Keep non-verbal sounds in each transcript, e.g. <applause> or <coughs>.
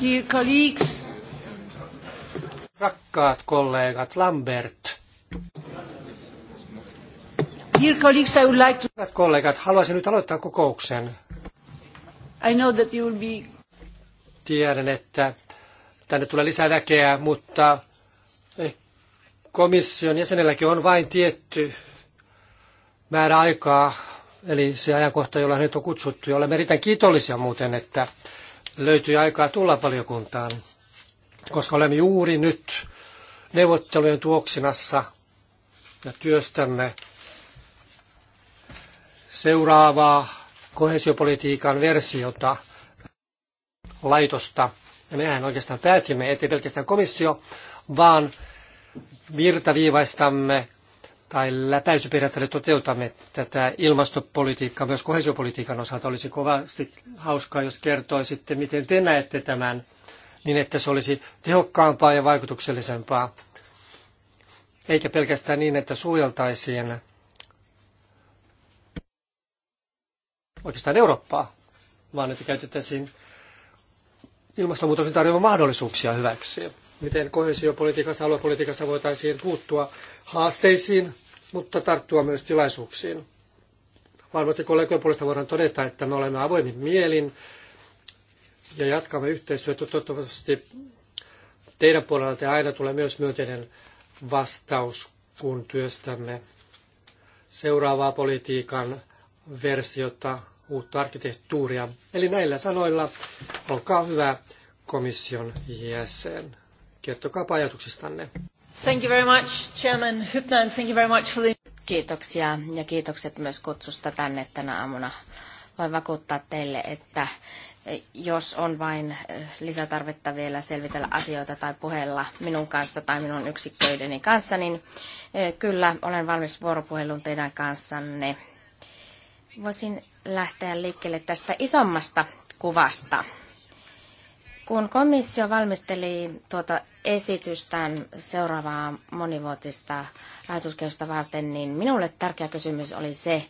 Dear colleagues. Rakkaat kollegat, Lambert. Dear colleagues, I would like to... Rakkaat kollegat, haluaisin nyt aloittaa kokouksen. I know that you will be... Tiedän, että tänne tulee lisää väkeä, mutta eh, komission jäsenelläkin on vain tietty määrä aikaa Eli se ajankohta, jolla nyt on kutsuttu, ja olemme erittäin kiitollisia muuten, että löytyi aikaa tulla valiokuntaan, koska olemme juuri nyt neuvottelujen tuoksinassa ja työstämme seuraavaa kohesiopolitiikan versiota laitosta. Ja mehän oikeastaan päätimme, ettei pelkästään komissio, vaan virtaviivaistamme tai läpäisyperiaatteella toteutamme tätä ilmastopolitiikkaa myös kohesiopolitiikan osalta. Olisi kovasti hauskaa, jos kertoisitte, miten te näette tämän, niin että se olisi tehokkaampaa ja vaikutuksellisempaa. Eikä pelkästään niin, että suojeltaisiin oikeastaan Eurooppaa, vaan että käytettäisiin ilmastonmuutoksen tarjoamia mahdollisuuksia hyväksi miten kohesiopolitiikassa, aluepolitiikassa voitaisiin puuttua haasteisiin, mutta tarttua myös tilaisuuksiin. Varmasti kollegojen puolesta voidaan todeta, että me olemme avoimin mielin ja jatkamme yhteistyötä. Toivottavasti teidän puolellanne aina tulee myös myönteinen vastaus, kun työstämme seuraavaa politiikan versiota, uutta arkkitehtuuria. Eli näillä sanoilla olkaa hyvä komission jäsen. Kertokaa ajatuksistanne. Thank you very much, Chairman Hübner, thank you very much for the... Kiitoksia ja kiitokset myös kutsusta tänne tänä aamuna. Voin vakuuttaa teille, että jos on vain eh, lisätarvetta vielä selvitellä asioita tai puheella minun kanssa tai minun yksikköideni kanssa, niin eh, kyllä olen valmis vuoropuheluun teidän kanssanne. Voisin lähteä liikkeelle tästä isommasta kuvasta. Kun komissio valmisteli tuota esitystään seuraavaa monivuotista rahoituskehystä varten, niin minulle tärkeä kysymys oli se,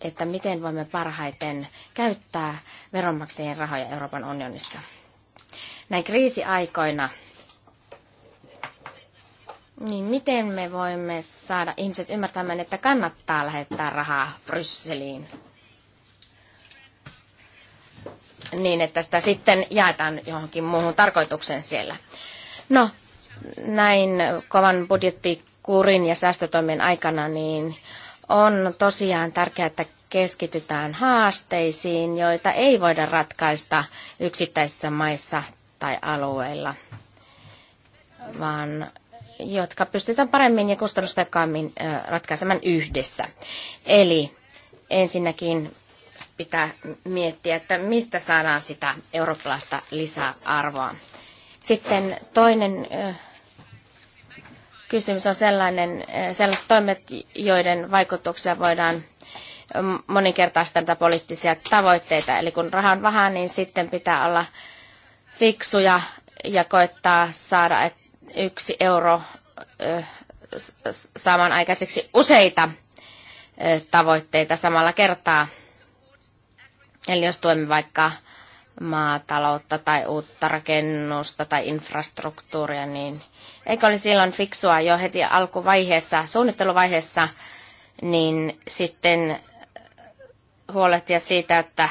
että miten voimme parhaiten käyttää veronmaksajien rahoja Euroopan unionissa. Näin kriisiaikoina, niin miten me voimme saada ihmiset ymmärtämään, että kannattaa lähettää rahaa Brysseliin? niin, että sitä sitten jaetaan johonkin muuhun tarkoitukseen siellä. No, näin kovan budjettikurin ja säästötoimien aikana, niin on tosiaan tärkeää, että keskitytään haasteisiin, joita ei voida ratkaista yksittäisissä maissa tai alueilla, vaan jotka pystytään paremmin ja kustannustekaammin ratkaisemaan yhdessä. Eli ensinnäkin pitää miettiä, että mistä saadaan sitä eurooppalaista lisäarvoa. Sitten toinen kysymys on sellainen, sellaiset toimet, joiden vaikutuksia voidaan moninkertaistaa tätä poliittisia tavoitteita. Eli kun raha on vähän, niin sitten pitää olla fiksuja ja koittaa saada yksi euro saamaan aikaiseksi useita tavoitteita samalla kertaa – Eli jos tuemme vaikka maataloutta tai uutta rakennusta tai infrastruktuuria, niin eikö olisi silloin fiksua jo heti alkuvaiheessa, suunnitteluvaiheessa, niin sitten huolehtia siitä, että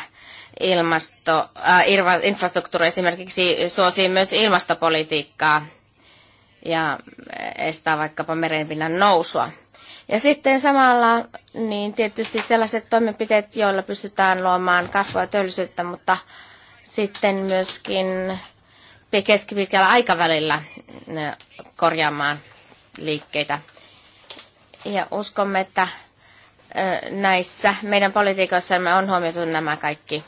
ilmasto, äh, infrastruktuuri esimerkiksi suosii myös ilmastopolitiikkaa ja estää vaikkapa merenpinnan nousua. Ja sitten samalla niin tietysti sellaiset toimenpiteet, joilla pystytään luomaan kasvua ja työllisyyttä, mutta sitten myöskin keskipitkällä aikavälillä korjaamaan liikkeitä. Ja uskomme, että näissä meidän politiikoissamme on huomioitu nämä kaikki.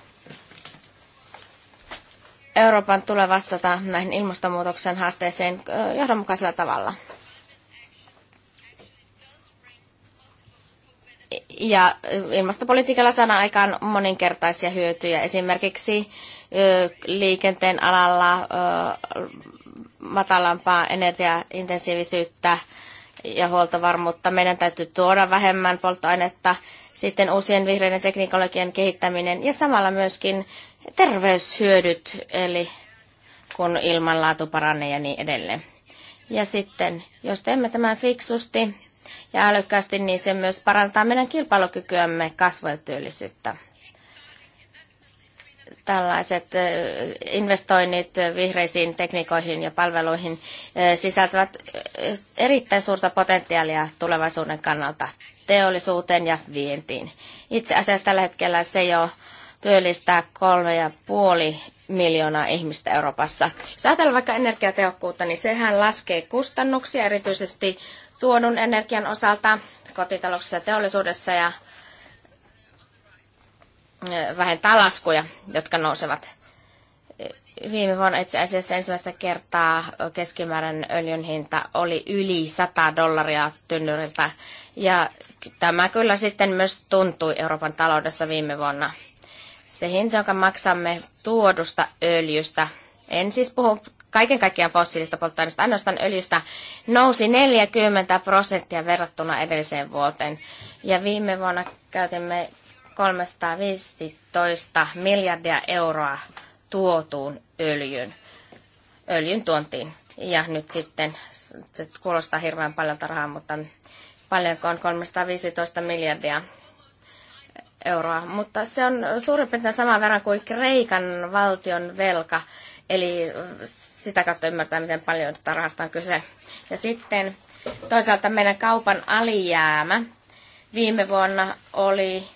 Euroopan tulee vastata näihin ilmastonmuutoksen haasteeseen johdonmukaisella tavalla. Ja ilmastopolitiikalla saadaan aikaan moninkertaisia hyötyjä. Esimerkiksi liikenteen alalla matalampaa energiaintensiivisyyttä ja huoltovarmuutta. Meidän täytyy tuoda vähemmän polttoainetta, sitten uusien vihreiden teknologian kehittäminen ja samalla myöskin terveyshyödyt, eli kun ilmanlaatu paranee ja niin edelleen. Ja sitten, jos teemme tämän fiksusti, ja älykkäästi, niin se myös parantaa meidän kilpailukykyämme kasvua ja työllisyyttä. Tällaiset investoinnit vihreisiin tekniikoihin ja palveluihin sisältävät erittäin suurta potentiaalia tulevaisuuden kannalta teollisuuteen ja vientiin. Itse asiassa tällä hetkellä se jo työllistää kolme ja puoli miljoonaa ihmistä Euroopassa. Jos ajatellaan vaikka energiatehokkuutta, niin sehän laskee kustannuksia erityisesti tuodun energian osalta kotitalouksissa ja teollisuudessa ja e, vähentää laskuja, jotka nousevat. E, viime vuonna itse asiassa ensimmäistä kertaa keskimääräinen öljyn hinta oli yli 100 dollaria tynnyriltä. Ja tämä kyllä sitten myös tuntui Euroopan taloudessa viime vuonna. Se hinta, jonka maksamme tuodusta öljystä, en siis puhu kaiken kaikkiaan fossiilista polttoaineista, ainoastaan öljystä, nousi 40 prosenttia verrattuna edelliseen vuoteen. Ja viime vuonna käytimme 315 miljardia euroa tuotuun öljyn, öljyn tuontiin. Ja nyt sitten, se kuulostaa hirveän paljon rahaa, mutta paljonko on 315 miljardia euroa. Mutta se on suurin piirtein saman verran kuin Kreikan valtion velka Eli sitä kautta ymmärtää, miten paljon sitä rahasta on kyse. Ja sitten toisaalta meidän kaupan alijäämä viime vuonna oli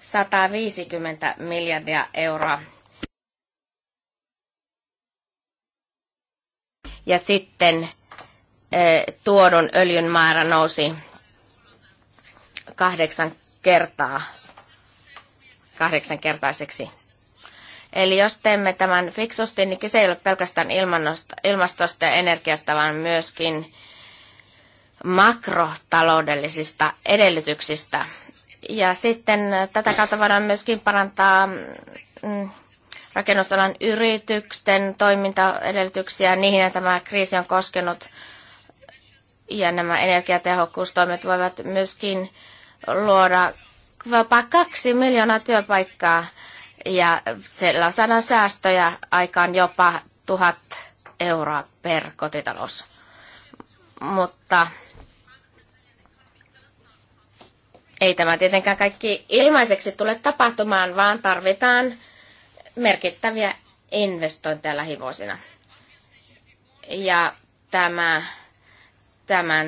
150 miljardia euroa. Ja sitten tuodun öljyn määrä nousi kahdeksan kertaa, kahdeksan kertaiseksi. Eli jos teemme tämän fiksusti, niin kyse ei ole pelkästään ilmastosta ja energiasta, vaan myöskin makrotaloudellisista edellytyksistä. Ja sitten tätä kautta voidaan myöskin parantaa mm, rakennusalan yritysten toimintaedellytyksiä. Niihin että tämä kriisi on koskenut ja nämä energiatehokkuustoimet voivat myöskin luoda vapaa kaksi miljoonaa työpaikkaa ja siellä saadaan säästöjä aikaan jopa tuhat euroa per kotitalous. Mutta ei tämä tietenkään kaikki ilmaiseksi tule tapahtumaan, vaan tarvitaan merkittäviä investointeja lähivuosina. Ja tämä, tämän,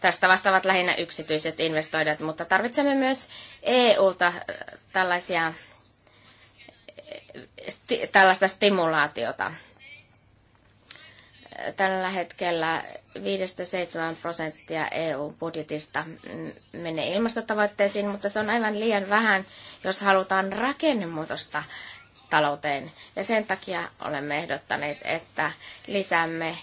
tästä vastaavat lähinnä yksityiset investoijat, mutta tarvitsemme myös EU-ta tällaisia sti, tällaista stimulaatiota. Tällä hetkellä 5-7 prosenttia EU-budjetista menee ilmastotavoitteisiin, mutta se on aivan liian vähän, jos halutaan rakennemuutosta talouteen. Ja sen takia olemme ehdottaneet, että lisäämme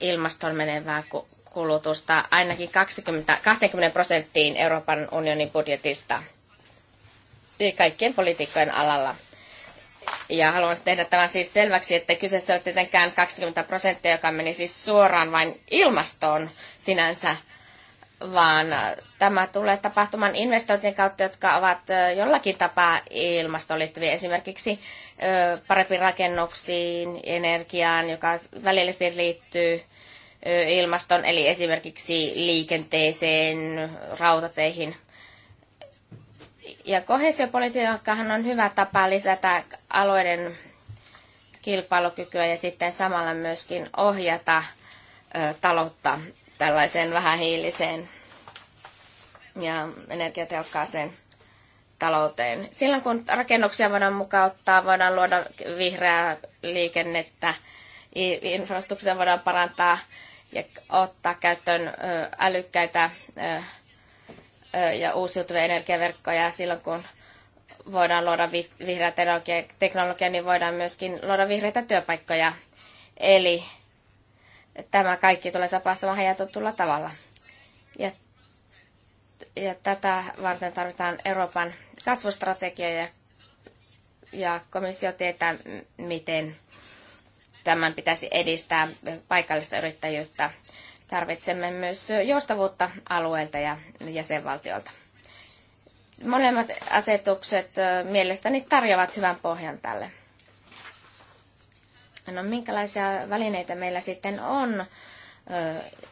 ilmaston menevää kulutusta ainakin 20, 20 prosenttiin Euroopan unionin budjetista kaikkien politiikkojen alalla – ja haluan tehdä tämän siis selväksi, että kyseessä on tietenkään 20 prosenttia, joka meni siis suoraan vain ilmastoon sinänsä, vaan äh, tämä tulee tapahtumaan investointien kautta, jotka ovat äh, jollakin tapaa ilmastoon liittyviä, esimerkiksi äh, parempiin rakennuksiin, energiaan, joka välillisesti liittyy ilmaston, eli esimerkiksi liikenteeseen, rautateihin – ja kohesiopolitiikkahan on hyvä tapa lisätä alueiden kilpailukykyä ja sitten samalla myöskin ohjata taloutta tällaiseen vähähiiliseen ja energiatehokkaaseen talouteen. Silloin kun rakennuksia voidaan mukauttaa, voidaan luoda vihreää liikennettä, infrastruktuuria voidaan parantaa ja ottaa käyttöön älykkäitä ja uusiutuvia energiaverkkoja. Silloin kun voidaan luoda vihreää teknologiaa, niin voidaan myöskin luoda vihreitä työpaikkoja. Eli tämä kaikki tulee tapahtumaan hajautetulla tavalla. Ja, ja tätä varten tarvitaan Euroopan kasvustrategia ja, ja komissio tietää, miten tämän pitäisi edistää paikallista yrittäjyyttä. Tarvitsemme myös joustavuutta alueelta ja jäsenvaltiolta. Molemmat asetukset mielestäni tarjoavat hyvän pohjan tälle. No minkälaisia välineitä meillä sitten on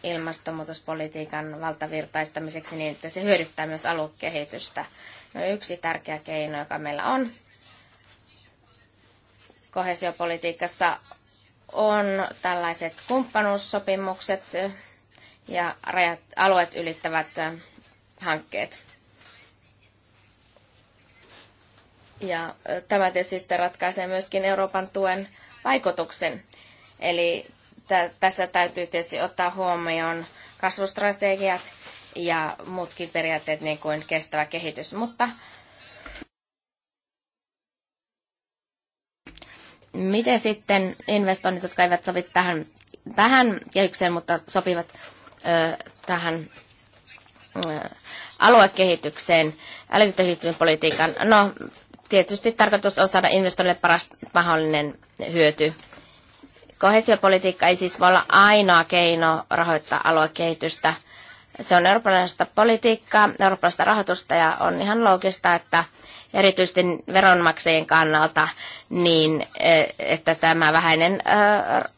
ilmastonmuutospolitiikan valtavirtaistamiseksi niin, että se hyödyttää myös aluekehitystä? No yksi tärkeä keino, joka meillä on kohesiopolitiikassa, on tällaiset kumppanuussopimukset, ja rajat, alueet ylittävät äh, hankkeet. Ja tämä tietysti sitten ratkaisee myöskin Euroopan tuen vaikutuksen. Eli tässä täytyy tietysti ottaa huomioon kasvustrategiat ja muutkin periaatteet, niin kuin kestävä kehitys. Mutta miten sitten investoinnit, jotka eivät sovi tähän, tähän kehykseen, mutta sopivat tähän aluekehitykseen, politiikan. No, tietysti tarkoitus on saada investoille paras mahdollinen hyöty. Kohesiopolitiikka ei siis voi olla ainoa keino rahoittaa aluekehitystä. Se on eurooppalaista politiikkaa, eurooppalaista rahoitusta ja on ihan loogista, että erityisesti veronmaksajien kannalta, niin e, että tämä vähäinen e,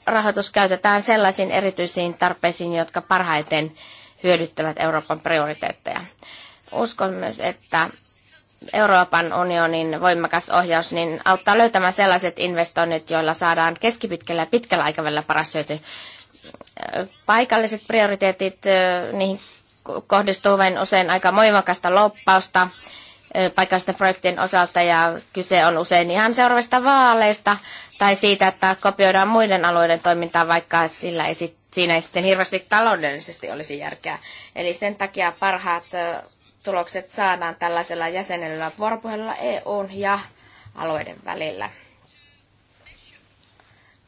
rahoitus käytetään sellaisiin erityisiin tarpeisiin, jotka parhaiten hyödyttävät Euroopan prioriteetteja. Uskon myös, että Euroopan unionin voimakas ohjaus niin auttaa löytämään sellaiset investoinnit, joilla saadaan keskipitkällä ja pitkällä aikavälillä paras syöty. E, paikalliset prioriteetit, niihin kohdistuu vain usein aika voimakasta loppausta paikallisten projektien osalta ja kyse on usein ihan seuraavista vaaleista tai siitä, että kopioidaan muiden alueiden toimintaa, vaikka sillä ei sit, siinä ei sitten hirveästi taloudellisesti olisi järkeä. Eli sen takia parhaat tulokset saadaan tällaisella jäsenellä vuoropuhelulla EUn ja alueiden välillä.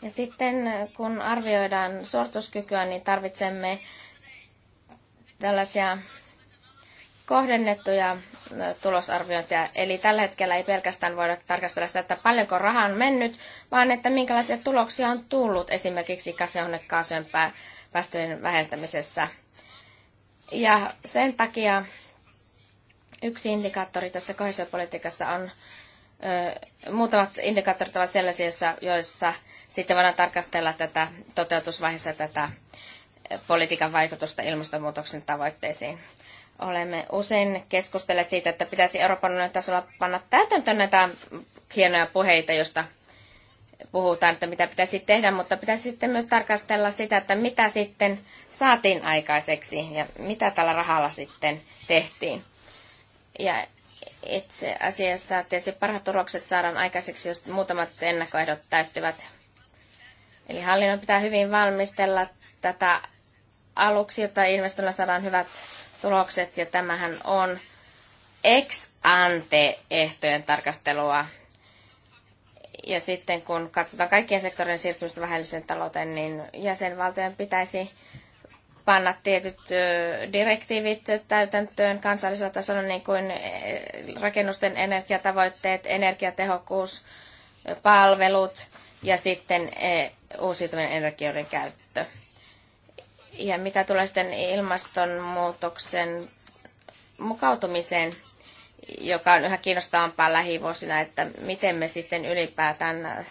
Ja sitten kun arvioidaan suorituskykyä, niin tarvitsemme tällaisia kohdennettuja äh, tulosarviointia Eli tällä hetkellä ei pelkästään voida tarkastella sitä, että paljonko rahaa on mennyt, vaan että minkälaisia tuloksia on tullut esimerkiksi kasvihuonekaasujen päästöjen vähentämisessä. Ja sen takia yksi indikaattori tässä kohesiopolitiikassa on, ö, muutamat indikaattorit ovat sellaisia, joissa, joissa sitten voidaan tarkastella tätä toteutusvaiheessa tätä politiikan vaikutusta ilmastonmuutoksen tavoitteisiin. Olemme usein keskustelleet siitä, että pitäisi Euroopan unionin tasolla panna täytäntöön näitä hienoja puheita, joista puhutaan, että mitä pitäisi tehdä, mutta pitäisi sitten myös tarkastella sitä, että mitä sitten saatiin aikaiseksi ja mitä tällä rahalla sitten tehtiin. Ja itse asiassa tietysti parhaat tulokset saadaan aikaiseksi, jos muutamat ennakkoehdot täyttyvät. Eli hallinnon pitää hyvin valmistella tätä aluksi, jotta investoinnilla saadaan hyvät tulokset, ja tämähän on ex ante ehtojen tarkastelua. Ja sitten kun katsotaan kaikkien sektorien siirtymistä vähäiseen talouteen, niin jäsenvaltion pitäisi panna tietyt direktiivit täytäntöön kansallisella tasolla, niin kuin rakennusten energiatavoitteet, energiatehokkuus, palvelut ja sitten uusiutuvien energioiden käyttö. Ja mitä tulee sitten ilmastonmuutoksen mukautumiseen, joka on yhä kiinnostavampaa lähivuosina, että miten me sitten ylipäätään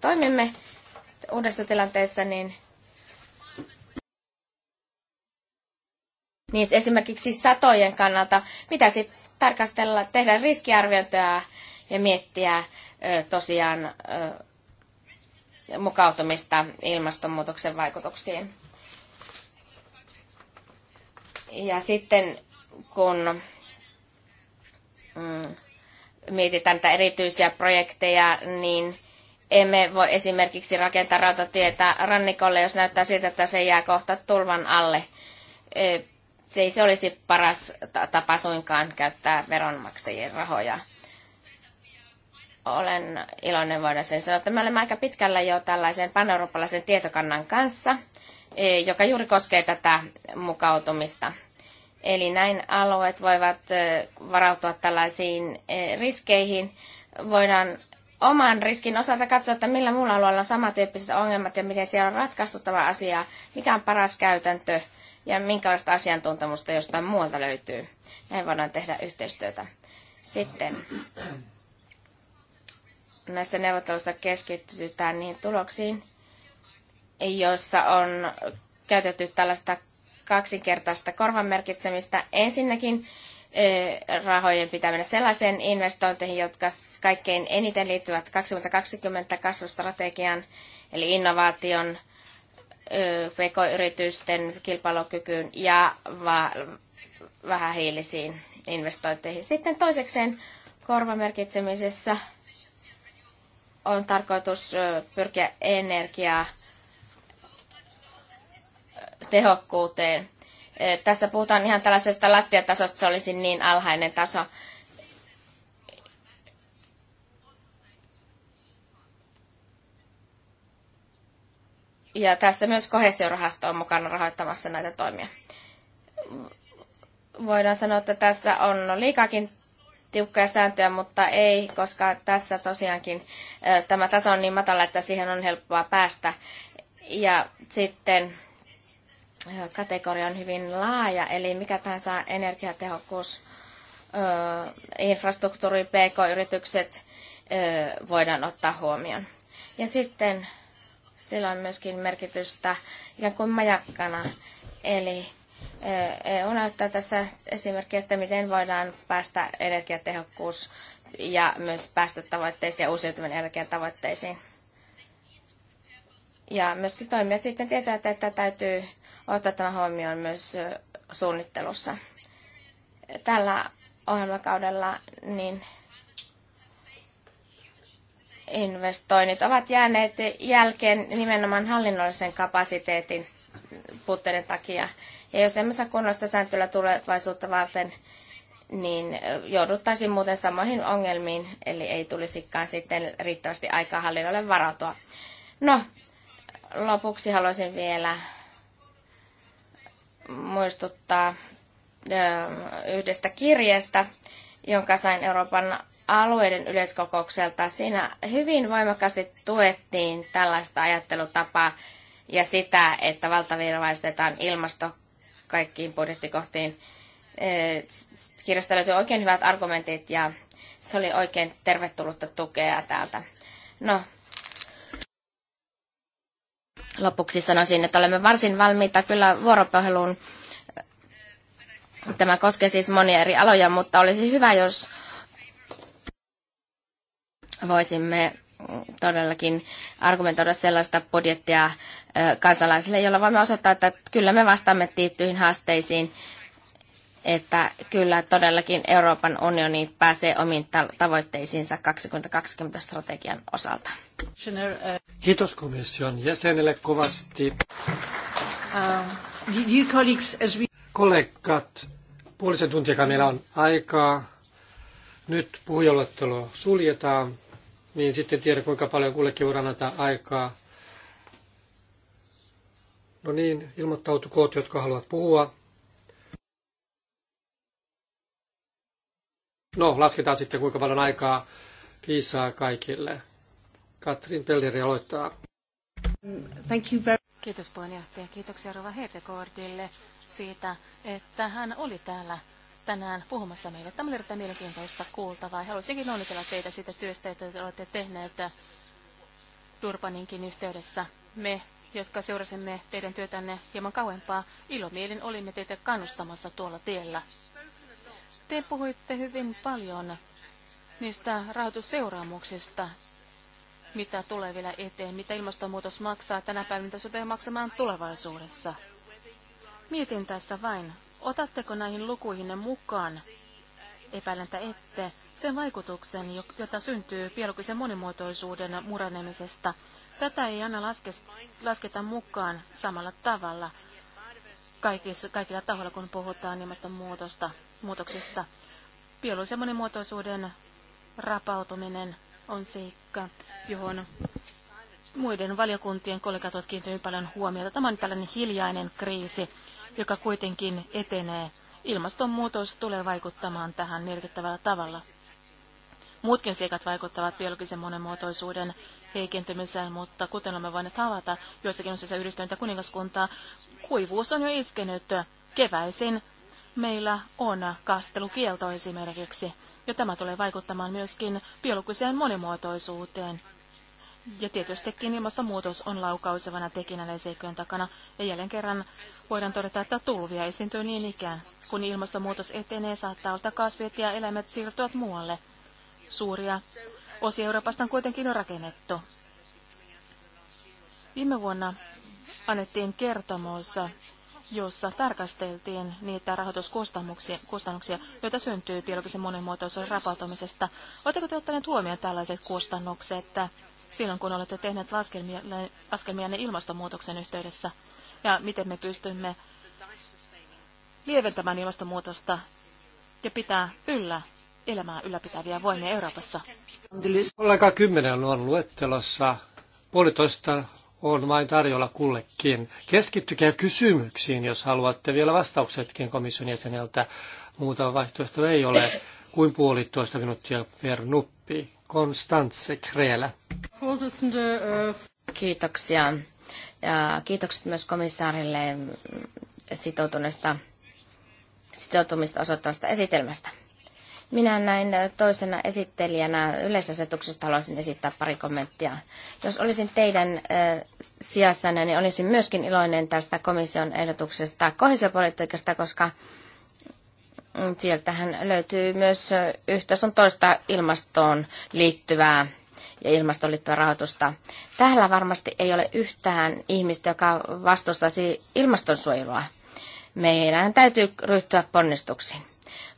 toimimme uudessa tilanteessa, niin, niin esimerkiksi satojen kannalta pitäisi tarkastella, tehdä riskiarviointia ja miettiä ö, tosiaan ö, mukautumista ilmastonmuutoksen vaikutuksiin. Ja sitten kun mm, mietitään näitä erityisiä projekteja, niin emme voi esimerkiksi rakentaa rautatietä rannikolle, jos näyttää siltä, että se jää kohta tulvan alle. E, se ei se olisi paras tapa suinkaan käyttää veronmaksajien rahoja. Olen iloinen voida sen sanoa, että me olemme aika pitkällä jo tällaisen paneurooppalaisen tietokannan kanssa, e, joka juuri koskee tätä mukautumista Eli näin alueet voivat varautua tällaisiin riskeihin. Voidaan oman riskin osalta katsoa, että millä muulla alueella on samantyyppiset ongelmat ja miten siellä on ratkaistuttava asia, mikä on paras käytäntö ja minkälaista asiantuntemusta jostain muualta löytyy. Näin voidaan tehdä yhteistyötä. Sitten näissä neuvotteluissa keskitytään niihin tuloksiin, joissa on käytetty tällaista kaksinkertaista korvamerkitsemistä. Ensinnäkin rahojen pitää mennä sellaiseen investointeihin, jotka kaikkein eniten liittyvät 2020 kasvustrategian, eli innovaation, pk-yritysten kilpailukykyyn ja vähähiilisiin investointeihin. Sitten toisekseen korvamerkitsemisessä on tarkoitus pyrkiä energiaa tehokkuuteen. Eh, tässä puhutaan ihan tällaisesta lattiatasosta, se olisi niin alhainen taso. Ja tässä myös kohesiorahasto on mukana rahoittamassa näitä toimia. Voidaan sanoa, että tässä on liikakin tiukkoja sääntöjä, mutta ei, koska tässä tosiaankin eh, tämä taso on niin matala, että siihen on helppoa päästä. Ja sitten kategoria on hyvin laaja, eli mikä tahansa energiatehokkuus, infrastruktuuri, pk-yritykset voidaan ottaa huomioon. Ja sitten sillä on myöskin merkitystä ikään kuin majakkana, eli EU näyttää tässä esimerkkiä miten voidaan päästä energiatehokkuus ja myös päästötavoitteisiin ja uusiutuvan energian tavoitteisiin. Ja myöskin toimijat sitten tietävät, että täytyy ottaa tämä huomioon myös suunnittelussa. Tällä ohjelmakaudella niin investoinnit ovat jääneet jälkeen nimenomaan hallinnollisen kapasiteetin puutteiden takia. Ja jos emme saa kunnosta sääntelyä tulevaisuutta varten, niin jouduttaisiin muuten samoihin ongelmiin, eli ei tulisikaan sitten riittävästi aikaa hallinnolle varautua. No, lopuksi haluaisin vielä muistuttaa yhdestä kirjeestä, jonka sain Euroopan alueiden yleiskokoukselta. Siinä hyvin voimakkaasti tuettiin tällaista ajattelutapaa ja sitä, että valtavirvaistetaan ilmasto kaikkiin budjettikohtiin. Kirjasta löytyi oikein hyvät argumentit ja se oli oikein tervetullutta tukea täältä. No, lopuksi sanoisin, että olemme varsin valmiita kyllä vuoropuheluun. Tämä koskee siis monia eri aloja, mutta olisi hyvä, jos voisimme todellakin argumentoida sellaista budjettia kansalaisille, jolla voimme osoittaa, että kyllä me vastaamme tiettyihin haasteisiin että kyllä todellakin Euroopan unioni pääsee omiin tavoitteisiinsa 2020-strategian osalta. Kiitos komission jäsenelle kovasti. Um, Kollegat, puolisen tuntia meillä on aikaa. Nyt puhujaluettelo suljetaan, niin sitten tiedä kuinka paljon kullekin voidaan antaa aikaa. No niin, ilmoittautukoot, jotka haluavat puhua. No, lasketaan sitten kuinka paljon aikaa piisaa kaikille. Katrin Pelleri aloittaa. Thank you very... Kiitos puheenjohtaja. Kiitoksia Rova Hedekordille siitä, että hän oli täällä tänään puhumassa meille. Tämä oli erittäin mielenkiintoista kuultavaa. Haluaisinkin onnitella teitä siitä työstä, että te olette tehneet Durbaninkin yhteydessä. Me, jotka seurasimme teidän työtänne hieman kauempaa, ilomielin olimme teitä kannustamassa tuolla tiellä. Te puhuitte hyvin paljon niistä rahoitusseuraamuksista, mitä tulee vielä eteen, mitä ilmastonmuutos maksaa tänä päivänä, mitä se maksamaan tulevaisuudessa. Mietin tässä vain, otatteko näihin lukuihin mukaan epäiläntä ette sen vaikutuksen, jota syntyy biologisen monimuotoisuuden murenemisesta. Tätä ei aina laske, lasketa mukaan samalla tavalla kaikissa, kaikilla tahoilla, kun puhutaan ilmastonmuutosta muutoksista. Biologisen monimuotoisuuden rapautuminen on seikka, johon muiden valiokuntien kollegat ovat kiinnittäneet paljon huomiota. Tämä on tällainen hiljainen kriisi, joka kuitenkin etenee. Ilmastonmuutos tulee vaikuttamaan tähän merkittävällä tavalla. Muutkin seikat vaikuttavat biologisen monimuotoisuuden heikentymiseen, mutta kuten olemme voineet havaita joissakin osissa yhdistyneitä kuningaskuntaa, kuivuus on jo iskenyt keväisin meillä on kastelukielto esimerkiksi, ja tämä tulee vaikuttamaan myöskin biologiseen monimuotoisuuteen. Ja tietystikin ilmastonmuutos on laukausevana tekijänä seikkojen takana, ja jälleen kerran voidaan todeta, että tulvia esiintyy niin ikään. Kun ilmastonmuutos etenee, saattaa olla kasvit ja eläimet siirtyvät muualle. Suuria osia Euroopasta on kuitenkin on rakennettu. Viime vuonna annettiin kertomus jossa tarkasteltiin niitä rahoituskustannuksia, joita syntyy biologisen monimuotoisuuden rapautumisesta. Oletteko te ottaneet huomioon tällaiset kustannukset silloin, kun olette tehneet laskelmia, laskelmianne ilmastonmuutoksen yhteydessä? Ja miten me pystymme lieventämään ilmastonmuutosta ja pitää yllä elämää ylläpitäviä voimia Euroopassa? Kollega kymmenen on luettelossa puolitoista on vain tarjolla kullekin. Keskittykää kysymyksiin, jos haluatte vielä vastauksetkin komission jäseneltä. Muuta vaihtoehtoa ei ole kuin puolitoista minuuttia per nuppi. Konstantse Kreelä. Eh, Kiitoksia. Ja kiitokset myös komissaarille sitoutumista osoittavasta esitelmästä. Minä näin toisena esittelijänä yleisasetuksesta haluaisin esittää pari kommenttia. Jos olisin teidän sijassanne, niin olisin myöskin iloinen tästä komission ehdotuksesta kohesiopolitiikasta, koska mm, sieltähän löytyy myös yhtä sun toista ilmastoon liittyvää ja ilmastoon liittyvää rahoitusta. Täällä varmasti ei ole yhtään ihmistä, joka vastustaisi ilmastonsuojelua. Meidän täytyy ryhtyä ponnistuksiin.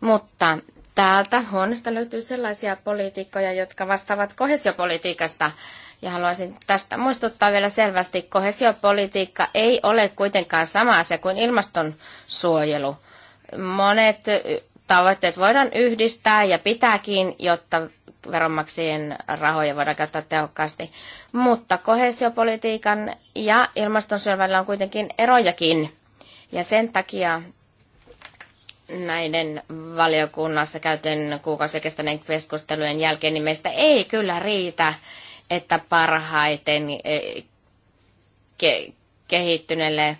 Mutta täältä huoneesta löytyy sellaisia poliitikkoja, jotka vastaavat kohesiopolitiikasta. Ja haluaisin tästä muistuttaa vielä selvästi, kohesiopolitiikka ei ole kuitenkaan sama asia kuin ilmastonsuojelu. Monet tavoitteet voidaan yhdistää ja pitääkin, jotta veronmaksajien rahoja voidaan käyttää tehokkaasti. Mutta kohesiopolitiikan ja ilmastonsuojelun välillä on kuitenkin erojakin. Ja sen takia näiden valiokunnassa käytyn kuukausi kestäneen keskustelujen jälkeen, niin meistä ei kyllä riitä, että parhaiten eh, ke- kehittyneelle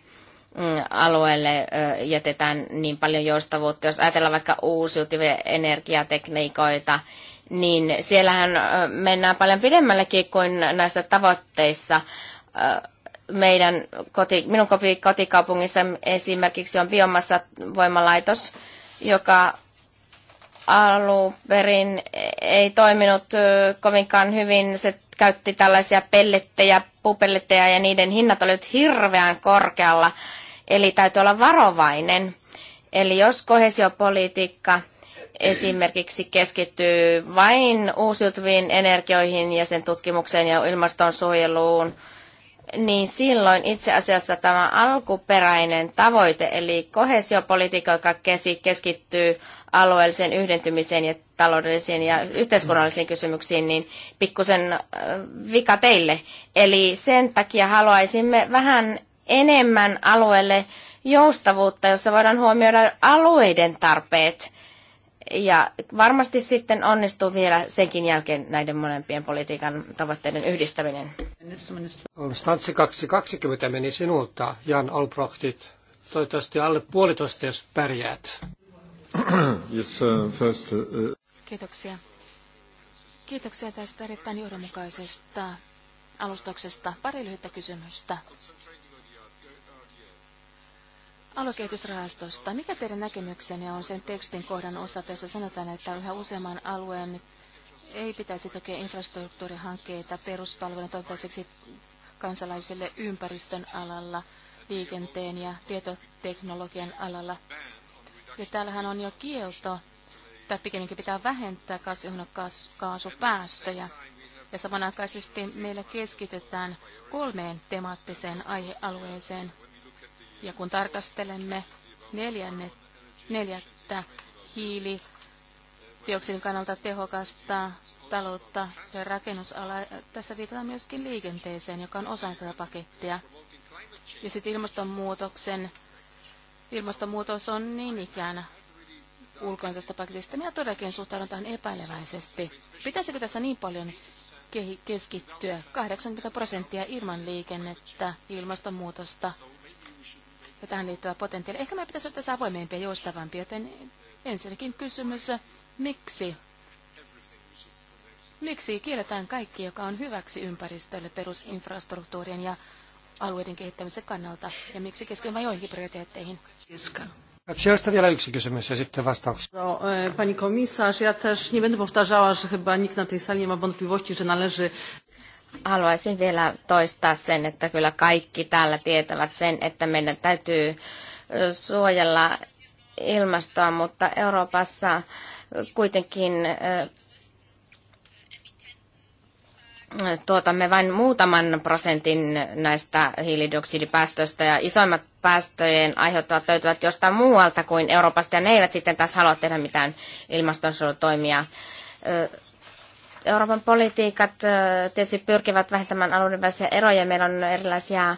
mm, alueelle eh, jätetään niin paljon joustavuutta. Jos ajatellaan vaikka uusiutuvia energiatekniikoita, niin siellähän eh, mennään paljon pidemmällekin kuin näissä tavoitteissa meidän koti, minun kotikaupungissa esimerkiksi on Biomassa Voimalaitos, joka alun perin ei toiminut kovinkaan hyvin. Se käytti tällaisia pellettejä, pupellettejä ja niiden hinnat olivat hirveän korkealla. Eli täytyy olla varovainen. Eli jos kohesiopolitiikka esimerkiksi keskittyy vain uusiutuviin energioihin ja sen tutkimukseen ja ilmastonsuojeluun, niin silloin itse asiassa tämä alkuperäinen tavoite, eli kohesiopolitiikka, joka keskittyy alueelliseen yhdentymiseen ja taloudellisiin ja yhteiskunnallisiin kysymyksiin, niin pikkusen vika teille. Eli sen takia haluaisimme vähän enemmän alueelle joustavuutta, jossa voidaan huomioida alueiden tarpeet ja varmasti sitten onnistuu vielä senkin jälkeen näiden molempien politiikan tavoitteiden yhdistäminen. Stansi 220 meni sinulta, Jan Albrochtit. Toivottavasti alle puolitoista, jos pärjäät. <clears throat> yes, uh, first, uh... Kiitoksia. Kiitoksia tästä erittäin johdonmukaisesta alustuksesta. Pari lyhyttä kysymystä aluekehitysrahastosta. Mikä teidän näkemyksenne on sen tekstin kohdan osalta, jossa sanotaan, että yhä useamman alueen ei pitäisi tukea infrastruktuurihankkeita peruspalvelujen toivottavasti kansalaisille ympäristön alalla, liikenteen ja tietoteknologian alalla. Ja täällähän on jo kielto, tai pikemminkin pitää vähentää kasvihuonekaasupäästöjä. Ja samanaikaisesti meillä keskitytään kolmeen temaattiseen aihealueeseen – ja kun tarkastelemme neljänne, neljättä hiili dioksidin kannalta tehokasta taloutta ja rakennusala. Tässä viitataan myöskin liikenteeseen, joka on osa tätä pakettia. Ja sitten ilmastonmuutoksen, ilmastonmuutos on niin ikään ulkoon tästä paketista. Minä todellakin suhtaudun tähän epäileväisesti. Pitäisikö tässä niin paljon keskittyä? 80 prosenttia ilman liikennettä, ilmastonmuutosta ja tähän liittyvä potentiaali. Ehkä meidän pitäisi olla tässä avoimempia ja joustavampia, joten ensinnäkin kysymys, miksi? Miksi kielletään kaikki, joka on hyväksi ympäristölle perusinfrastruktuurien ja alueiden kehittämisen kannalta, ja miksi keskityn vain joihinkin prioriteetteihin? Przyjazna vielä yksi kysymys ja sitten vastaus. No, e, pani komisarz, ja też nie będę powtarzała, że chyba nikt na tej sali nie ma wątpliwości, że należy Haluaisin vielä toistaa sen, että kyllä kaikki täällä tietävät sen, että meidän täytyy suojella ilmastoa, mutta Euroopassa kuitenkin tuotamme vain muutaman prosentin näistä hiilidioksidipäästöistä ja isoimmat päästöjen aiheuttavat löytyvät jostain muualta kuin Euroopasta ja ne eivät sitten taas halua tehdä mitään ilmastonsuojelutoimia. Euroopan politiikat tietysti pyrkivät vähentämään alueiden välisiä eroja. Meillä on erilaisia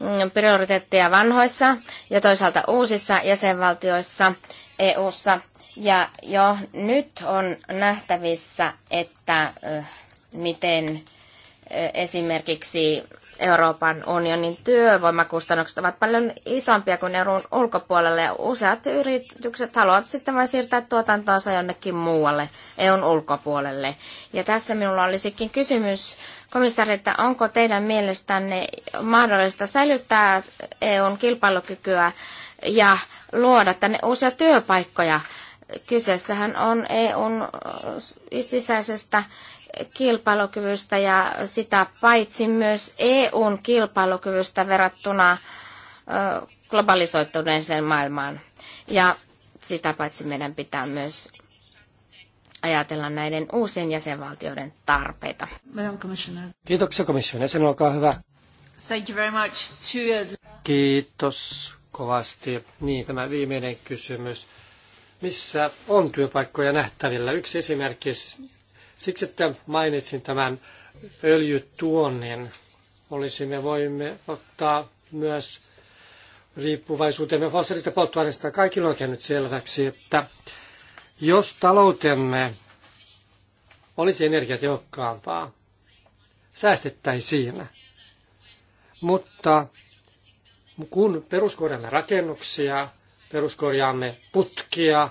mm, prioriteetteja vanhoissa ja toisaalta uusissa jäsenvaltioissa EU:ssa. Ja jo nyt on nähtävissä, että miten esimerkiksi Euroopan unionin työvoimakustannukset ovat paljon isompia kuin EUn ulkopuolella ja useat yritykset haluavat sitten vain siirtää tuotantoansa jonnekin muualle EUn ulkopuolelle. Ja tässä minulla olisikin kysymys komissaari, että onko teidän mielestänne mahdollista säilyttää EUn kilpailukykyä ja luoda tänne uusia työpaikkoja? Kyseessähän on EUn sisäisestä kilpailukyvystä ja sitä paitsi myös EUn kilpailukyvystä verrattuna globalisoituneeseen maailmaan. Ja sitä paitsi meidän pitää myös ajatella näiden uusien jäsenvaltioiden tarpeita. Kiitoksia komission jäsen, olkaa hyvä. Thank you very much to... Kiitos kovasti. Niin, tämä viimeinen kysymys. Missä on työpaikkoja nähtävillä? Yksi esimerkki Siksi, että mainitsin tämän öljytuonnin, olisi me voimme ottaa myös riippuvaisuutemme fossiilista polttoaineista. Kaikilla on käynyt selväksi, että jos taloutemme olisi energiatehokkaampaa, säästettäisiin. Mutta kun peruskorjaamme rakennuksia, peruskorjaamme putkia,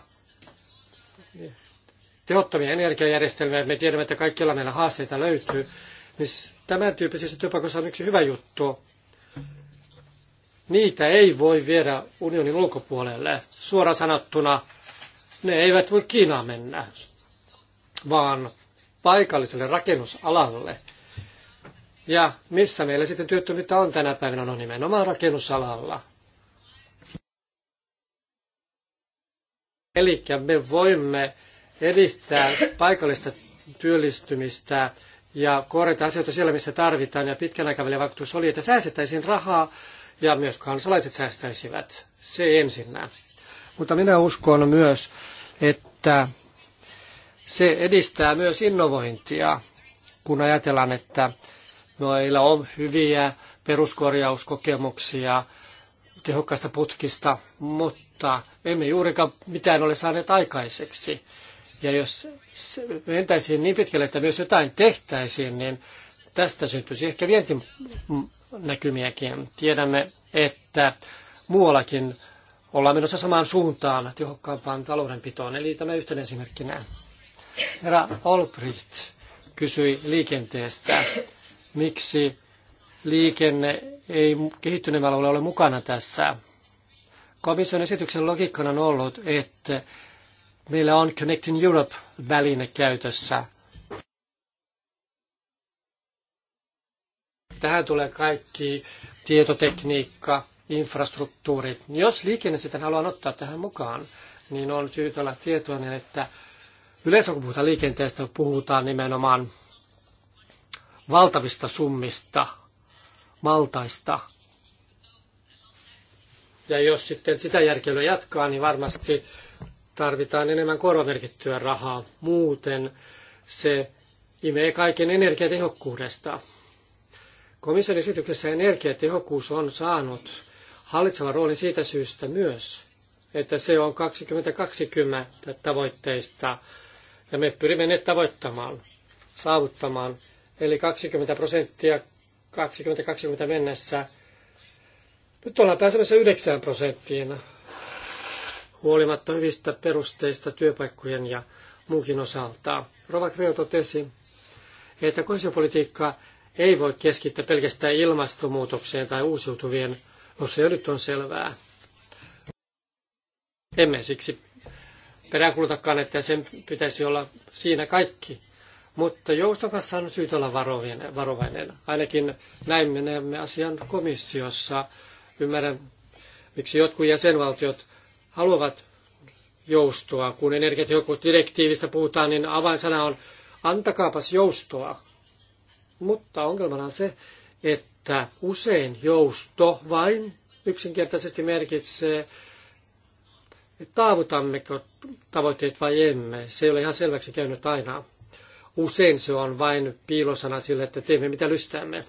tehottomia energiajärjestelmiä. Me tiedämme, että kaikkialla meillä haasteita löytyy. Niin tämän tyyppisissä työpaikoissa on yksi hyvä juttu. Niitä ei voi viedä unionin ulkopuolelle. Suoraan sanottuna, ne eivät voi Kiinaan mennä, vaan paikalliselle rakennusalalle. Ja missä meillä sitten työttömyyttä on tänä päivänä? No nimenomaan rakennusalalla. Eli me voimme edistää paikallista työllistymistä ja korjata asioita siellä, missä tarvitaan. Ja pitkän aikavälin vaikutus oli, että säästettäisiin rahaa ja myös kansalaiset säästäisivät. Se ensinnä. Mutta minä uskon myös, että se edistää myös innovointia, kun ajatellaan, että meillä on hyviä peruskorjauskokemuksia tehokkaista putkista, mutta emme juurikaan mitään ole saaneet aikaiseksi. Ja jos mentäisiin niin pitkälle, että myös jotain tehtäisiin, niin tästä syntyisi ehkä vientinäkymiäkin. Tiedämme, että muuallakin ollaan menossa samaan suuntaan tehokkaampaan taloudenpitoon. Eli tämä yhtenä esimerkkinä. Herra Olbricht kysyi liikenteestä, miksi liikenne ei kehittyneemmällä ole mukana tässä. Komission esityksen logiikkana on ollut, että Meillä on Connecting Europe-väline käytössä. Tähän tulee kaikki tietotekniikka, infrastruktuurit. Jos liikenne sitten haluaa ottaa tähän mukaan, niin on syytä olla tietoinen, että yleensä kun puhutaan liikenteestä, puhutaan nimenomaan valtavista summista, maltaista. Ja jos sitten sitä järkeilyä jatkaa, niin varmasti tarvitaan enemmän korvamerkittyä rahaa. Muuten se imee kaiken energiatehokkuudesta. Komission esityksessä energiatehokkuus on saanut hallitsevan roolin siitä syystä myös, että se on 2020 tavoitteista ja me pyrimme ne tavoittamaan, saavuttamaan. Eli 20 prosenttia 2020 mennessä. Nyt ollaan pääsemässä 9 prosenttiin huolimatta hyvistä perusteista työpaikkojen ja muukin osalta. Rova Creo totesi, että koisiopolitiikka ei voi keskittää pelkästään ilmastonmuutokseen tai uusiutuvien, no se nyt on selvää. Emme siksi peräänkulutakaan, että sen pitäisi olla siinä kaikki. Mutta jouston kanssa on syytä olla varovainen. Ainakin näin menemme asian komissiossa. Ymmärrän, miksi jotkut jäsenvaltiot haluavat joustoa. Kun energiatehokkuusdirektiivistä puhutaan, niin avainsana on antakaapas joustoa. Mutta ongelmana on se, että usein jousto vain yksinkertaisesti merkitsee, että taavutammeko tavoitteet vai emme. Se ei ole ihan selväksi käynyt aina. Usein se on vain piilosana sille, että teemme mitä lystäämme.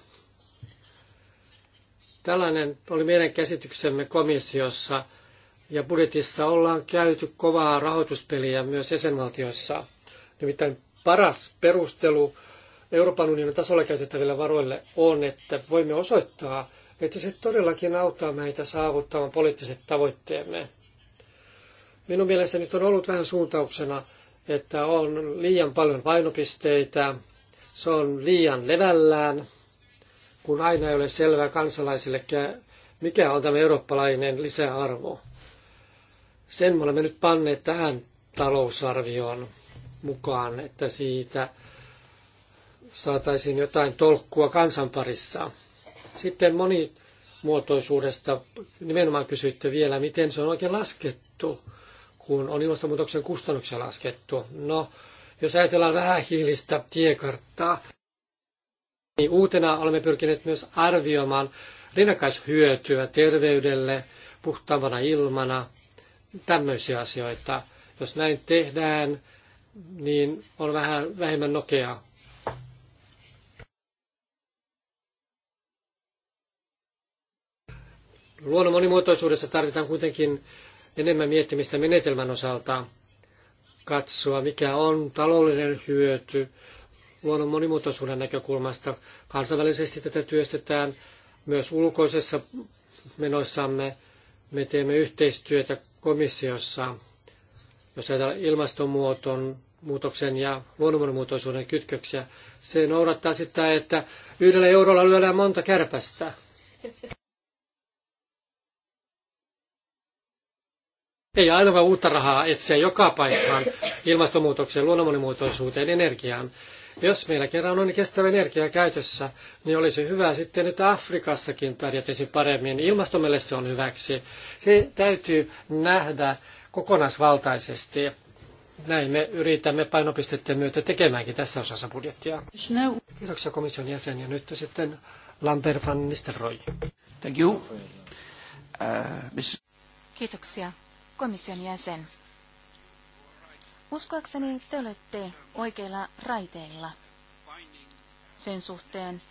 Tällainen oli meidän käsityksemme komissiossa – ja budjetissa ollaan käyty kovaa rahoituspeliä myös jäsenvaltioissa. Nimittäin paras perustelu Euroopan unionin tasolla käytettäville varoille on, että voimme osoittaa, että se todellakin auttaa meitä saavuttamaan poliittiset tavoitteemme. Minun mielestäni nyt on ollut vähän suuntauksena, että on liian paljon painopisteitä, se on liian levällään, kun aina ei ole selvää kansalaisille, mikä on tämä eurooppalainen lisäarvo. Sen me olemme nyt panneet tähän talousarvioon mukaan, että siitä saataisiin jotain tolkkua kansanparissa. Sitten monimuotoisuudesta nimenomaan kysyitte vielä, miten se on oikein laskettu, kun on ilmastonmuutoksen kustannuksia laskettu. No, jos ajatellaan hiilistä tiekarttaa, niin uutena olemme pyrkineet myös arvioimaan rinnakkaishyötyä terveydelle, puhtavana ilmana, tämmöisiä asioita. Jos näin tehdään, niin on vähän vähemmän nokeaa. Luonnon monimuotoisuudessa tarvitaan kuitenkin enemmän miettimistä menetelmän osalta, katsoa mikä on taloudellinen hyöty luonnon monimuotoisuuden näkökulmasta. Kansainvälisesti tätä työstetään myös ulkoisessa menoissamme. Me teemme yhteistyötä komissiossa, jos ajatellaan ilmastonmuuton muutoksen ja luonnonmuotoisuuden kytköksiä, se noudattaa sitä, että yhdellä eurolla lyödään monta kärpästä. Ei ainakaan uutta rahaa etsiä joka paikkaan ilmastonmuutokseen, luonnon monimuotoisuuteen, energiaan. Jos meillä kerran on kestävä energia käytössä, niin olisi hyvä sitten, että Afrikassakin pärjätisi paremmin. Ilmastolle se on hyväksi. Se täytyy nähdä kokonaisvaltaisesti. Näin me yritämme painopisteiden myötä tekemäänkin tässä osassa budjettia. Kiitoksia komission jäsen ja nyt sitten Lambert van Nistelrooy. Thank you. Uh, Kiitoksia komission jäsen. Uskoakseni te olette oikeilla raiteilla sen suhteen,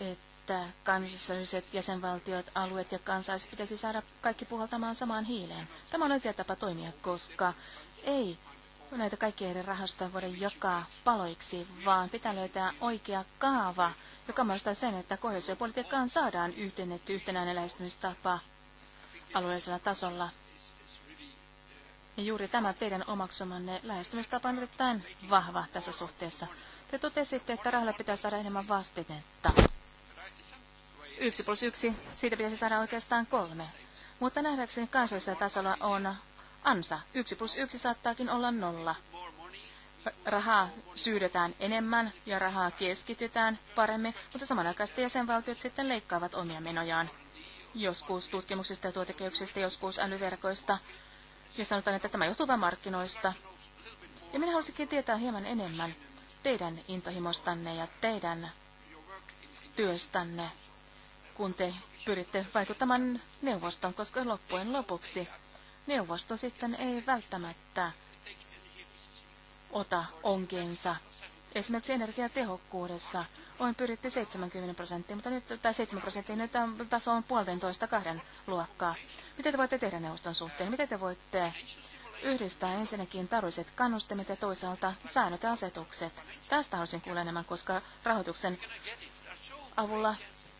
että kansalliset jäsenvaltiot, alueet ja kansalaiset pitäisi saada kaikki puhaltamaan samaan hiileen. Tämä on oikea tapa toimia, koska ei näitä kaikkia eri rahastoja voida jakaa paloiksi, vaan pitää löytää oikea kaava, joka mahdollistaa sen, että kohdallisuuspolitiikkaan saadaan yhtenetty yhtenäinen lähestymistapa alueellisella tasolla ja juuri tämä teidän omaksumanne lähestymistapa on erittäin vahva tässä suhteessa. Te totesitte, että rahalle pitää saada enemmän vastinetta. Yksi plus yksi, siitä pitäisi saada oikeastaan kolme. Mutta nähdäkseni kansallisella tasolla on ansa. Yksi plus yksi saattaakin olla nolla. Rahaa syydetään enemmän ja rahaa keskitetään paremmin, mutta samanaikaisesti jäsenvaltiot sitten leikkaavat omia menojaan. Joskus tutkimuksista ja tuotekehyksistä, joskus älyverkoista, ja sanotaan, että tämä johtuu vain markkinoista. Ja minä haluaisinkin tietää hieman enemmän teidän intohimostanne ja teidän työstänne, kun te pyritte vaikuttamaan neuvoston, koska loppujen lopuksi neuvosto sitten ei välttämättä ota onkeensa. Esimerkiksi energiatehokkuudessa on pyritty 70 prosenttia, mutta nyt, tämä 7 prosenttia, nyt taso on puolentoista kahden luokkaa. Mitä te voitte tehdä neuvoston suhteen? Mitä te voitte yhdistää ensinnäkin taloudelliset kannustimet ja toisaalta säännöt ja asetukset? Tästä haluaisin kuulla enemmän, koska rahoituksen avulla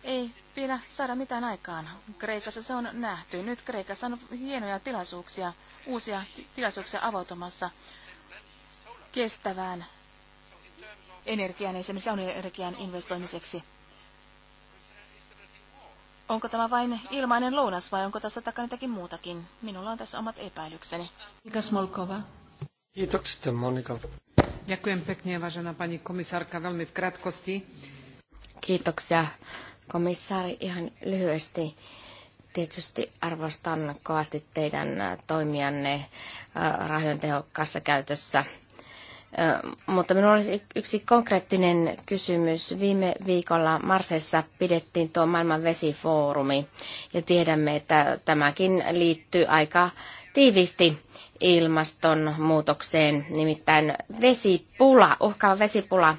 ei vielä saada mitään aikaan. Kreikassa se on nähty. Nyt Kreikassa on hienoja tilaisuuksia, uusia tilaisuuksia avautumassa kestävään energian, esimerkiksi energian investoimiseksi. Onko tämä vain ilmainen lounas vai onko tässä takana jotakin muutakin? Minulla on tässä omat epäilykseni. Monika Smolkova. Kiitokset, Monika. Ďakujem pekne, vážená pani komisárka, velmi v krátkosti. Kiitoksia, komissaari, ihan lyhyesti. Tietysti arvostan kovasti teidän toimijanne rahojen tehokkaassa käytössä mutta minulla olisi yksi konkreettinen kysymys. Viime viikolla Marsessa pidettiin tuo maailman vesifoorumi ja tiedämme, että tämäkin liittyy aika tiivisti ilmastonmuutokseen, nimittäin vesipula, uhkaava vesipula.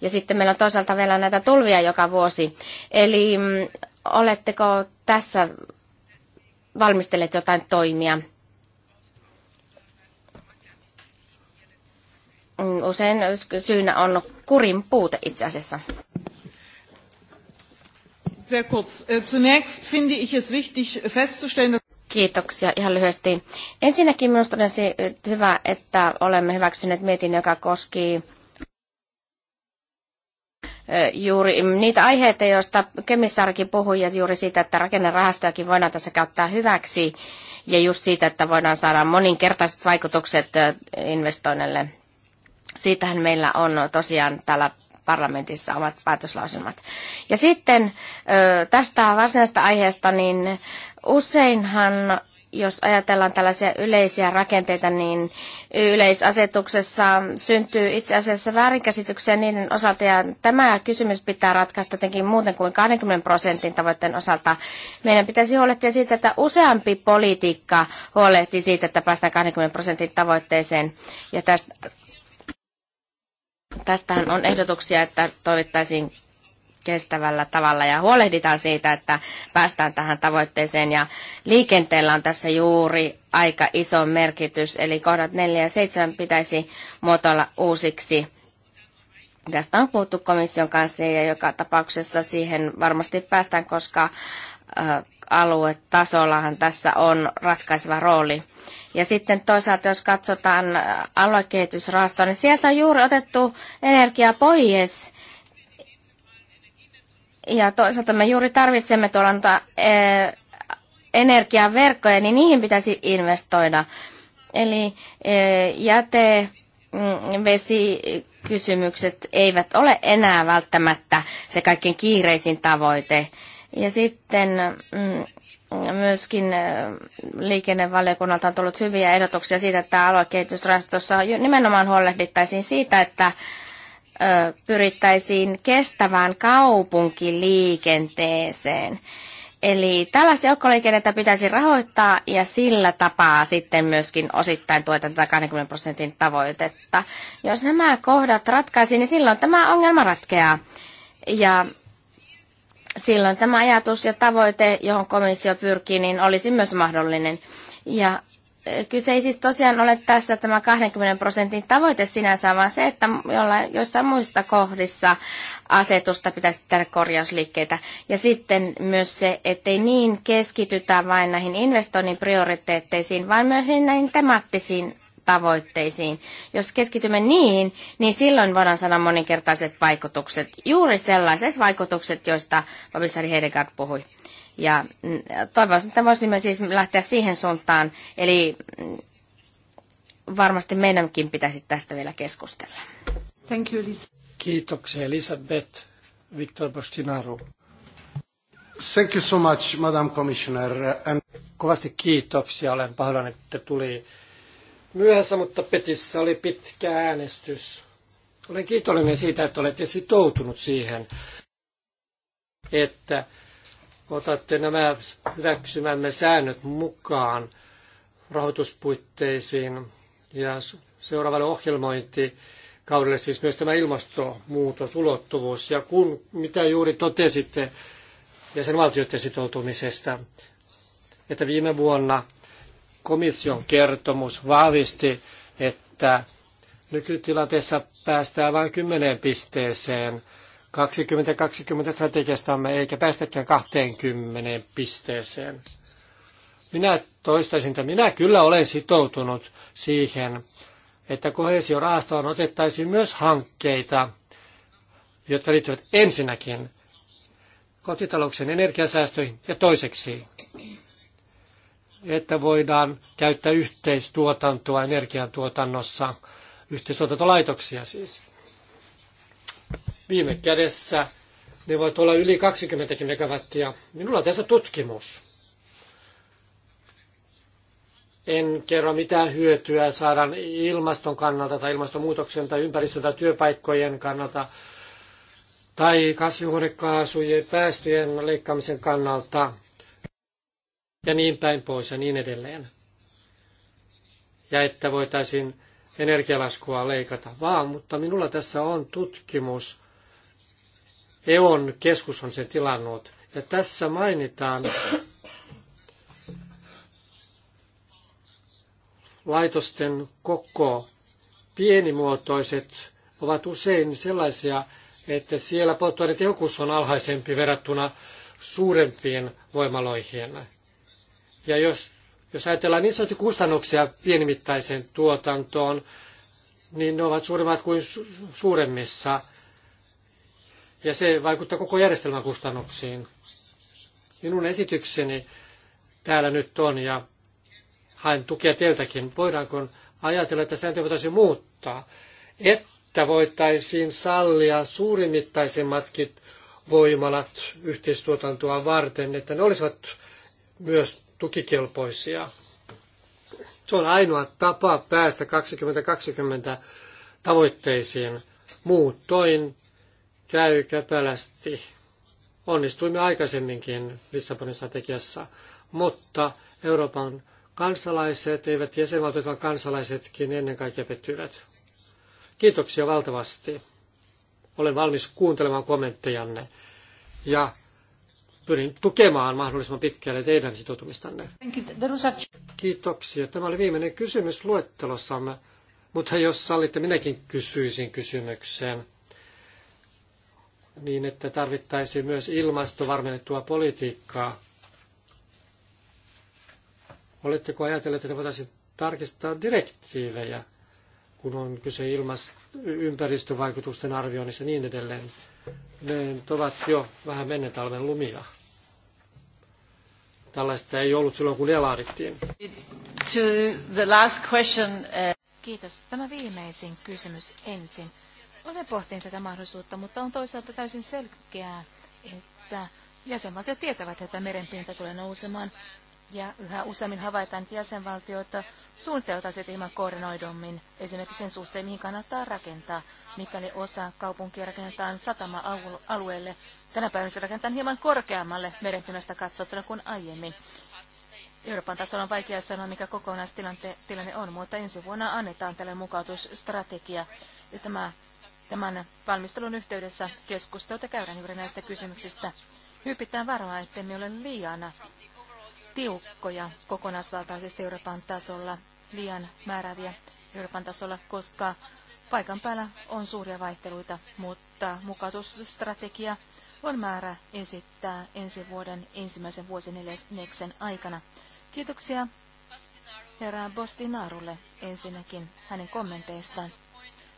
Ja sitten meillä on toisaalta vielä näitä tulvia joka vuosi. Eli mm, oletteko tässä valmistelleet jotain toimia Mm, usein syynä on kurin puute itse asiassa. Sehr kurz. Äh, zunächst finde ich es wichtig festzustellen, dass Kiitoksia ihan lyhyesti. Ensinnäkin minusta on hyvä, että olemme hyväksyneet mietin, joka koski juuri niitä aiheita, joista kemissaarikin puhui, ja juuri siitä, että rakennerahastojakin voidaan tässä käyttää hyväksi, ja just siitä, että voidaan saada moninkertaiset vaikutukset investoinnille. Siitähän meillä on tosiaan täällä parlamentissa omat päätöslauselmat. Ja sitten tästä varsinaisesta aiheesta, niin useinhan jos ajatellaan tällaisia yleisiä rakenteita, niin yleisasetuksessa syntyy itse asiassa väärinkäsityksiä niiden osalta, ja tämä kysymys pitää ratkaista jotenkin muuten kuin 20 prosentin tavoitteen osalta. Meidän pitäisi huolehtia siitä, että useampi politiikka huolehtii siitä, että päästään 20 prosentin tavoitteeseen, ja tästä Tästähän on ehdotuksia, että toivottaisiin kestävällä tavalla ja huolehditaan siitä, että päästään tähän tavoitteeseen. Ja liikenteellä on tässä juuri aika iso merkitys, eli kohdat 4 ja 7 pitäisi muotoilla uusiksi. Tästä on puhuttu komission kanssa ja joka tapauksessa siihen varmasti päästään, koska aluetasollahan tässä on ratkaiseva rooli. Ja sitten toisaalta, jos katsotaan äh, aluekehitysrahastoa, niin sieltä on juuri otettu energia pois. Ja toisaalta me juuri tarvitsemme tuolla noita, äh, energiaverkkoja, niin niihin pitäisi investoida. Eli äh, jäte, mm, vesikysymykset eivät ole enää välttämättä se kaikkein kiireisin tavoite. Ja sitten mm, myöskin eh, liikennevaliokunnalta on tullut hyviä ehdotuksia siitä, että aluekehitysrahastossa nimenomaan huolehdittaisiin siitä, että pyrittäisiin kestävään kaupunkiliikenteeseen. Eli tällaista joukkoliikennettä pitäisi rahoittaa ja sillä tapaa sitten myöskin osittain tuetaan tätä 20 prosentin tavoitetta. Jos nämä kohdat ratkaisi, niin silloin tämä ongelma ratkeaa. Ja silloin tämä ajatus ja tavoite, johon komissio pyrkii, niin olisi myös mahdollinen. Ja e, kyse ei siis tosiaan ole tässä tämä 20 prosentin tavoite sinänsä, vaan se, että jollain, jossain muista kohdissa asetusta pitäisi tehdä korjausliikkeitä. Ja sitten myös se, ettei niin keskitytä vain näihin investoinnin prioriteetteisiin, vaan myös näihin temaattisiin tavoitteisiin. Jos keskitymme niihin, niin silloin voidaan saada moninkertaiset vaikutukset, juuri sellaiset vaikutukset, joista komissari Hedegaard puhui. Ja mm, toivoisin, että voisimme siis lähteä siihen suuntaan, eli mm, varmasti meidänkin pitäisi tästä vielä keskustella. Thank you, Lisa. Kiitoksia Elisabeth Victor Bostinaru. Thank you so much, Madam Commissioner. And... Kovasti kiitoksia. Olen pahoillani, että tuli myöhässä, mutta Petissä oli pitkä äänestys. Olen kiitollinen siitä, että olette sitoutunut siihen, että otatte nämä hyväksymämme säännöt mukaan rahoituspuitteisiin ja seuraavalle kaudelle siis myös tämä ulottuvuus Ja kun, mitä juuri totesitte jäsenvaltioiden sitoutumisesta, että viime vuonna komission kertomus vahvisti, että nykytilanteessa päästään vain kymmeneen pisteeseen 2020 strategiastamme eikä päästäkään 20 pisteeseen. Minä toistaisin, että minä kyllä olen sitoutunut siihen, että kohesiorahastoon otettaisiin myös hankkeita, jotka liittyvät ensinnäkin kotitalouksien energiasäästöihin ja toiseksi että voidaan käyttää yhteistuotantoa energiantuotannossa, yhteistuotantolaitoksia siis. Viime kädessä ne voivat olla yli 20 megawattia. Minulla on tässä tutkimus. En kerro mitään hyötyä saadaan ilmaston kannalta tai ilmastonmuutoksen tai ympäristön tai työpaikkojen kannalta tai kasvihuonekaasujen päästöjen leikkaamisen kannalta – ja niin päin pois ja niin edelleen. Ja että voitaisiin energialaskua leikata, vaan, mutta minulla tässä on tutkimus, EON keskus on sen tilannut, ja tässä mainitaan laitosten koko. Pienimuotoiset ovat usein sellaisia, että siellä polttoainetehokkuus on alhaisempi verrattuna suurempiin voimaloihin. Ja jos, jos ajatellaan niin sanottu kustannuksia pienimittaiseen tuotantoon, niin ne ovat suuremmat kuin su- suuremmissa. Ja se vaikuttaa koko järjestelmän kustannuksiin. Minun esitykseni täällä nyt on ja haen tukea teiltäkin. Voidaanko ajatella, että sääntöjä voitaisiin muuttaa, että voitaisiin sallia suurimittaisemmatkin voimalat yhteistuotantoa varten, että ne olisivat myös tukikelpoisia. Se on ainoa tapa päästä 2020 tavoitteisiin. Muutoin käy käpälästi. Onnistuimme aikaisemminkin Lissabonin strategiassa, mutta Euroopan kansalaiset, eivät jäsenvaltiot, vaan kansalaisetkin ennen kaikkea pettyivät. Kiitoksia valtavasti. Olen valmis kuuntelemaan kommenttejanne ja pyrin tukemaan mahdollisimman pitkälle teidän sitoutumistanne. Kiitoksia. Tämä oli viimeinen kysymys luettelossamme, mutta jos sallitte, minäkin kysyisin kysymyksen niin, että tarvittaisiin myös ilmastovarmennettua politiikkaa. Oletteko ajatelleet, että voitaisiin tarkistaa direktiivejä, kun on kyse ilmas- ympäristövaikutusten arvioinnissa ja niin edelleen? Ne ovat jo vähän menneen talven lumia. Tällaista ei ollut silloin, kun ne laadittiin. To the last question. Eh, Kiitos. Tämä viimeisin kysymys ensin. Olen pohtinut tätä mahdollisuutta, mutta on toisaalta täysin selkeää, että jäsenvaltiot tietävät, että merenpinta tulee nousemaan ja yhä useammin havaitaan, että jäsenvaltioita suunnittelevat asiat hieman koordinoidummin, esimerkiksi sen suhteen, mihin kannattaa rakentaa. Mikäli osa kaupunkia rakennetaan satama-alueelle, tänä päivänä se rakennetaan hieman korkeammalle merenpinnasta katsottuna kuin aiemmin. Euroopan tasolla on vaikea sanoa, mikä kokonaistilanne on, mutta ensi vuonna annetaan tälle mukautusstrategia. Ja tämä, tämän valmistelun yhteydessä keskustelua käydään juuri näistä kysymyksistä. Hypitään varoa, ettei me ole liian tiukkoja kokonaisvaltaisesti Euroopan tasolla, liian määräviä Euroopan tasolla, koska paikan päällä on suuria vaihteluita, mutta mukautusstrategia on määrä esittää ensi vuoden ensimmäisen vuosineljänneksen aikana. Kiitoksia herra Bostinarulle ensinnäkin hänen kommenteistaan.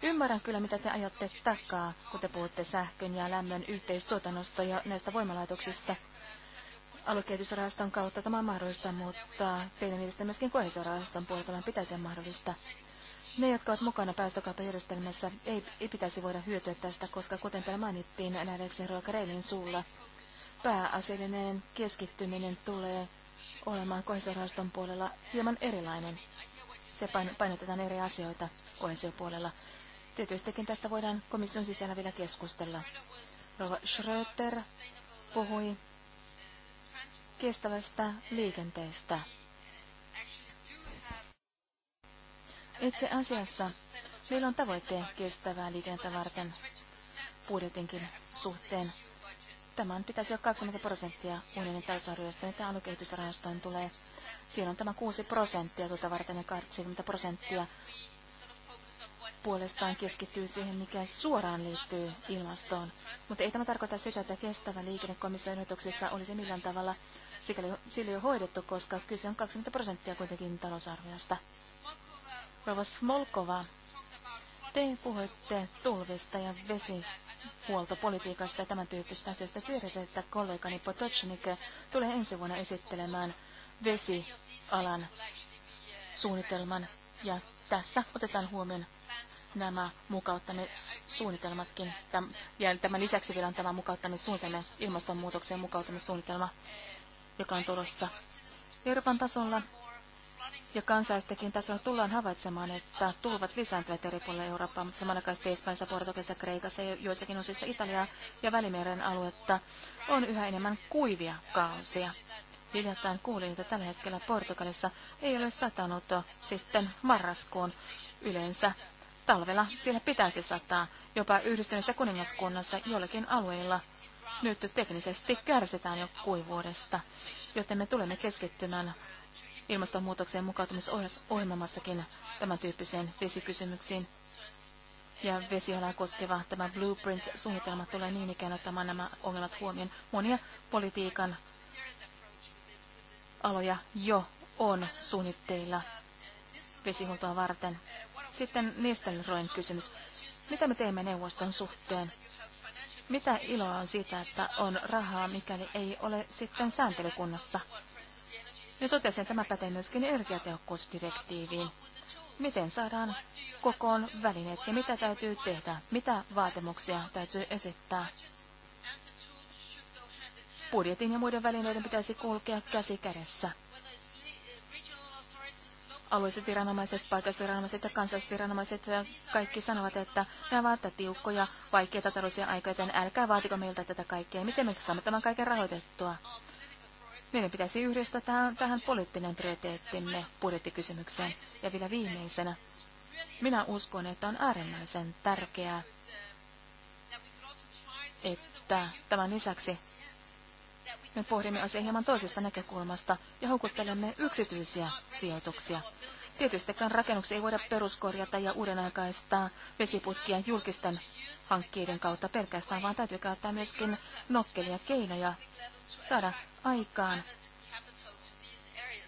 Ymmärrän kyllä, mitä te ajatte takaa, kun te puhutte sähkön ja lämmön yhteistuotannosta ja näistä voimalaitoksista aluekehitysrahaston kautta tämä on mahdollista, mutta teidän mielestä myöskin kohesiorahaston puolella tämän pitäisi olla mahdollista. Ne, jotka ovat mukana päästökauppajärjestelmässä, ei, ei pitäisi voida hyötyä tästä, koska kuten täällä mainittiin nähdäkseni Ruokareilin suulla, pääasiallinen keskittyminen tulee olemaan kohesiorahaston puolella hieman erilainen. Se painotetaan eri asioita kohesiopuolella. Tietystikin tästä voidaan komission sisällä vielä keskustella. Rova Schröter puhui kestävästä liikenteestä. Itse asiassa meillä on tavoite kestävää liikennettä varten budjetinkin suhteen. Tämän pitäisi olla 20 prosenttia unionin täysarjoista, mitä aluekehitysrahastoon tulee. Siinä on tämä 6 prosenttia tuota varten ja 80 prosenttia puolestaan keskittyy siihen, mikä suoraan liittyy ilmastoon. Mutta ei tämä tarkoita sitä, että kestävä liikennekomission ehdotuksessa olisi millään tavalla sikäli ei ole hoidettu, koska kyse on 20 prosenttia kuitenkin talousarviosta. Rova Smolkova, te puhuitte tulvista ja vesihuoltopolitiikasta ja tämän tyyppistä asioista. Tiedätte, että kollegani Potocnik tulee ensi vuonna esittelemään vesialan suunnitelman ja tässä otetaan huomioon nämä mukauttamissuunnitelmatkin. suunnitelmatkin ja tämän lisäksi vielä on tämä mukauttamissuunnitelma, ilmastonmuutokseen mukauttamissuunnitelma joka on tulossa Euroopan tasolla ja kansalaistakin tasolla tullaan havaitsemaan, että tulvat lisääntyvät eri puolilla Eurooppaa, mutta samanaikaisesti Espanjassa, Portugalissa, Kreikassa ja joissakin osissa Italiaa ja Välimeren aluetta on yhä enemmän kuivia kausia. Hiljattain kuulin, että tällä hetkellä Portugalissa ei ole satanut sitten marraskuun yleensä. Talvella siellä pitäisi sataa, jopa yhdistyneessä kuningaskunnassa jollakin alueilla nyt teknisesti kärsitään jo kuivuudesta, joten me tulemme keskittymään ilmastonmuutokseen mukautumisohjelmassakin tämän tyyppiseen vesikysymyksiin. Ja vesialaa koskeva tämä blueprint-suunnitelma tulee niin ikään ottamaan nämä ongelmat huomioon. Monia politiikan aloja jo on suunnitteilla vesihuoltoa varten. Sitten Nistelroin kysymys. Mitä me teemme neuvoston suhteen? Mitä iloa on siitä, että on rahaa, mikäli ei ole sitten sääntelykunnassa? Ja totesin, tämä pätee myöskin energiatehokkuusdirektiiviin. Miten saadaan kokoon välineet ja mitä täytyy tehdä? Mitä vaatimuksia täytyy esittää? Budjetin ja muiden välineiden pitäisi kulkea käsi kädessä alueelliset viranomaiset, paikallisviranomaiset ja kansallisviranomaiset kaikki sanovat, että nämä ovat tiukkoja, vaikeita taloudellisia aikoja, joten älkää vaatiko meiltä tätä kaikkea. Miten me saamme tämän kaiken rahoitettua? Meidän pitäisi yhdistää tähän, tähän poliittinen prioriteettimme budjettikysymykseen. Ja vielä viimeisenä, minä uskon, että on äärimmäisen tärkeää, että tämän lisäksi me pohdimme asiaa hieman toisesta näkökulmasta ja houkuttelemme yksityisiä sijoituksia. Tietystikään rakennuksia ei voida peruskorjata ja uudenaikaistaa vesiputkia julkisten hankkeiden kautta pelkästään, vaan täytyy käyttää myöskin nokkelia keinoja saada aikaan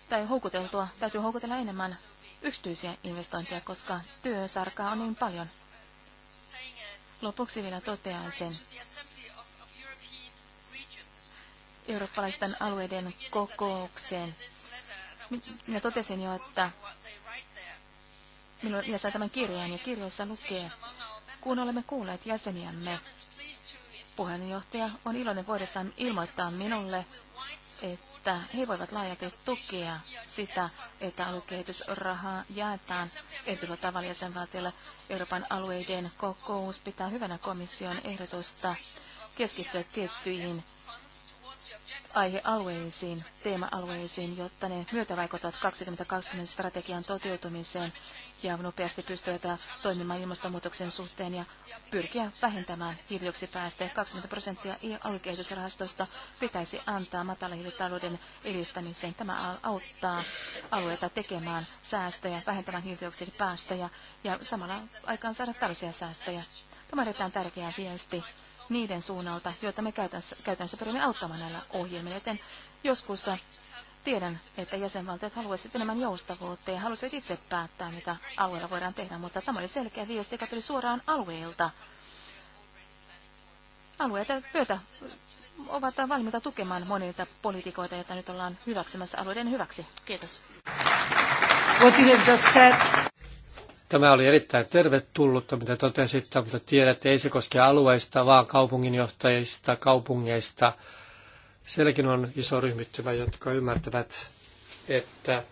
tai houkuteltua, täytyy houkutella enemmän yksityisiä investointeja, koska työsarkaa on niin paljon. Lopuksi vielä totean sen, eurooppalaisten alueiden kokoukseen. Minä totesin jo, että minulla jäsen tämän kirjan ja kirjassa lukee, kun olemme kuulleet jäseniämme, puheenjohtaja on iloinen voidessaan ilmoittaa minulle, että he voivat laajalti tukea sitä, että aluekehitysrahaa jaetaan tietyllä tavalla jäsenvaltiolle. Euroopan alueiden kokous pitää hyvänä komission ehdotusta keskittyä tiettyihin aihealueisiin, teema-alueisiin, jotta ne myötävaikuttavat 2020 strategian toteutumiseen ja nopeasti pystyvät toimimaan ilmastonmuutoksen suhteen ja pyrkiä vähentämään hiilidioksipäästöjä. 20 prosenttia aluekehitysrahastosta pitäisi antaa matalahiilitalouden edistämiseen. Tämä auttaa alueita tekemään säästöjä, vähentämään hiilidioksidipäästöjä ja samalla aikaan saada tällaisia säästöjä. Tämä on erittäin tärkeä viesti niiden suunnalta, joita me käytännössä, käytännössä pyrimme auttamaan näillä ohjelmilla. Joten joskus tiedän, että jäsenvaltiot haluaisivat enemmän joustavuutta ja haluaisivat itse päättää, mitä alueella voidaan tehdä, mutta tämä oli selkeä viesti, joka tuli suoraan alueilta. Alueet työtä ovat valmiita tukemaan monilta poliitikoita, joita nyt ollaan hyväksymässä alueiden hyväksi. Kiitos. What you have just said. Tämä oli erittäin tervetullutta, mitä totesitte, mutta että ei se koske alueista, vaan kaupunginjohtajista, kaupungeista. Sielläkin on iso ryhmittymä, jotka ymmärtävät, että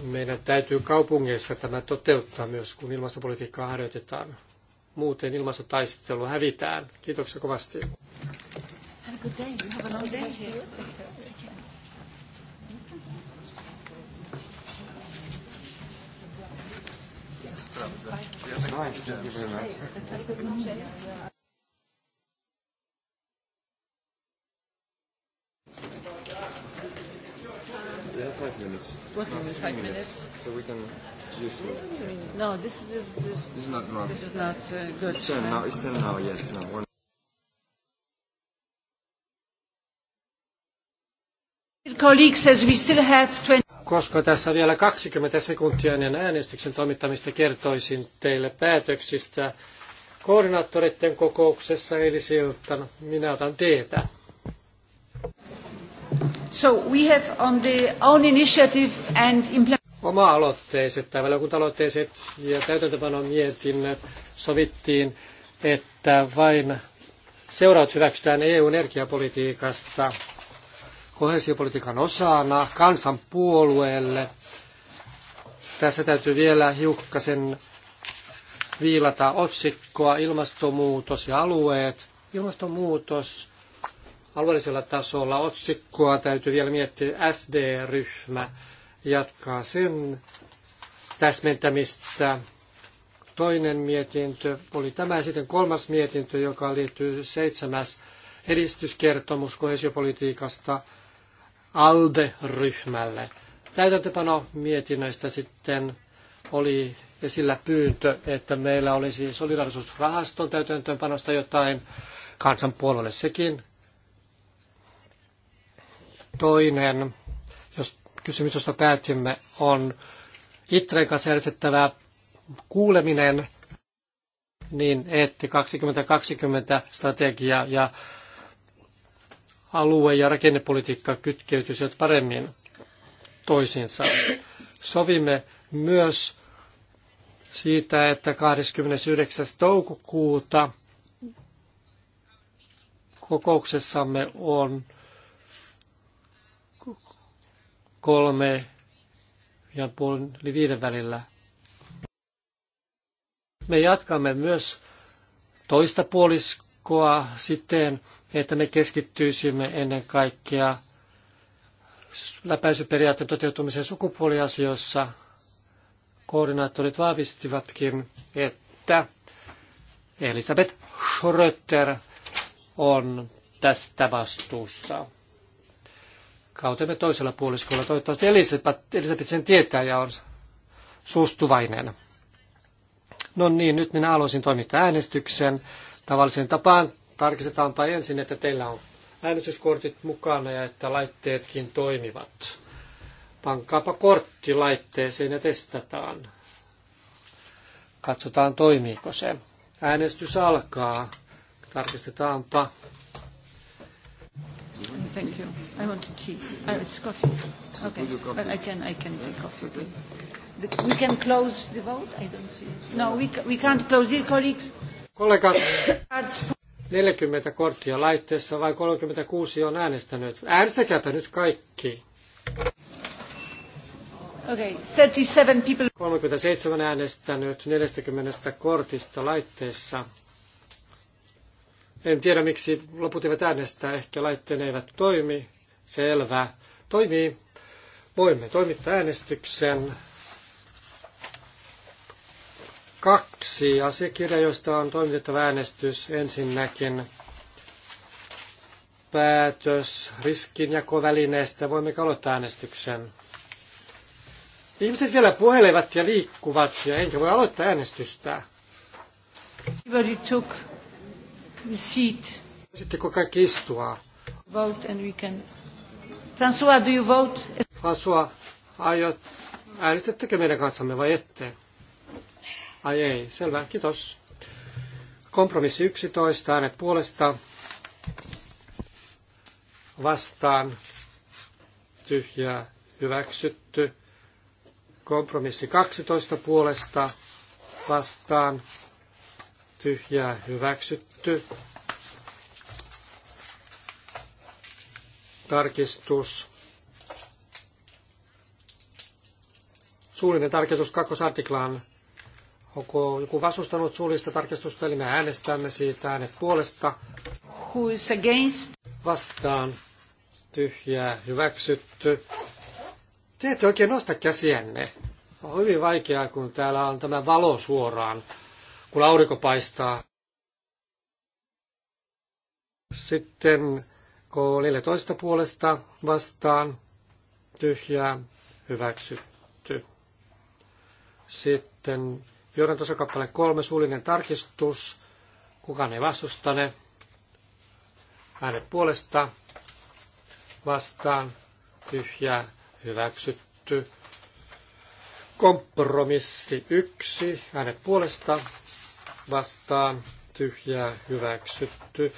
meidän täytyy kaupungeissa tämä toteuttaa myös, kun ilmastopolitiikkaa harjoitetaan. Muuten ilmastotaistelu hävitään. Kiitoksia kovasti. Have a good day. have a long day right. Thank you very much. We have five minutes. What no, Five minutes. minutes. So we can use it. No, this is this. This is not wrong. This is not uh, good. It's ten uh, now. It's ten uh, now. Yes. No. colleagues, as we still have 20 koska tässä vielä 20 sekuntia ennen äänestyksen toimittamista kertoisin teille päätöksistä koordinaattoreiden kokouksessa eilisiltana. Minä otan teetä. So we have on the own initiative and Oma-aloitteiset tai valiokunta-aloitteiset ja täytäntöpanon mietinnöt sovittiin, että vain seuraat hyväksytään EU-energiapolitiikasta kohesiopolitiikan osana kansanpuolueelle. Tässä täytyy vielä hiukkasen viilata otsikkoa ilmastonmuutos ja alueet. Ilmastonmuutos alueellisella tasolla otsikkoa täytyy vielä miettiä SD-ryhmä jatkaa sen täsmentämistä. Toinen mietintö oli tämä ja sitten kolmas mietintö, joka liittyy seitsemäs edistyskertomus kohesiopolitiikasta – ALDE-ryhmälle. Täytäntöpano mietinnöistä sitten oli esillä pyyntö, että meillä olisi solidarisuusrahaston täytäntöönpanosta jotain kansanpuolelle sekin. Toinen, jos kysymys, josta päätimme, on Itren kanssa järjestettävä kuuleminen niin, että 2020 strategia ja alue- ja rakennepolitiikka kytkeytyisivät paremmin toisiinsa. Sovimme myös siitä, että 29. toukokuuta kokouksessamme on kolme ja puoli viiden välillä. Me jatkamme myös toista puoliskoa jatkoa siten, että me keskittyisimme ennen kaikkea läpäisyperiaatteen toteutumiseen sukupuoliasioissa. Koordinaattorit vahvistivatkin, että Elisabeth Schröter on tästä vastuussa. Kautemme toisella puoliskolla. Toivottavasti Elisabeth, sen tietää ja on suustuvainen. No niin, nyt minä aloisin toimittaa äänestyksen. Tavalliseen tapaan tarkistetaanpa ensin, että teillä on äänestyskortit mukana ja että laitteetkin toimivat. Pankkaapa kortti laitteeseen ja testataan. Katsotaan toimiiko se. Äänestys alkaa. Tarkistetaanpa. Thank you. I want to tea. Oh, uh, it's coffee. Okay. But I can, I can take coffee. We can close the vote? I don't see. It. No, we, we can't close. Dear colleagues, Kollega, 40 korttia laitteessa vai 36 on äänestänyt. Äänestäkääpä nyt kaikki. Okay, 37, people. 37 äänestänyt 40 kortista laitteessa. En tiedä miksi loput eivät äänestää, ehkä laitteen eivät toimi. Selvä. Toimii. Voimme toimittaa äänestyksen kaksi asiakirjaa, joista on toimitettava äänestys. Ensinnäkin päätös riskinjakovälineestä. Voimme aloittaa äänestyksen. Ihmiset vielä puhelevat ja liikkuvat, ja enkä voi aloittaa äänestystä. Everybody took the seat. Voisitteko kaikki istua? Vote and we can... François, do you vote? François, aiot... äänestettekö meidän kanssamme vai ette? Ai ei, selvä, kiitos. Kompromissi 11, äänet puolesta vastaan tyhjää hyväksytty. Kompromissi 12 puolesta vastaan tyhjää hyväksytty. Tarkistus. Suullinen tarkistus kakkosartiklaan Onko joku vastustanut suullista tarkistusta, eli me äänestämme siitä äänet puolesta. Who is against? Vastaan. Tyhjää. Hyväksytty. Te ette oikein nosta käsiänne. On hyvin vaikeaa, kun täällä on tämä valo suoraan, kun aurinko paistaa. Sitten K14 puolesta vastaan tyhjää hyväksytty. Sitten Johdan kappale kolme, suullinen tarkistus. Kukaan ei vastustane. Äänet puolesta vastaan tyhjää hyväksytty. Kompromissi yksi, äänet puolesta vastaan tyhjää hyväksytty.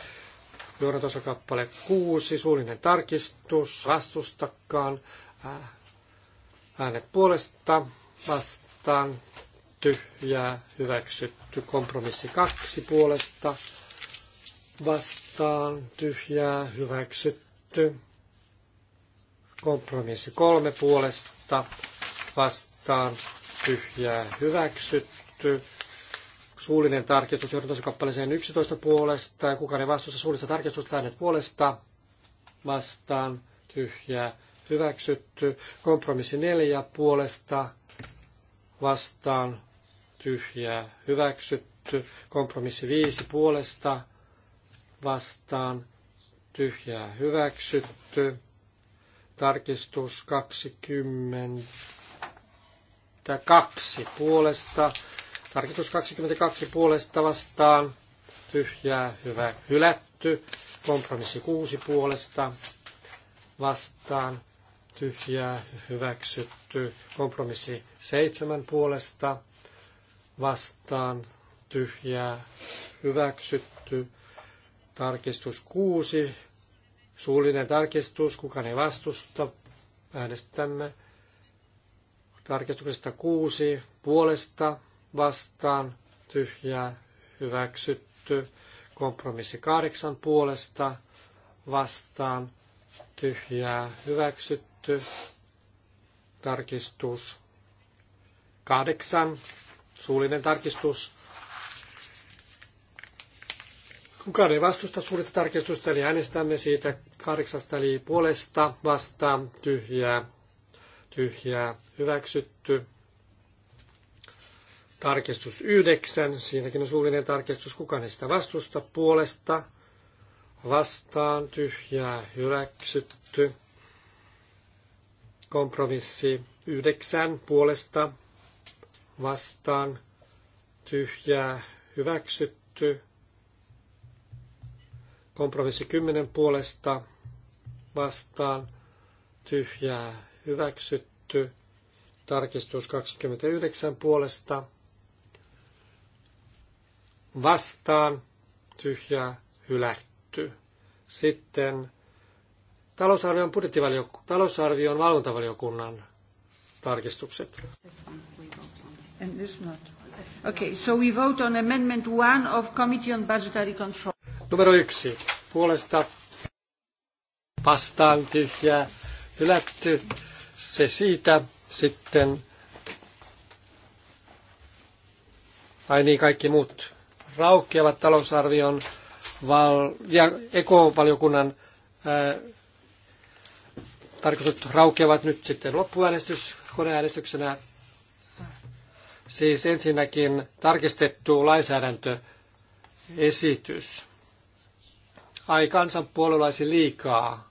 Johdatusosakappale kuusi suullinen tarkistus, vastustakaan, äänet puolesta vastaan, tyhjää hyväksytty. Kompromissi kaksi puolesta vastaan tyhjää hyväksytty. Kompromissi kolme puolesta vastaan tyhjää hyväksytty. Suullinen tarkistus johdantosakappaleeseen 11 puolesta ja kukaan ei vastusta suullista tarkistusta äänet puolesta vastaan tyhjää hyväksytty. Kompromissi neljä puolesta vastaan tyhjää hyväksytty. Kompromissi viisi puolesta vastaan tyhjää hyväksytty. Tarkistus 22 puolesta. Tarkistus 22 puolesta vastaan tyhjää hyvä hylätty. Kompromissi 6 puolesta vastaan tyhjää hyväksytty. Kompromissi 7 puolesta vastaan tyhjää hyväksytty. Tarkistus kuusi Suullinen tarkistus, kuka ne vastusta. Äänestämme tarkistuksesta kuusi puolesta vastaan tyhjää hyväksytty. Kompromissi kahdeksan puolesta vastaan tyhjää hyväksytty. Tarkistus kahdeksan Suullinen tarkistus. Kukaan ei vastusta suullista tarkistusta, eli äänestämme siitä kahdeksasta eli puolesta vastaan tyhjää, tyhjää hyväksytty. Tarkistus yhdeksän, siinäkin on suullinen tarkistus, kukaan ei sitä vastusta puolesta vastaan tyhjää hyväksytty. Kompromissi yhdeksän puolesta vastaan tyhjää hyväksytty. Kompromissi 10 puolesta vastaan tyhjää hyväksytty. Tarkistus 29 puolesta vastaan tyhjää hylätty. Sitten talousarvion, talousarvion valvontavaliokunnan tarkistukset. This one we and this not. Okay, so we vote on amendment one of Committee on Budgetary Control. Numero yksi. Puolesta vastaan tyhjää hylätty. Se siitä sitten. Ai niin, kaikki muut raukeavat talousarvion val- ja ekovaliokunnan ää, raukeavat nyt sitten loppuäänestys koneäänestyksenä Siis ensinnäkin tarkistettu lainsäädäntöesitys. Ai kansan puolulaisi liikaa.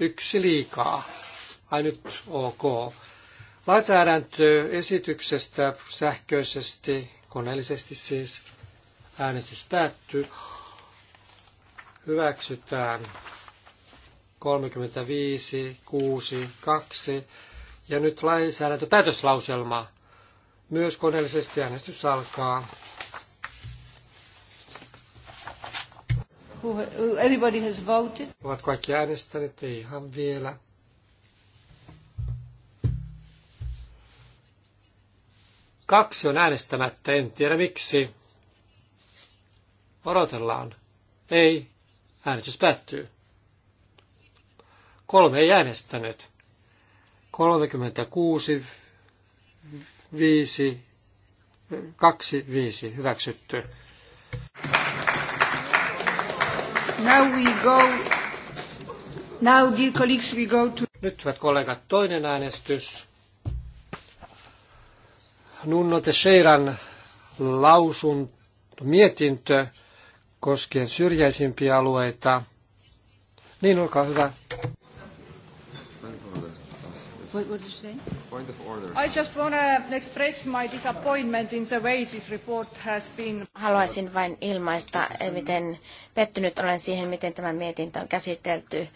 Yksi liikaa. Ai nyt ok. Lainsäädäntöesityksestä sähköisesti, koneellisesti siis, äänestys päättyy. Hyväksytään 35, 6, 2. Ja nyt lainsäädäntö päätöslauselma myös koneellisesti äänestys alkaa. Everybody has voted. Ovat kaikki äänestäneet, ei ihan vielä. Kaksi on äänestämättä, en tiedä miksi. Odotellaan. Ei, äänestys päättyy. Kolme ei äänestänyt. 36 viisi, kaksi viisi hyväksytty. Now we go, now dear colleagues we go to... Nyt hyvät kollegat, toinen äänestys. Nunno Teixeiran lausun mietintö koskien syrjäisimpiä alueita. Niin, olkaa hyvä. What, did you say? Point of order. I just want to express my disappointment in the way this report has been. Haluaisin vain ilmaista, eh, miten pettynyt olen siihen, miten tämä mietintö on käsitelty.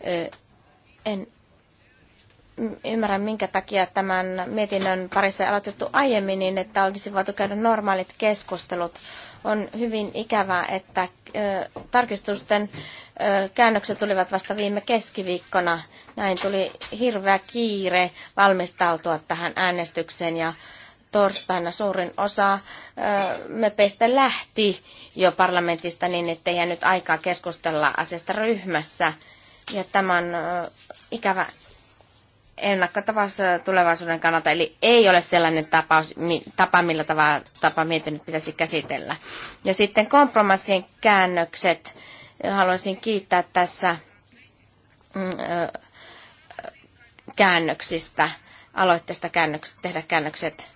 Eh, en ymmärrä, minkä takia tämän mietinnön parissa ei aloitettu aiemmin, niin että olisi voitu käydä normaalit keskustelut on hyvin ikävää, että tarkistusten käännökset tulivat vasta viime keskiviikkona. Näin tuli hirveä kiire valmistautua tähän äänestykseen ja torstaina suurin osa mepeistä lähti jo parlamentista niin, ettei jäänyt aikaa keskustella asiasta ryhmässä. Ja tämän ikävä ennakkotapaus tulevaisuuden kannalta, eli ei ole sellainen tapaus, tapa, millä tavalla tapa mietinnyt pitäisi käsitellä. Ja sitten kompromissien käännökset. Haluaisin kiittää tässä mm, käännöksistä, aloitteesta käännökset, tehdä käännökset.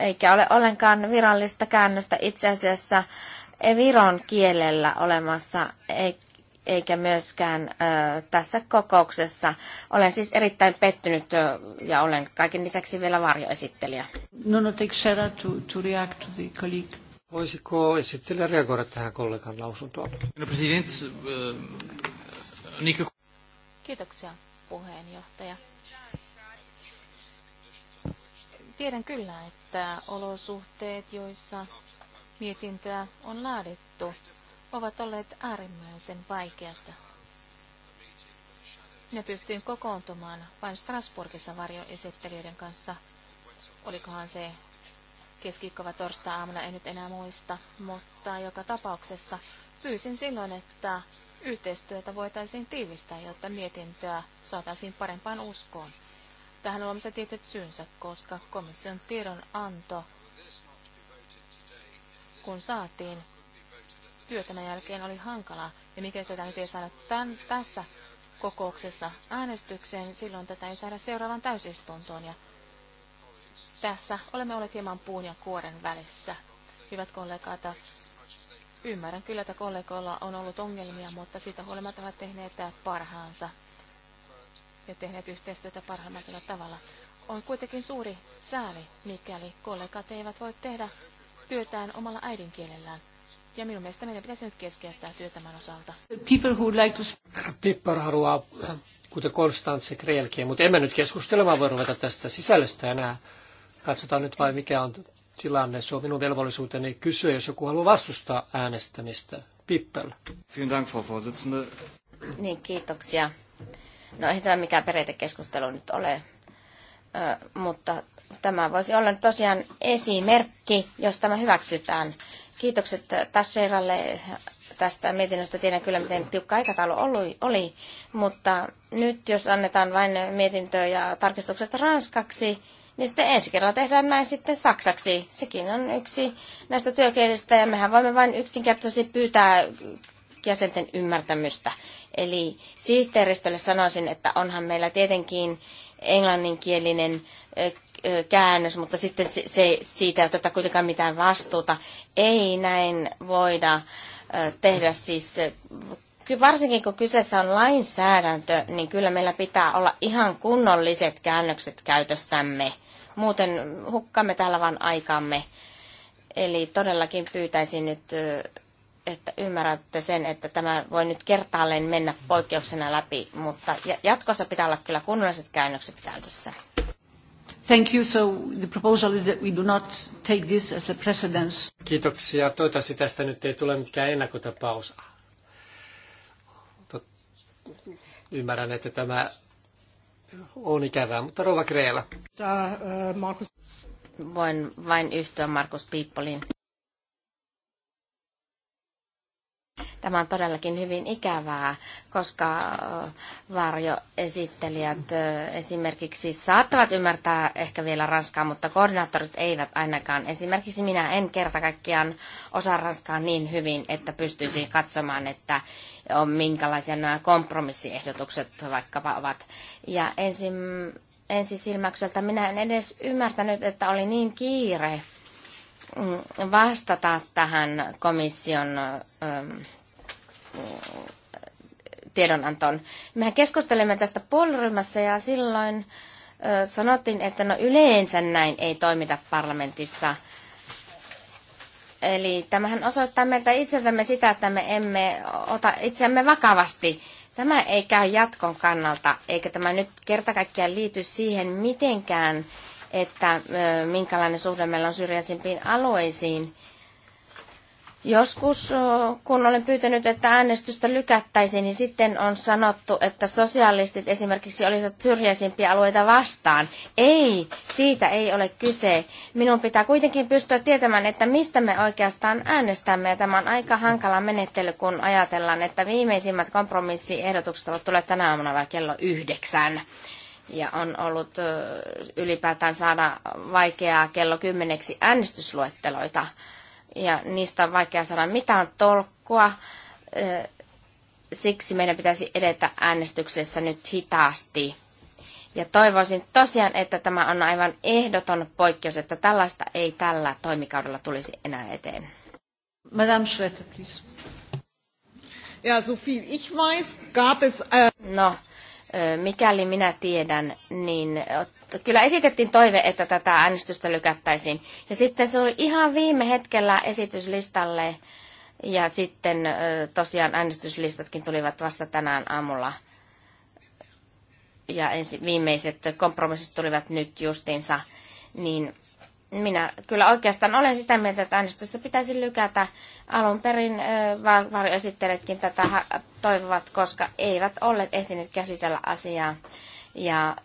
Eikä ole ollenkaan virallista käännöstä itse asiassa eh, Viron kielellä olemassa, eikä eikä myöskään tässä kokouksessa. Olen siis erittäin pettynyt ja olen kaiken lisäksi vielä varjoesittelijä. No, no, to, to react to the colleague. Voisiko esittelijä reagoida tähän kollegan lausuntoon? No, president, niin Kiitoksia, puheenjohtaja. Tiedän kyllä, että olosuhteet, joissa mietintöä on laadittu, ovat olleet äärimmäisen vaikeita. Ne pystyin kokoontumaan vain Strasbourgissa varjoesittelijöiden kanssa. Olikohan se keskikkova torstai-aamuna, en nyt enää muista, mutta joka tapauksessa pyysin silloin, että yhteistyötä voitaisiin tiivistää, jotta mietintöä saataisiin parempaan uskoon. Tähän on olemassa tietyt syynsä, koska komission tiedonanto, kun saatiin, työ tämän jälkeen oli hankalaa. Ja mikäli tätä nyt ei saada tämän, tässä kokouksessa äänestykseen, silloin tätä ei saada seuraavan täysistuntoon. Ja tässä olemme olleet hieman puun ja kuoren välissä. Hyvät kollegat, ymmärrän kyllä, että kollegoilla on ollut ongelmia, mutta siitä huolimatta ovat tehneet parhaansa ja tehneet yhteistyötä parhaimmaisella tavalla. On kuitenkin suuri sääli, mikäli kollegat eivät voi tehdä työtään omalla äidinkielellään. Ja minun mielestä meidän pitäisi nyt keskeyttää työ tämän osalta. People who like to... Pipper haluaa, äh, kuten Konstantse Kreelkin, mutta emme nyt vaan voi ruveta tästä sisällöstä enää. Katsotaan nyt vain, mikä on tilanne. Se on minun velvollisuuteni kysyä, jos joku haluaa vastustaa äänestämistä. Pippel. Dank, Niin, kiitoksia. No ei tämä mikään periaatekeskustelu nyt ole, Ö, mutta tämä voisi olla tosiaan esimerkki, jos tämä hyväksytään – Kiitokset Tasseralle tästä mietinnöstä. Tiedän kyllä, miten tiukka aikataulu oli, mutta nyt jos annetaan vain mietintö ja tarkistukset ranskaksi, niin sitten ensi kerralla tehdään näin sitten saksaksi. Sekin on yksi näistä työkielistä ja mehän voimme vain yksinkertaisesti pyytää jäsenten ymmärtämystä. Eli sihteeristölle sanoisin, että onhan meillä tietenkin englanninkielinen eh, käännös, mutta sitten se, se, siitä ei oteta kuitenkaan mitään vastuuta. Ei näin voida tehdä siis varsinkin kun kyseessä on lainsäädäntö, niin kyllä meillä pitää olla ihan kunnolliset käännökset käytössämme. Muuten hukkamme täällä vain aikamme. Eli todellakin pyytäisin nyt, että ymmärrätte sen, että tämä voi nyt kertaalleen mennä poikkeuksena läpi, mutta jatkossa pitää olla kyllä kunnolliset käännökset käytössä the proposal is that we do not take this as a precedence. Kiitoksia. Toivottavasti tästä nyt ei tule mikään ennakkotapaus. Ymmärrän, että tämä on ikävää, mutta Rova Kreela. Äh, äh, Voin vain yhtyä Markus Piippolin. Tämä on todellakin hyvin ikävää, koska varjoesittelijät esimerkiksi saattavat ymmärtää ehkä vielä ranskaa, mutta koordinaattorit eivät ainakaan. Esimerkiksi minä en kerta kaikkiaan osaa ranskaa niin hyvin, että pystyisi katsomaan, että on minkälaisia nämä kompromissiehdotukset vaikkapa ovat. Ja ensi, ensisilmäkseltä minä en edes ymmärtänyt, että oli niin kiire Mm, vastata tähän komission ähm, tiedonantoon. Mehän keskustelimme tästä puoliryhmässä ja silloin sanottiin, että no yleensä näin ei toimita parlamentissa. Eli tämähän osoittaa meiltä itseltämme sitä, että me emme ota itseämme vakavasti. Tämä ei käy jatkon kannalta, eikä tämä nyt kertakaikkiaan liity siihen mitenkään, että minkälainen suhde meillä on syrjäisimpiin alueisiin. Joskus, kun olen pyytänyt, että äänestystä lykättäisiin, niin sitten on sanottu, että sosialistit esimerkiksi olisivat syrjäisimpiä alueita vastaan. Ei, siitä ei ole kyse. Minun pitää kuitenkin pystyä tietämään, että mistä me oikeastaan äänestämme. Ja tämä on aika hankala menettely, kun ajatellaan, että viimeisimmät kompromissiehdotukset ovat tulleet tänä aamuna vielä kello yhdeksän ja on ollut ylipäätään saada vaikeaa kello kymmeneksi äänestysluetteloita ja niistä on vaikea saada mitään tolkkua. Siksi meidän pitäisi edetä äänestyksessä nyt hitaasti. Ja toivoisin tosiaan, että tämä on aivan ehdoton poikkeus, että tällaista ei tällä toimikaudella tulisi enää eteen. Madame Schröter, please. Ja, so viel ich weiß, gab es... Äh, no, Mikäli minä tiedän, niin kyllä esitettiin toive, että tätä äänestystä lykättäisiin. Ja sitten se oli ihan viime hetkellä esityslistalle ja sitten tosiaan äänestyslistatkin tulivat vasta tänään aamulla. Ja ensi, viimeiset kompromissit tulivat nyt justiinsa. Niin minä kyllä oikeastaan olen sitä mieltä, että äänestystä pitäisi lykätä. Alun perin varjoesittelijätkin tätä toivovat, koska eivät olleet ehtineet käsitellä asiaa. Ja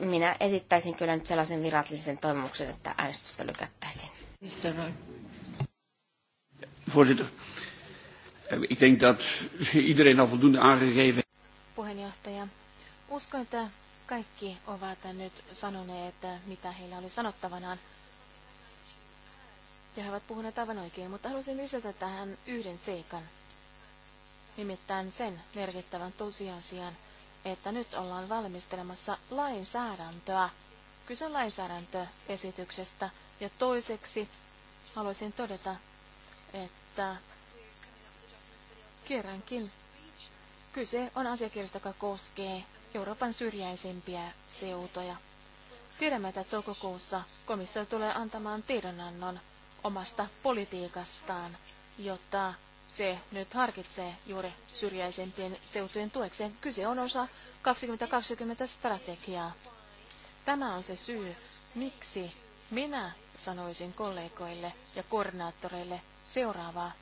minä esittäisin kyllä nyt sellaisen virallisen toimuksen, että äänestystä lykättäisiin. Voorzitter, ik denk dat iedereen al voldoende aangegeven. Puheenjohtaja, uskon, että kaikki ovat nyt sanoneet, mitä heillä oli sanottavanaan. Ja he ovat puhuneet aivan oikein, mutta haluaisin lisätä tähän yhden seikan. Nimittäin sen merkittävän tosiasian, että nyt ollaan valmistelemassa lainsäädäntöä. Kyse on lainsäädäntöesityksestä. Ja toiseksi haluaisin todeta, että kerrankin kyse on asiakirjasta, joka koskee Euroopan syrjäisimpiä seutuja. Tiedämme, että toukokuussa komissio tulee antamaan tiedonannon omasta politiikastaan, jotta se nyt harkitsee juuri syrjäisempien seutujen tuekseen. Kyse on osa 2020-strategiaa. Tämä on se syy, miksi minä sanoisin kollegoille ja koordinaattoreille seuraavaa.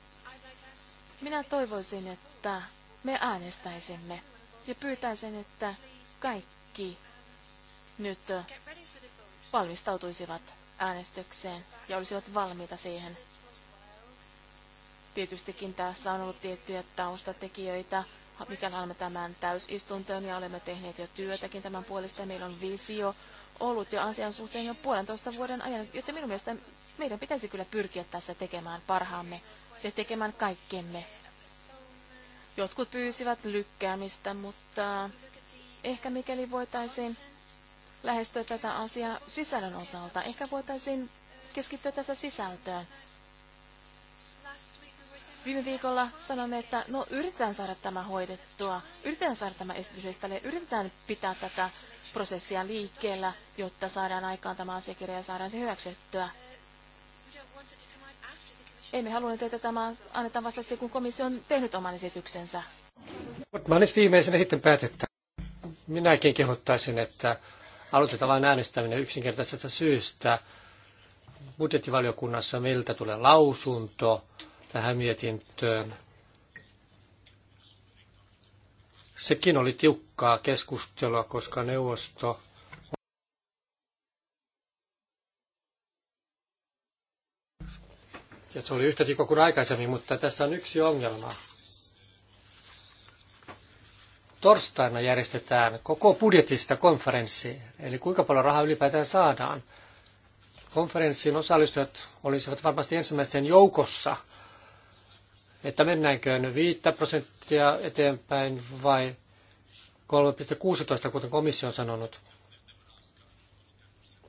Minä toivoisin, että me äänestäisimme ja pyytäisin, että kaikki nyt valmistautuisivat äänestykseen ja olisivat valmiita siihen. Tietystikin tässä on ollut tiettyjä taustatekijöitä, mikä olemme tämän täysistuntoon ja olemme tehneet jo työtäkin tämän puolesta. Meillä on visio ollut jo asian suhteen jo puolentoista vuoden ajan, joten minun mielestä meidän pitäisi kyllä pyrkiä tässä tekemään parhaamme ja tekemään kaikkemme Jotkut pyysivät lykkäämistä, mutta ehkä mikäli voitaisiin lähestyä tätä asiaa sisällön osalta, ehkä voitaisiin keskittyä tässä sisältöön. Viime viikolla sanoimme, että no yritetään saada tämä hoidettua, yritetään saada tämä esityslistalle, yritetään pitää tätä prosessia liikkeellä, jotta saadaan aikaan tämä asiakirja ja saadaan se hyväksyttyä. Emme halunneet, että tämä annetaan vasta sitten, kun komissio on tehnyt oman esityksensä. Mä olen viimeisenä sitten päätettä. Minäkin kehottaisin, että aloitetaan vain äänestäminen yksinkertaisesta syystä. Budjettivaliokunnassa meiltä tulee lausunto tähän mietintöön. Sekin oli tiukkaa keskustelua, koska neuvosto ja se oli yhtä tiukka kuin aikaisemmin, mutta tässä on yksi ongelma. Torstaina järjestetään koko budjetista konferenssi, eli kuinka paljon rahaa ylipäätään saadaan. Konferenssin osallistujat olisivat varmasti ensimmäisten joukossa, että mennäänkö 5 prosenttia eteenpäin vai 3,16, kuten komissio on sanonut,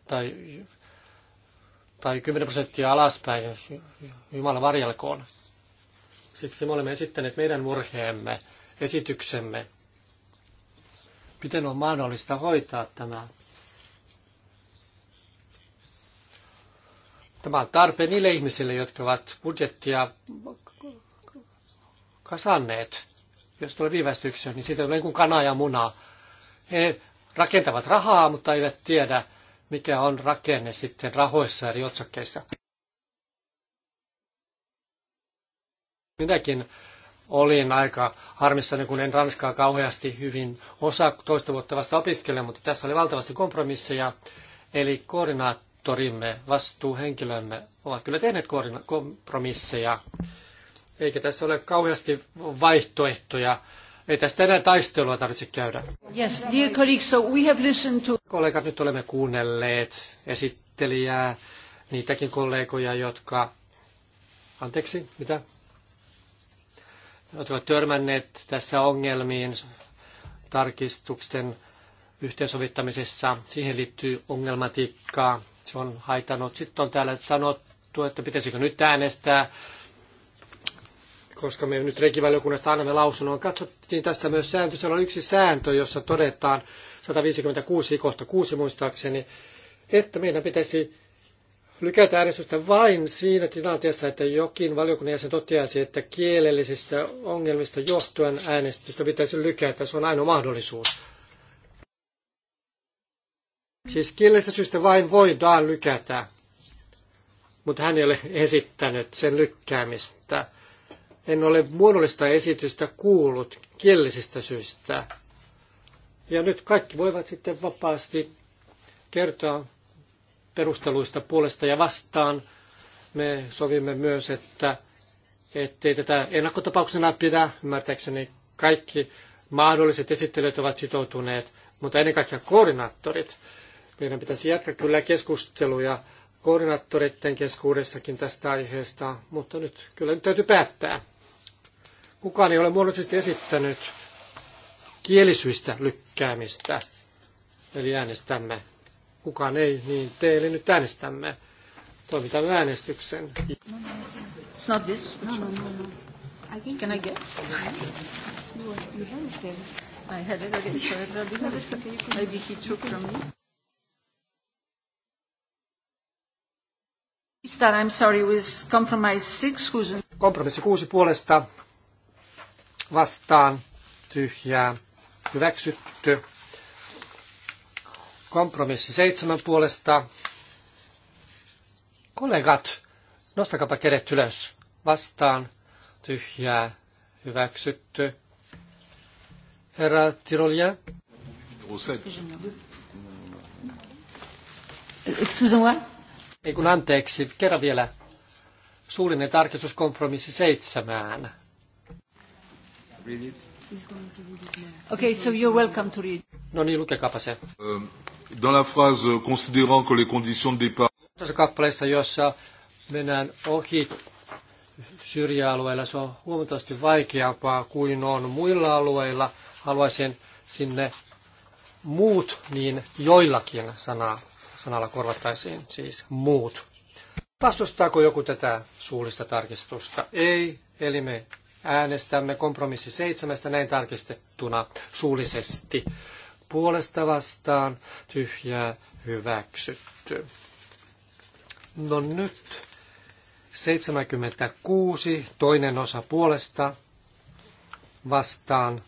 tai tai 10 prosenttia alaspäin, Jumala varjelkoon. Siksi me olemme esittäneet meidän murheemme, esityksemme, miten on mahdollista hoitaa tämä. Tämä on tarpeen niille ihmisille, jotka ovat budjettia kasanneet. Jos tulee viivästyksiä, niin siitä tulee kuin kana ja muna. He rakentavat rahaa, mutta eivät tiedä, mikä on rakenne sitten rahoissa eri otsakkeissa. Minäkin olin aika harmissani, kun en Ranskaa kauheasti hyvin osa toista vuotta vasta opiskelemaan, mutta tässä oli valtavasti kompromisseja. Eli koordinaattorimme, vastuuhenkilömme ovat kyllä tehneet kompromisseja, eikä tässä ole kauheasti vaihtoehtoja ei tästä enää taistelua tarvitse käydä. Yes, dear colleagues, so we have listened to... Kollegat, nyt olemme kuunnelleet esittelijää, niitäkin kollegoja, jotka... Anteeksi, mitä? Jotka ovat törmänneet tässä ongelmiin tarkistusten yhteensovittamisessa. Siihen liittyy ongelmatiikkaa. Se on haitanut. Sitten on täällä sanottu, että pitäisikö nyt äänestää koska me nyt rekivaliokunnasta annamme lausunnon. Katsottiin tässä myös sääntö. Siellä on yksi sääntö, jossa todetaan 156 kohta 6 muistaakseni, että meidän pitäisi lykätä äänestystä vain siinä tilanteessa, että jokin valiokunnan jäsen toteaisi, että kielellisistä ongelmista johtuen äänestystä pitäisi lykätä. Se on ainoa mahdollisuus. Siis kielellisestä syystä vain voidaan lykätä, mutta hän ei ole esittänyt sen lykkäämistä en ole muodollista esitystä kuullut kielellisistä syistä. Ja nyt kaikki voivat sitten vapaasti kertoa perusteluista puolesta ja vastaan. Me sovimme myös, että ettei tätä ennakkotapauksena pidä. Ymmärtääkseni kaikki mahdolliset esittelyt ovat sitoutuneet, mutta ennen kaikkea koordinaattorit. Meidän pitäisi jatkaa kyllä keskusteluja koordinaattoreiden keskuudessakin tästä aiheesta, mutta nyt kyllä nyt täytyy päättää. Kukaan ei ole muodollisesti esittänyt kielisyistä lykkäämistä, eli äänestämme. Kukaan ei niin tee, eli nyt äänestämme. Toimitamme äänestyksen. It's not this. No, no, no, no. I think Can I get? You, you had it there. I had it again. So uh, it okay. Maybe he took from me. That I'm sorry, was compromise six, who's in... Kompromissi kuusi puolesta vastaan tyhjää hyväksytty. Kompromissi seitsemän puolesta. Kollegat, nostakapa kädet ylös. Vastaan tyhjää hyväksytty. Herra Tirolia. Ei kun anteeksi, kerran vielä. Suullinen tarkistuskompromissi seitsemään Read it. Okay, so you're welcome to read. No niin, lukekaapa se. Euh, dans la phrase euh, considérant que les conditions de départ... Tuossa kappaleessa, jossa mennään ohi syrjäalueilla, se on huomattavasti vaikeampaa kuin on muilla alueilla. Haluaisin sinne muut, niin joillakin sanaa, sanalla korvattaisiin siis muut. Vastustaako joku tätä suullista tarkistusta? Ei, eli me äänestämme kompromissi seitsemästä näin tarkistettuna suullisesti. Puolesta vastaan tyhjää hyväksytty. No nyt 76, toinen osa puolesta vastaan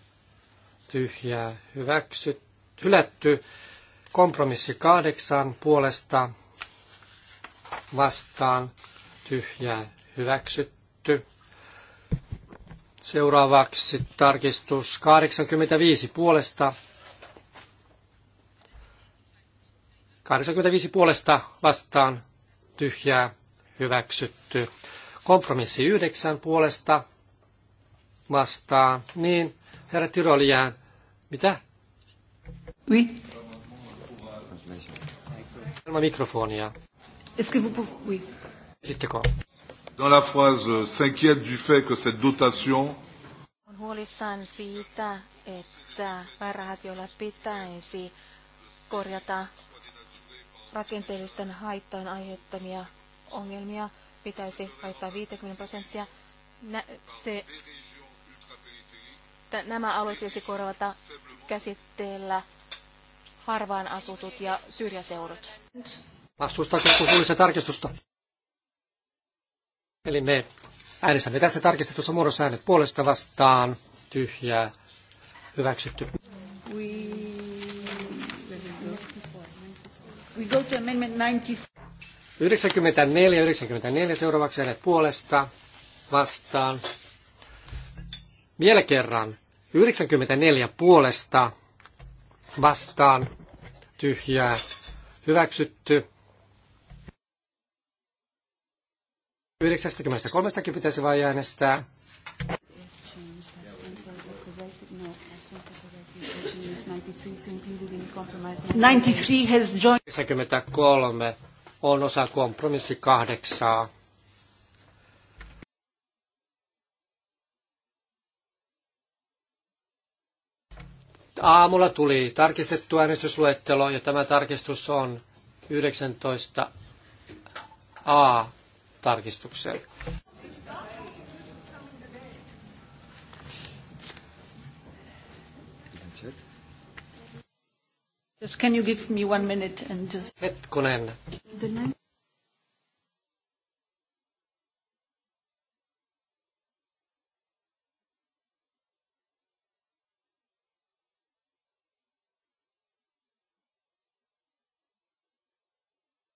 tyhjää hyväksytty hylätty. Kompromissi kahdeksan puolesta vastaan tyhjää hyväksytty. Seuraavaksi tarkistus 85 puolesta. 85 puolesta vastaan tyhjää hyväksytty. Kompromissi 9 puolesta vastaan. Niin, herra Tyrolijään, mitä? Oui. Ilman mikrofonia. Est-ce que vous pouvez... Oui dans la phrase euh, s'inquiète du fait que cette dotation on siitä, että määrärahat, joilla pitäisi korjata rakenteellisten haittojen aiheuttamia ongelmia, pitäisi laittaa 50 prosenttia. Nä, se, t- nämä alueet pitäisi korvata käsitteellä harvaan asutut ja syrjäseudut. Vastustaako suullista tarkistusta? Eli me äänestämme tässä tarkistetussa muodossa äänet puolesta vastaan, tyhjää, hyväksytty. We, go to amendment 94, 94 seuraavaksi äänet puolesta, vastaan. Vielä kerran, 94 puolesta, vastaan, tyhjää, hyväksytty. 93 pitäisi vain äänestää. Has 93 on osa kompromissi kahdeksaa. Aamulla tuli tarkistettu äänestysluettelo ja tämä tarkistus on 19a tarkistuksen. Just can you give me one minute and just... Hetkonen. The name?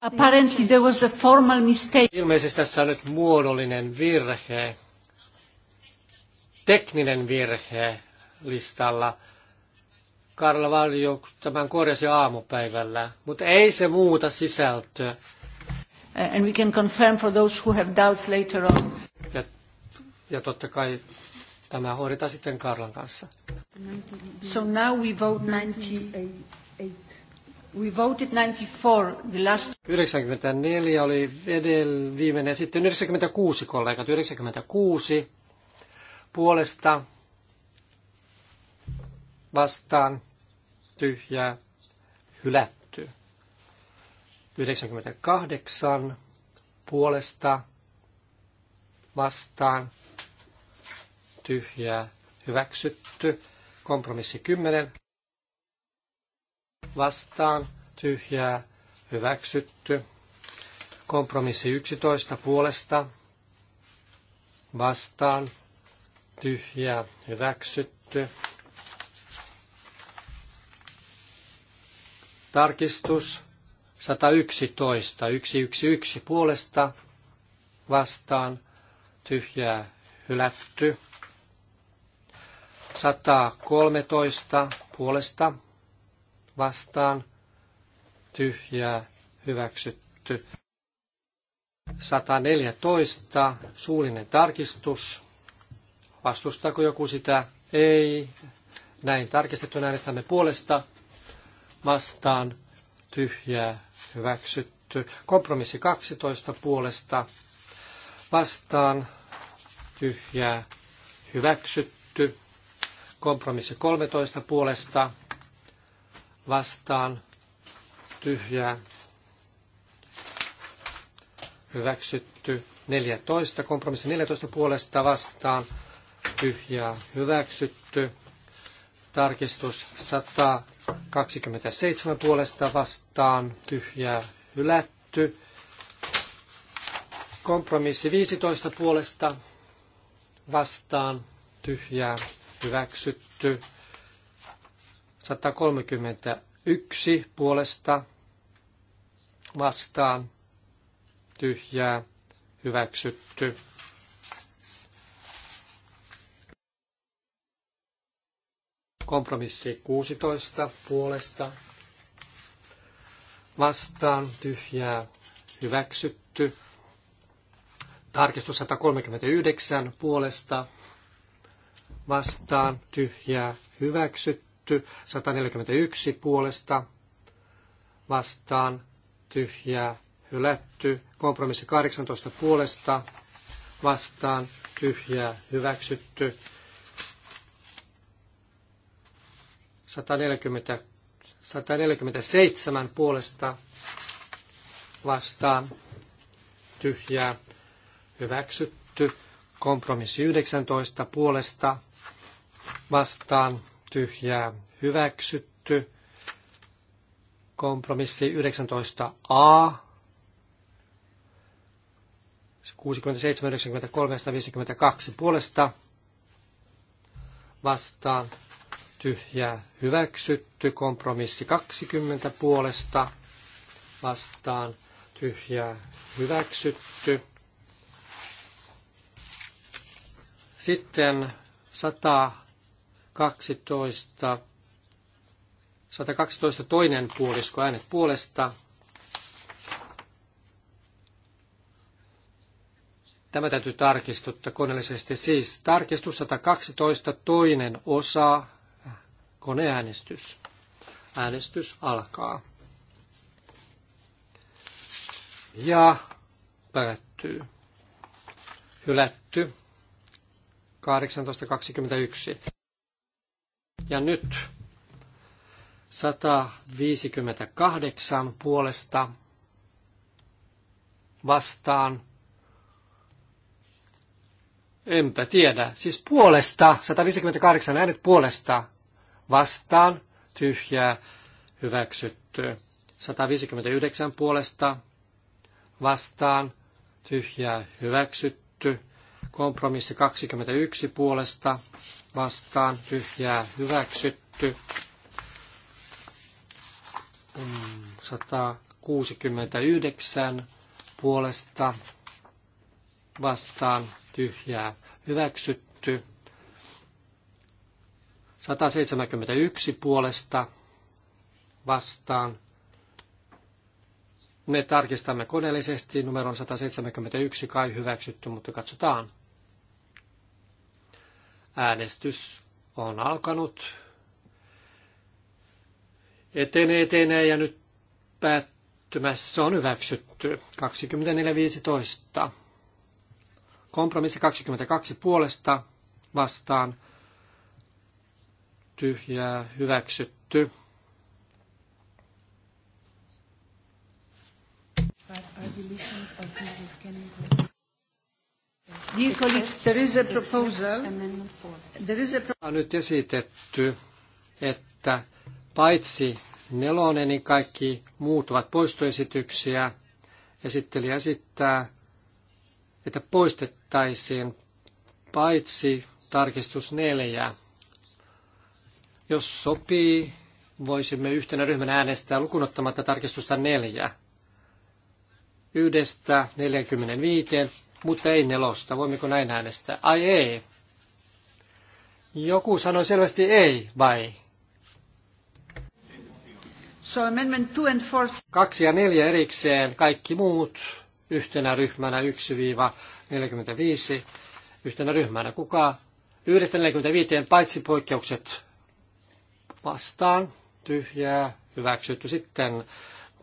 Apparently there was a formal mistake. Ilmeisesti tässä on nyt muodollinen virhe, tekninen virhe listalla. Karla Valjo tämän korjasi aamupäivällä, mutta ei se muuta sisältöä. Uh, and we can confirm for those who have doubts later on. Ja, ja totta kai tämä hoidetaan sitten Karlan kanssa. So now we vote 98. We voted 94, the last... 94 oli edellä viimeinen. Sitten 96 kollegat, 96 puolesta vastaan tyhjää hylätty. 98 puolesta vastaan tyhjää hyväksytty. Kompromissi 10 vastaan, tyhjää, hyväksytty. Kompromissi 11 puolesta, vastaan, tyhjää, hyväksytty. Tarkistus 111, 111 puolesta, vastaan, tyhjää, hylätty. 113 puolesta, vastaan tyhjää hyväksytty. 114 suullinen tarkistus. Vastustaako joku sitä? Ei. Näin tarkistettuna äänestämme puolesta vastaan tyhjää hyväksytty. Kompromissi 12 puolesta vastaan tyhjää hyväksytty. Kompromissi 13 puolesta vastaan tyhjää hyväksytty 14, kompromissi 14 puolesta vastaan tyhjää hyväksytty, tarkistus 127 puolesta vastaan tyhjää hylätty, kompromissi 15 puolesta vastaan tyhjää hyväksytty. 131 puolesta vastaan tyhjää hyväksytty. Kompromissi 16 puolesta vastaan tyhjää hyväksytty. Tarkistus 139 puolesta vastaan tyhjää hyväksytty hylätty. 141 puolesta vastaan tyhjää hylätty. Kompromissi 18 puolesta vastaan tyhjää hyväksytty. 140, 147 puolesta vastaan tyhjää hyväksytty. Kompromissi 19 puolesta vastaan hyväksytty ja hyväksytty. Kompromissi 19a. 67, 93, 152 puolesta vastaan tyhjää hyväksytty. Kompromissi 20 puolesta vastaan tyhjää hyväksytty. Sitten 100 12, 112 toinen puolisko äänet puolesta. Tämä täytyy tarkistuttaa koneellisesti. Siis tarkistus 112 toinen osa koneäänestys. Äänestys alkaa. Ja päättyy. Hylätty. 18.21. Ja nyt 158 puolesta vastaan. Enpä tiedä. Siis puolesta, 158 äänet puolesta vastaan, tyhjää, hyväksytty. 159 puolesta vastaan, tyhjää, hyväksytty. Kompromissi 21 puolesta vastaan tyhjää hyväksytty. 169 mm, puolesta vastaan tyhjää hyväksytty. 171 puolesta vastaan. Me tarkistamme koneellisesti numeron 171 kai hyväksytty, mutta katsotaan. Äänestys on alkanut. Etenee, etenee ja nyt päättymässä on hyväksytty 24.15. Kompromissi 22 puolesta vastaan tyhjää hyväksytty. But are the Jesus, can Dear colleagues, there is a proposal. There is a pro- on nyt esitetty, että paitsi nelonen, niin kaikki muut ovat poistoesityksiä. Esittelijä esittää, että poistettaisiin paitsi tarkistus neljä. Jos sopii, voisimme yhtenä ryhmänä äänestää lukunottamatta tarkistusta neljä. Yhdestä 45 mutta ei nelosta. Voimmeko näin äänestää? Ai ei. Joku sanoi selvästi ei, vai? So amendment two and four. Kaksi ja neljä erikseen, kaikki muut yhtenä ryhmänä 1-45, yhtenä ryhmänä kuka yhdestä 45 paitsi poikkeukset vastaan, tyhjää, hyväksytty. Sitten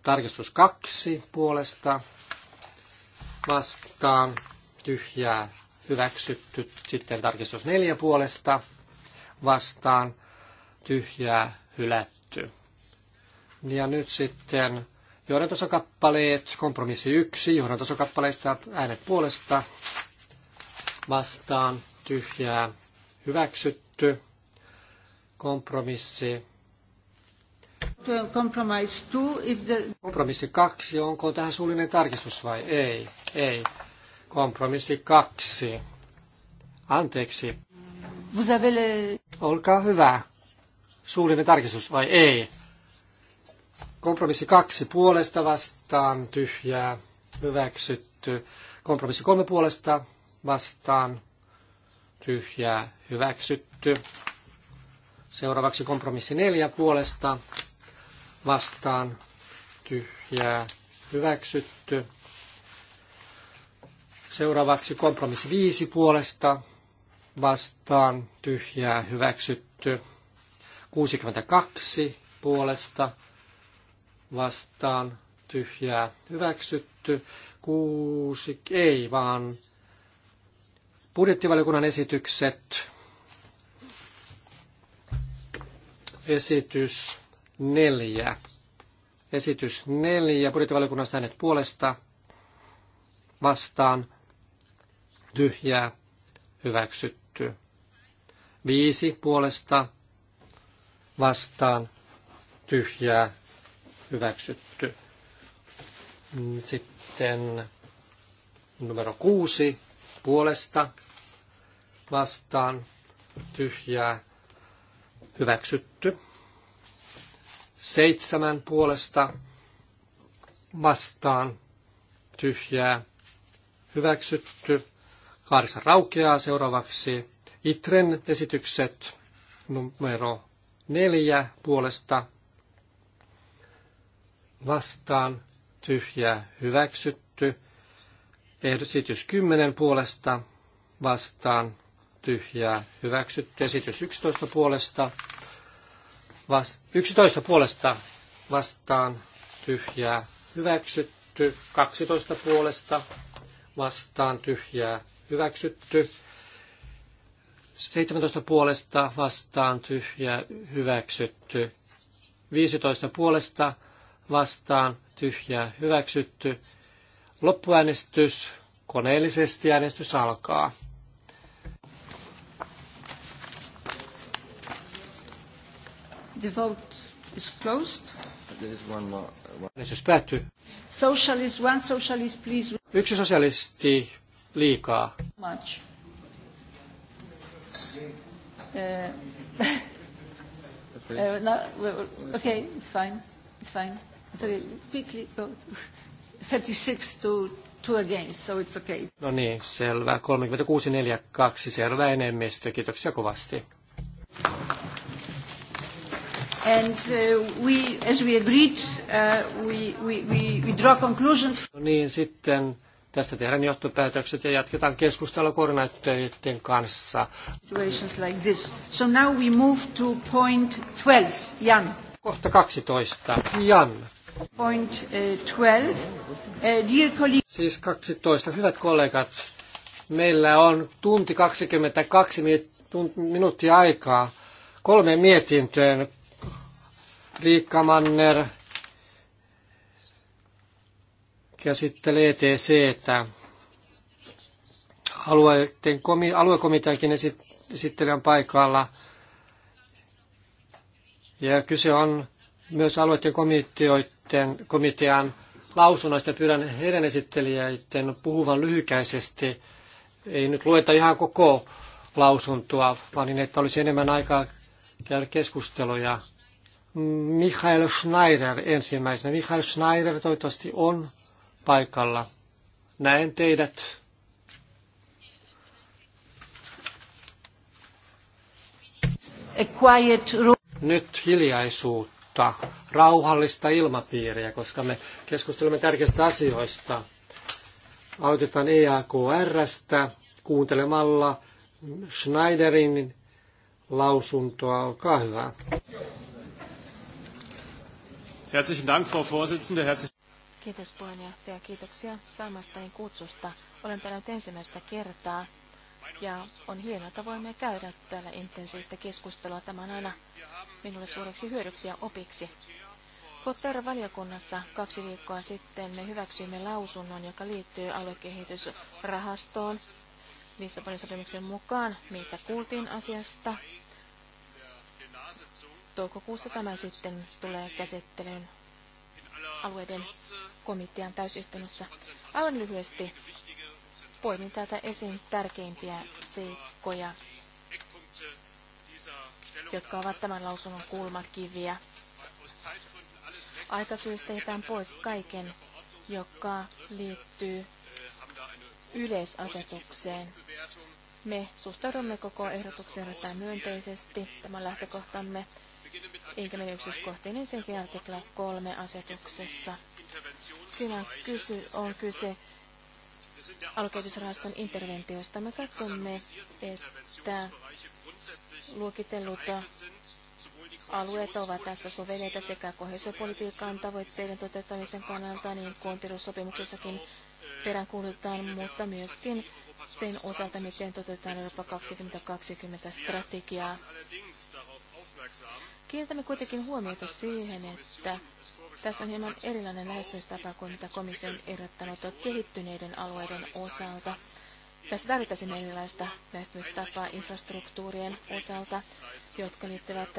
tarkistus kaksi puolesta vastaan, tyhjää hyväksytty. Sitten tarkistus neljä puolesta vastaan, tyhjää hylätty. Ja nyt sitten johdantosokappaleet, kompromissi yksi, johdantosokappaleista äänet puolesta vastaan, tyhjää hyväksytty. Kompromissi Uh, kompromissi kaksi, onko tähän suullinen tarkistus vai ei? Ei. Kompromissi kaksi. Anteeksi. Vous avez le... Olkaa hyvä. Suullinen tarkistus vai ei? Kompromissi kaksi puolesta vastaan tyhjää hyväksytty. Kompromissi kolme puolesta vastaan tyhjää hyväksytty. Seuraavaksi kompromissi neljä puolesta vastaan tyhjää hyväksytty. Seuraavaksi kompromissi 5 puolesta vastaan tyhjää hyväksytty. 62 puolesta vastaan tyhjää hyväksytty. Kuusi, ei vaan budjettivaliokunnan esitykset. Esitys neljä. Esitys neljä. Budjettivaliokunnasta hänet puolesta vastaan tyhjää hyväksytty. Viisi puolesta vastaan tyhjää hyväksytty. Sitten numero kuusi puolesta vastaan tyhjää hyväksytty seitsemän puolesta vastaan tyhjää hyväksytty. Kahdeksan raukeaa seuraavaksi. Itren esitykset numero neljä puolesta vastaan tyhjää hyväksytty. Esitys 10 puolesta vastaan tyhjää hyväksytty. Esitys 11 puolesta Vas, 11 puolesta vastaan tyhjää hyväksytty. 12 puolesta vastaan tyhjää hyväksytty. 17 puolesta vastaan tyhjää hyväksytty. 15 puolesta vastaan tyhjää hyväksytty. Loppuäänestys koneellisesti äänestys alkaa. The vote is closed. There is one more. One. Äänestys päättyy. Socialist, one socialist, please. Yksi sosialisti liikaa. Much. Uh, uh, no, okay, it's fine. It's fine. Very quickly go. 36 <laughs> to two against, so it's okay. No niin, selvä. 36-42, selvä enemmistö. Kiitoksia kovasti. And uh, we, as we agreed, uh, we, we, we, we draw conclusions. No niin, sitten tästä tehdään johtopäätökset ja jatketaan keskustelua koordinaattoreiden kanssa. Situations like this. So now we move to point 12. Jan. Kohta 12. Jan. Point uh, 12. Uh, dear colleagues. Siis 12. Hyvät kollegat, meillä on tunti 22 minuuttia aikaa kolme mietintöön Riikka Manner käsittelee ETC, että aluekomiteakin esittelijän paikalla. Ja kyse on myös alueiden komiteoiden, komitean lausunnoista. Pyydän heidän esittelijöiden puhuvan lyhykäisesti. Ei nyt lueta ihan koko lausuntoa, vaan niin, että olisi enemmän aikaa käydä keskusteluja. Michael Schneider ensimmäisenä. Michael Schneider toivottavasti on paikalla. Näen teidät. Nyt hiljaisuutta, rauhallista ilmapiiriä, koska me keskustelemme tärkeistä asioista. Aloitetaan EAKRstä kuuntelemalla Schneiderin lausuntoa. Olkaa hyvä. Herzlichen Dank, Frau Vorsitzende. Herzlich... Kiitos puheenjohtaja. Kiitoksia saamastani kutsusta. Olen täällä nyt ensimmäistä kertaa ja on hienoa, että voimme käydä täällä intensiivistä keskustelua. Tämä on aina minulle suureksi hyödyksi ja opiksi. Kotter-valiokunnassa kaksi viikkoa sitten me hyväksyimme lausunnon, joka liittyy aluekehitysrahastoon. Lissabonin sopimuksen mukaan meitä kuultiin asiasta toukokuussa tämä sitten tulee käsittelyyn alueiden komitean täysistunnossa. Aivan lyhyesti poimin täältä esiin tärkeimpiä seikkoja, jotka ovat tämän lausunnon kulmakiviä. Aikasyistä jätän pois kaiken, joka liittyy yleisasetukseen. Me suhtaudumme koko ehdotukseen myönteisesti. Tämä lähtökohtamme eikä mene yksityiskohtiin. Ensinnäkin artikla 3 asetuksessa. Siinä kysy, on kyse alkeitusrahaston interventioista. Me katsomme, että luokitellut alueet ovat tässä sovelleita sekä kohesiopolitiikan tavoitteiden toteuttamisen kannalta, niin kuin perussopimuksessakin peräänkuulutetaan, mutta myöskin sen osalta, miten toteutetaan Eurooppa 2020 strategiaa. Kiinnitämme kuitenkin huomiota siihen, että tässä on hieman erilainen lähestymistapa kuin mitä komissio on ehdottanut kehittyneiden alueiden osalta. Tässä tarvittaisiin erilaista lähestymistapaa infrastruktuurien osalta, jotka liittyvät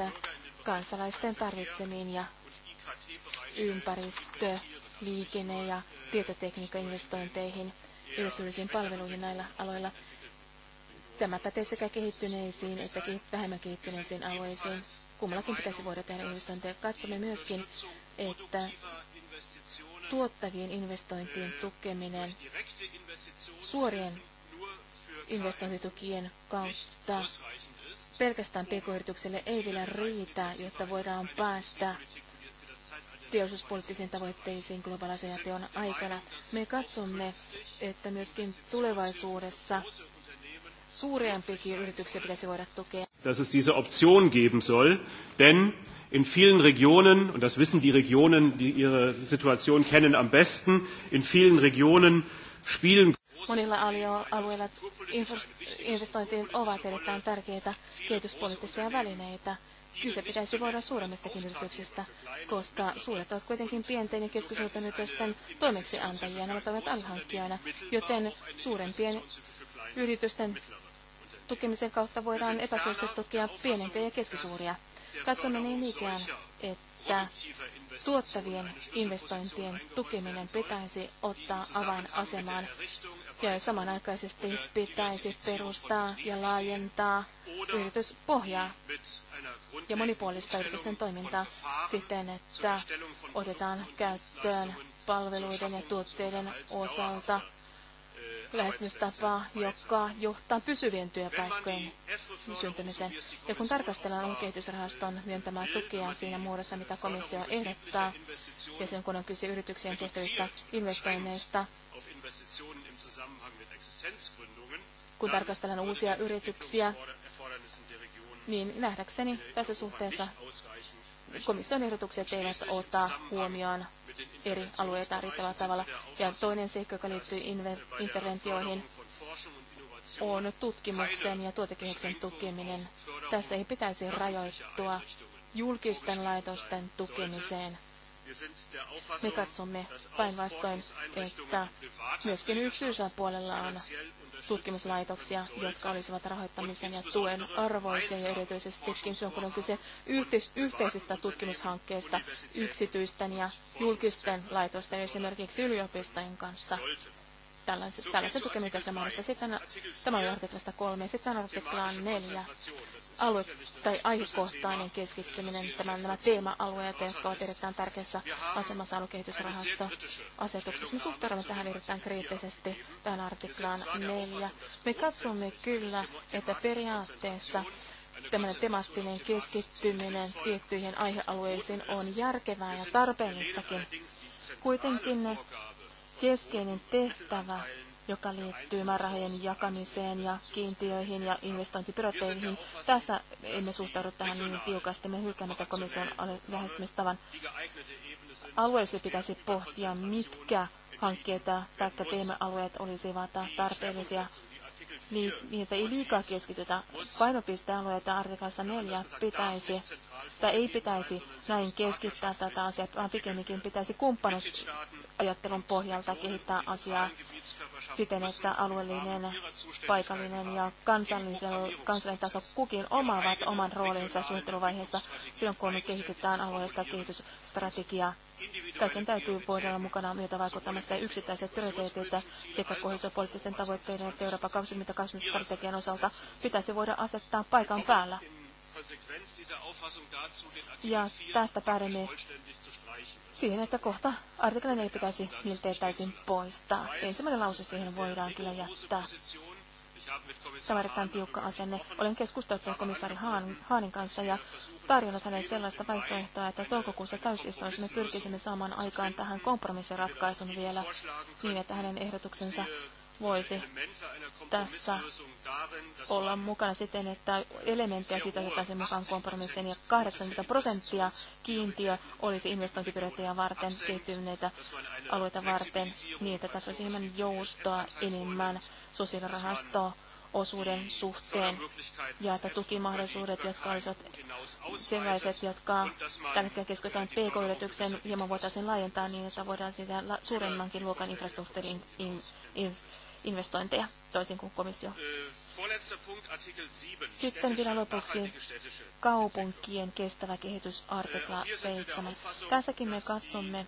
kansalaisten tarvitsemiin ja ympäristö, liikenne- ja investointeihin yleisöllisiin palveluihin näillä aloilla. Tämä pätee sekä kehittyneisiin että vähemmän kehittyneisiin alueisiin. Kummallakin pitäisi voida tehdä investointeja. Katsomme myöskin, että tuottavien investointien tukeminen suorien investointitukien kautta pelkästään pk-yritykselle ei vielä riitä, jotta voidaan päästä teollisuuspoliittisiin tavoitteisiin teon aikana. Me katsomme, että myöskin tulevaisuudessa Dass es diese Option geben soll, denn in vielen Regionen, und das wissen die Regionen, die ihre Situation kennen am besten, in vielen Regionen spielen Monilla alueilla investointiin ovat erittäin tärkeitä kehityspoliittisia välineitä. Kyse pitäisi voida suuremmistakin yrityksistä, koska suuret ovat kuitenkin pienten ja keskisuurten yritysten toimeksiantajia, nämä ovat alhankkijoina, joten suurempien yritysten tukemisen kautta voidaan epäsuosittu tukea pienempiä ja keskisuuria. Katsomme niin ikään, että tuottavien investointien tukeminen pitäisi ottaa avainasemaan ja samanaikaisesti pitäisi perustaa ja laajentaa yrityspohjaa ja monipuolista yritysten toimintaa siten, että otetaan käyttöön palveluiden ja tuotteiden osalta lähestymistapaa, joka johtaa pysyvien työpaikkojen syntymiseen. Ja kun tarkastellaan on kehitysrahaston myöntämää tukea siinä muodossa, mitä komissio ehdottaa, ja sen kun on kyse yrityksien tehtävistä investoinneista, kun tarkastellaan uusia yrityksiä, niin nähdäkseni tässä suhteessa komission ehdotukset eivät ota huomioon eri alueita riittävällä tavalla. Ja toinen seikka, joka liittyy interventioihin, on tutkimuksen ja tuotekehityksen tukeminen. Tässä ei pitäisi rajoittua julkisten laitosten tukemiseen. Me katsomme päinvastoin, että myöskin yksityisellä puolella on tutkimuslaitoksia, jotka olisivat rahoittamisen ja tuen arvoisia ja erityisestikin silloin kun on kyse yhteis- yhteisistä tutkimushankkeista yksityisten ja julkisten laitosten, esimerkiksi yliopistojen kanssa tällaisessa, tällaisessa se mahdollista. Sitten tämä oli artiklasta kolme. Sitten artiklaan neljä. Alue- tai aihekohtainen keskittyminen. tämä, nämä teema-alueet, jotka ovat erittäin tärkeässä asemassa aluekehitysrahasto asetuksessa. Me suhtaudumme tähän erittäin kriittisesti tähän artiklaan neljä. Me katsomme kyllä, että periaatteessa tämmöinen temaattinen keskittyminen tiettyihin aihealueisiin on järkevää ja tarpeellistakin. Kuitenkin Keskeinen tehtävä, joka liittyy määrärahojen jakamiseen ja kiintiöihin ja investointipiroteihin. Tässä emme suhtaudu tähän niin tiukasti. Me hylkäämme komission lähestymistavan. Alueellisesti pitäisi pohtia, mitkä hankkeita tai teema-alueet olisivat tarpeellisia niin, niitä ei liikaa keskitytä. Painopistealueita artiklassa 4 pitäisi, tai ei pitäisi näin keskittää tätä asiaa, vaan pikemminkin pitäisi kumppanuus ajattelun pohjalta kehittää asiaa siten, että alueellinen, paikallinen ja kansallinen, kansallinen taso kukin omaavat oman roolinsa suunnitteluvaiheessa silloin, kun kehitetään alueellista kehitysstrategiaa. Kaiken täytyy voida olla mukana myötä vaikuttamassa ja yksittäiset prioriteetit sekä poliittisten tavoitteiden että Euroopan 2020 strategian osalta pitäisi voida asettaa paikan päällä. Ja tästä päädymme siihen, että kohta artiklan ei pitäisi miltei täysin poistaa. Ensimmäinen lause siihen voidaan kyllä jättää. Tämä erittäin tiukka asenne. Olen keskustellut komissaari Haan, Haanin kanssa ja tarjonnut hänelle sellaista vaihtoehtoa, että toukokuussa täysistunnossa me pyrkisimme saamaan aikaan tähän kompromissiratkaisun vielä niin, että hänen ehdotuksensa voisi tässä olla mukana siten, että elementtejä siitä otettaisiin mukaan kompromissiin ja 80 prosenttia kiintiö olisi investointipyrittäjiä varten, kehittyneitä alueita varten, niin että tässä olisi hieman joustoa enemmän sosiaalirahastoa osuuden suhteen ja että tukimahdollisuudet, jotka olisivat sellaiset, jotka tällä hetkellä keskitytään pk-yrityksen, hieman voitaisiin laajentaa niin, että voidaan sitä suuremmankin luokan infrastruktuurin in, in, investointeja, toisin kuin komissio. Äh, Sitten vielä lopuksi kaupunkien kestävä kehitys äh, artikla 7. Tässäkin me katsomme,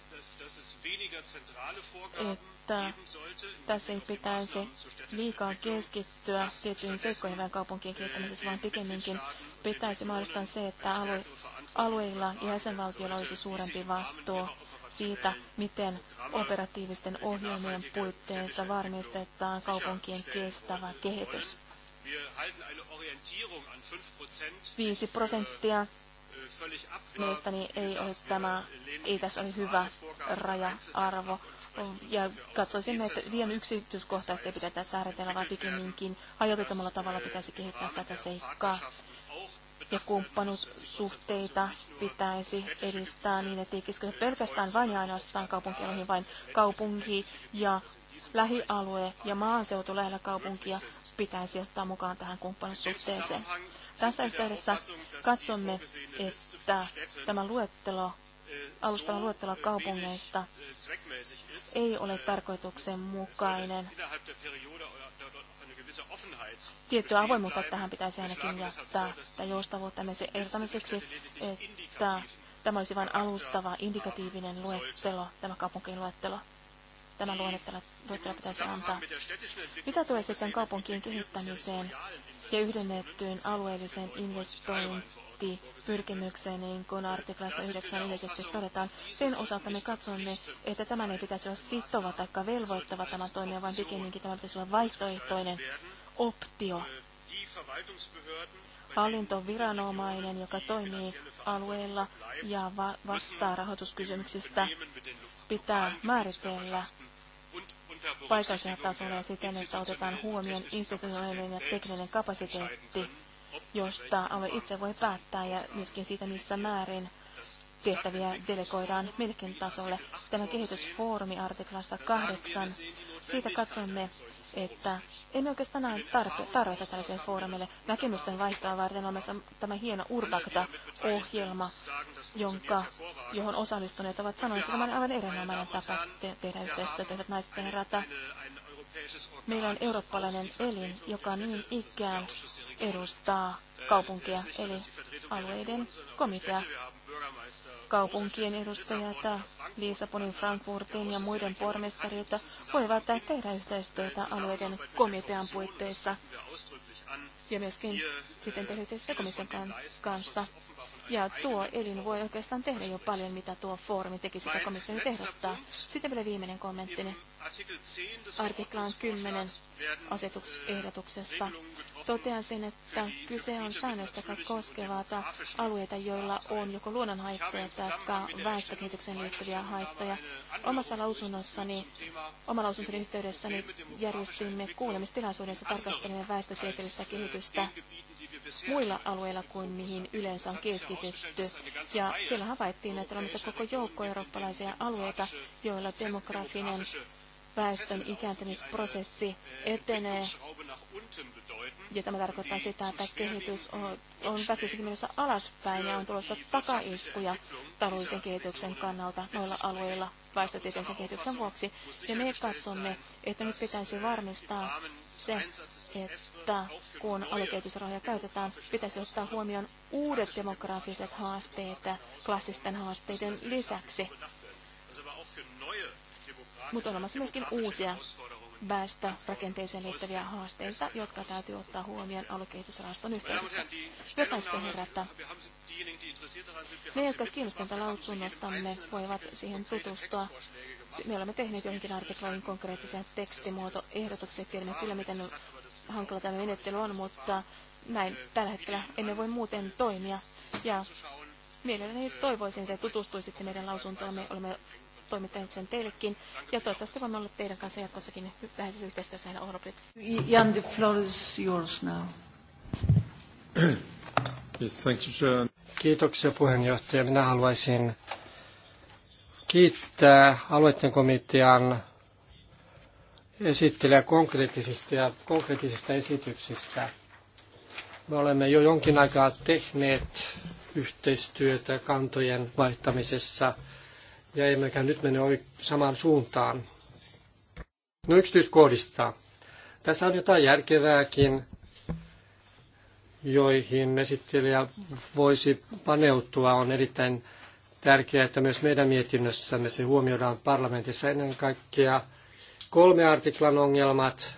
että tässä ei pitäisi liikaa keskittyä tiettyihin seikkoihin kaupunkien äh, kehittämisessä, vaan pikemminkin pitäisi mahdollistaa se, että alue, alueilla ja jäsenvaltioilla olisi suurempi vastuu siitä, miten operatiivisten ohjelmien puitteissa varmistetaan kaupunkien kestävä kehitys. 5 prosenttia mielestäni ei ole tämä, ei tässä ole hyvä raja-arvo. Ja katsoisimme, että vien yksityiskohtaisesti pitää tässä säädetellä, vaan pikemminkin hajotetamalla tavalla pitäisi kehittää tätä seikkaa ja kumppanuussuhteita pitäisi edistää niin, että ei keskitytä pelkästään vain ja ainoastaan kaupunkialueihin, vain kaupunki ja lähialue ja maaseutu lähellä kaupunkia pitäisi ottaa mukaan tähän kumppanuussuhteeseen. Tässä yhteydessä katsomme, että tämä luettelo alustava luettelo kaupungeista ei ole tarkoituksenmukainen. Tiettyä avoimuutta tähän pitäisi ainakin jättää tai joustavuutta esimerkiksi, että tämä olisi vain alustava, indikatiivinen luettelo, tämä kaupunkien luettelo. Tämä luettelo pitäisi antaa. Mitä tulee sitten kaupunkien kehittämiseen ja yhdennettyyn alueelliseen investointiin? anti pyrkimykseen, niin kuin artiklassa 9 yleisesti todetaan. Sen osalta me katsomme, että tämän ei pitäisi olla sitova tai velvoittava tämä toimija, vaan pikemminkin tämä pitäisi olla vaihtoehtoinen optio. Hallintoviranomainen, joka toimii alueella ja va- vastaa rahoituskysymyksistä, pitää määritellä paikallisella tasolla siten, että otetaan huomioon institutionaalinen ja tekninen kapasiteetti josta alue itse voi päättää ja myöskin siitä, missä määrin tehtäviä delegoidaan milkin tasolle. Tämä kehitysfoorumi artiklassa kahdeksan Siitä katsomme, että emme oikeastaan näe tarpe- tarvita tällaiselle foorumille. Näkemysten vaihtoa varten on myös tämä hieno Urbakta-ohjelma, jonka, johon osallistuneet ovat sanoneet, että tämä on aivan erinomainen tapa te- tehdä yhteistyötä, että naiset ja Meillä on eurooppalainen elin, joka niin ikään edustaa kaupunkia, eli alueiden komitea. Kaupunkien edustajat, Liisabonin, Frankfurtin ja muiden pormestarit voivat tehdä yhteistyötä alueiden komitean puitteissa ja myöskin sitten tehdä yhteistyötä komission kanssa. Ja tuo elin voi oikeastaan tehdä jo paljon, mitä tuo foorumi teki sitä komissio nyt ehdottaa. Sitten vielä viimeinen kommenttini artiklaan 10 asetusehdotuksessa. Totean sen, että kyse on säännöstä, joka koskevat alueita, joilla on joko luonnonhaittoja tai väestökehitykseen liittyviä haittoja. Omassa lausunnossani, oma lausuntoni yhteydessäni niin järjestimme kuulemistilaisuudessa tarkastelimme väestötieteellistä äh, kehitystä muilla alueilla kuin mihin yleensä on keskitytty. Ja siellä havaittiin, että on koko joukko eurooppalaisia alueita, joilla demografinen väestön ikääntymisprosessi etenee. Ja tämä tarkoittaa sitä, että kehitys on, on väkisinkin menossa alaspäin ja on tulossa takaiskuja taloudellisen kehityksen kannalta noilla alueilla väestötieteellisen kehityksen vuoksi. Ja me katsomme, että nyt pitäisi varmistaa se, että kun alikehitysrahoja käytetään, pitäisi ottaa huomioon uudet demografiset haasteet klassisten haasteiden lisäksi mutta on olemassa myöskin uusia väestörakenteeseen liittyviä haasteita, jotka täytyy ottaa huomioon aluekehitysrahaston yhteydessä. Jokaista herättää. Ne, jotka kiinnostavat lausunnostamme, voivat siihen tutustua. Me olemme tehneet johonkin artikloihin konkreettisia tekstimuotoehdotuksia. Tiedämme kyllä, miten hankala tämä menettely on, mutta näin tällä hetkellä emme voi muuten toimia. Ja mielelläni toivoisin, että tutustuisitte meidän lausuntoamme. Olemme toimittaa sen teillekin. Ja toivottavasti voimme olla teidän kanssa jatkossakin läheisessä yhteistyössä heillä Oroplit. Jan, the floor is yours now. <coughs> Yes, thank you, Kiitoksia puheenjohtaja. Minä haluaisin kiittää alueiden komitean esittelijä konkreettisista ja konkreettisista esityksistä. Me olemme jo jonkin aikaa tehneet yhteistyötä kantojen vaihtamisessa ja emmekä nyt mene samaan suuntaan. No yksityiskohdista. Tässä on jotain järkevääkin, joihin esittelijä voisi paneutua. On erittäin tärkeää, että myös meidän mietinnössämme se huomioidaan parlamentissa ennen kaikkea kolme artiklan ongelmat,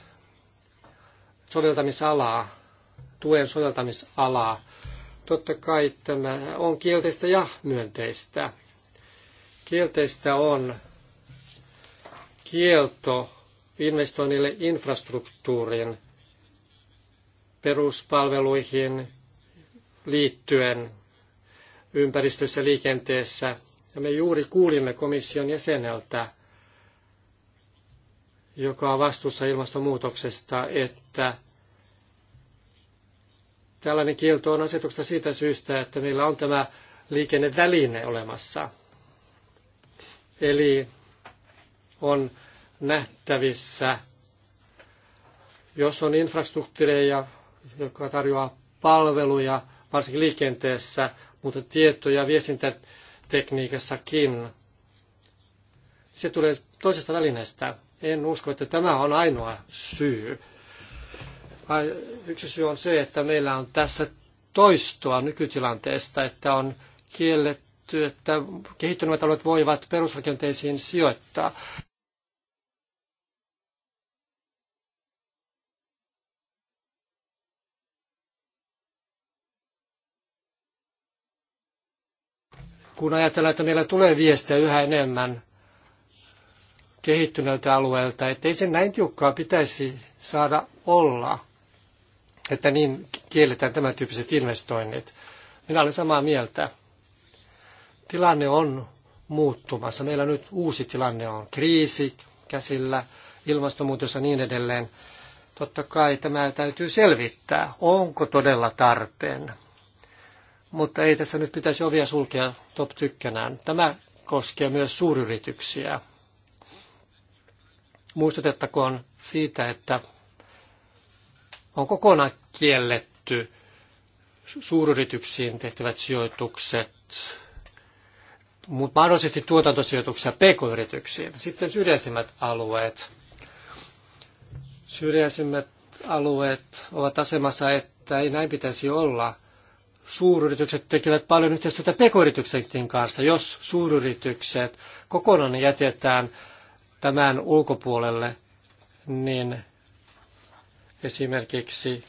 soveltamisalaa, tuen soveltamisalaa. Totta kai tämä on kielteistä ja myönteistä. Kielteistä on kielto investoinnille infrastruktuuriin, peruspalveluihin liittyen ympäristössä liikenteessä. Ja me juuri kuulimme komission jäseneltä, joka on vastuussa ilmastonmuutoksesta, että tällainen kielto on asetuksesta siitä syystä, että meillä on tämä liikenneväline olemassa – Eli on nähtävissä, jos on infrastruktuureja, jotka tarjoaa palveluja, varsinkin liikenteessä, mutta tieto- ja viestintätekniikassakin. Se tulee toisesta välineestä. En usko, että tämä on ainoa syy. Vai yksi syy on se, että meillä on tässä toistoa nykytilanteesta, että on kielletty että kehittyneet alueet voivat perusrakenteisiin sijoittaa. Kun ajatellaan, että meillä tulee viestiä yhä enemmän kehittyneiltä alueilta, ettei sen näin tiukkaa pitäisi saada olla, että niin kielletään tämän tyyppiset investoinnit. Minä olen samaa mieltä. Tilanne on muuttumassa. Meillä nyt uusi tilanne on kriisi käsillä, ilmastonmuutos ja niin edelleen. Totta kai tämä täytyy selvittää, onko todella tarpeen. Mutta ei tässä nyt pitäisi ovia sulkea top tykkänään. Tämä koskee myös suuryrityksiä. Muistutettakoon siitä, että on kokonaan kielletty suuryrityksiin tehtävät sijoitukset mahdollisesti tuotantosijoituksia pk-yrityksiin. Sitten syrjäisimmät alueet. Syrjäisimmät alueet ovat asemassa, että ei näin pitäisi olla. Suuryritykset tekevät paljon yhteistyötä pk-yritysten kanssa. Jos suuryritykset kokonaan jätetään tämän ulkopuolelle, niin esimerkiksi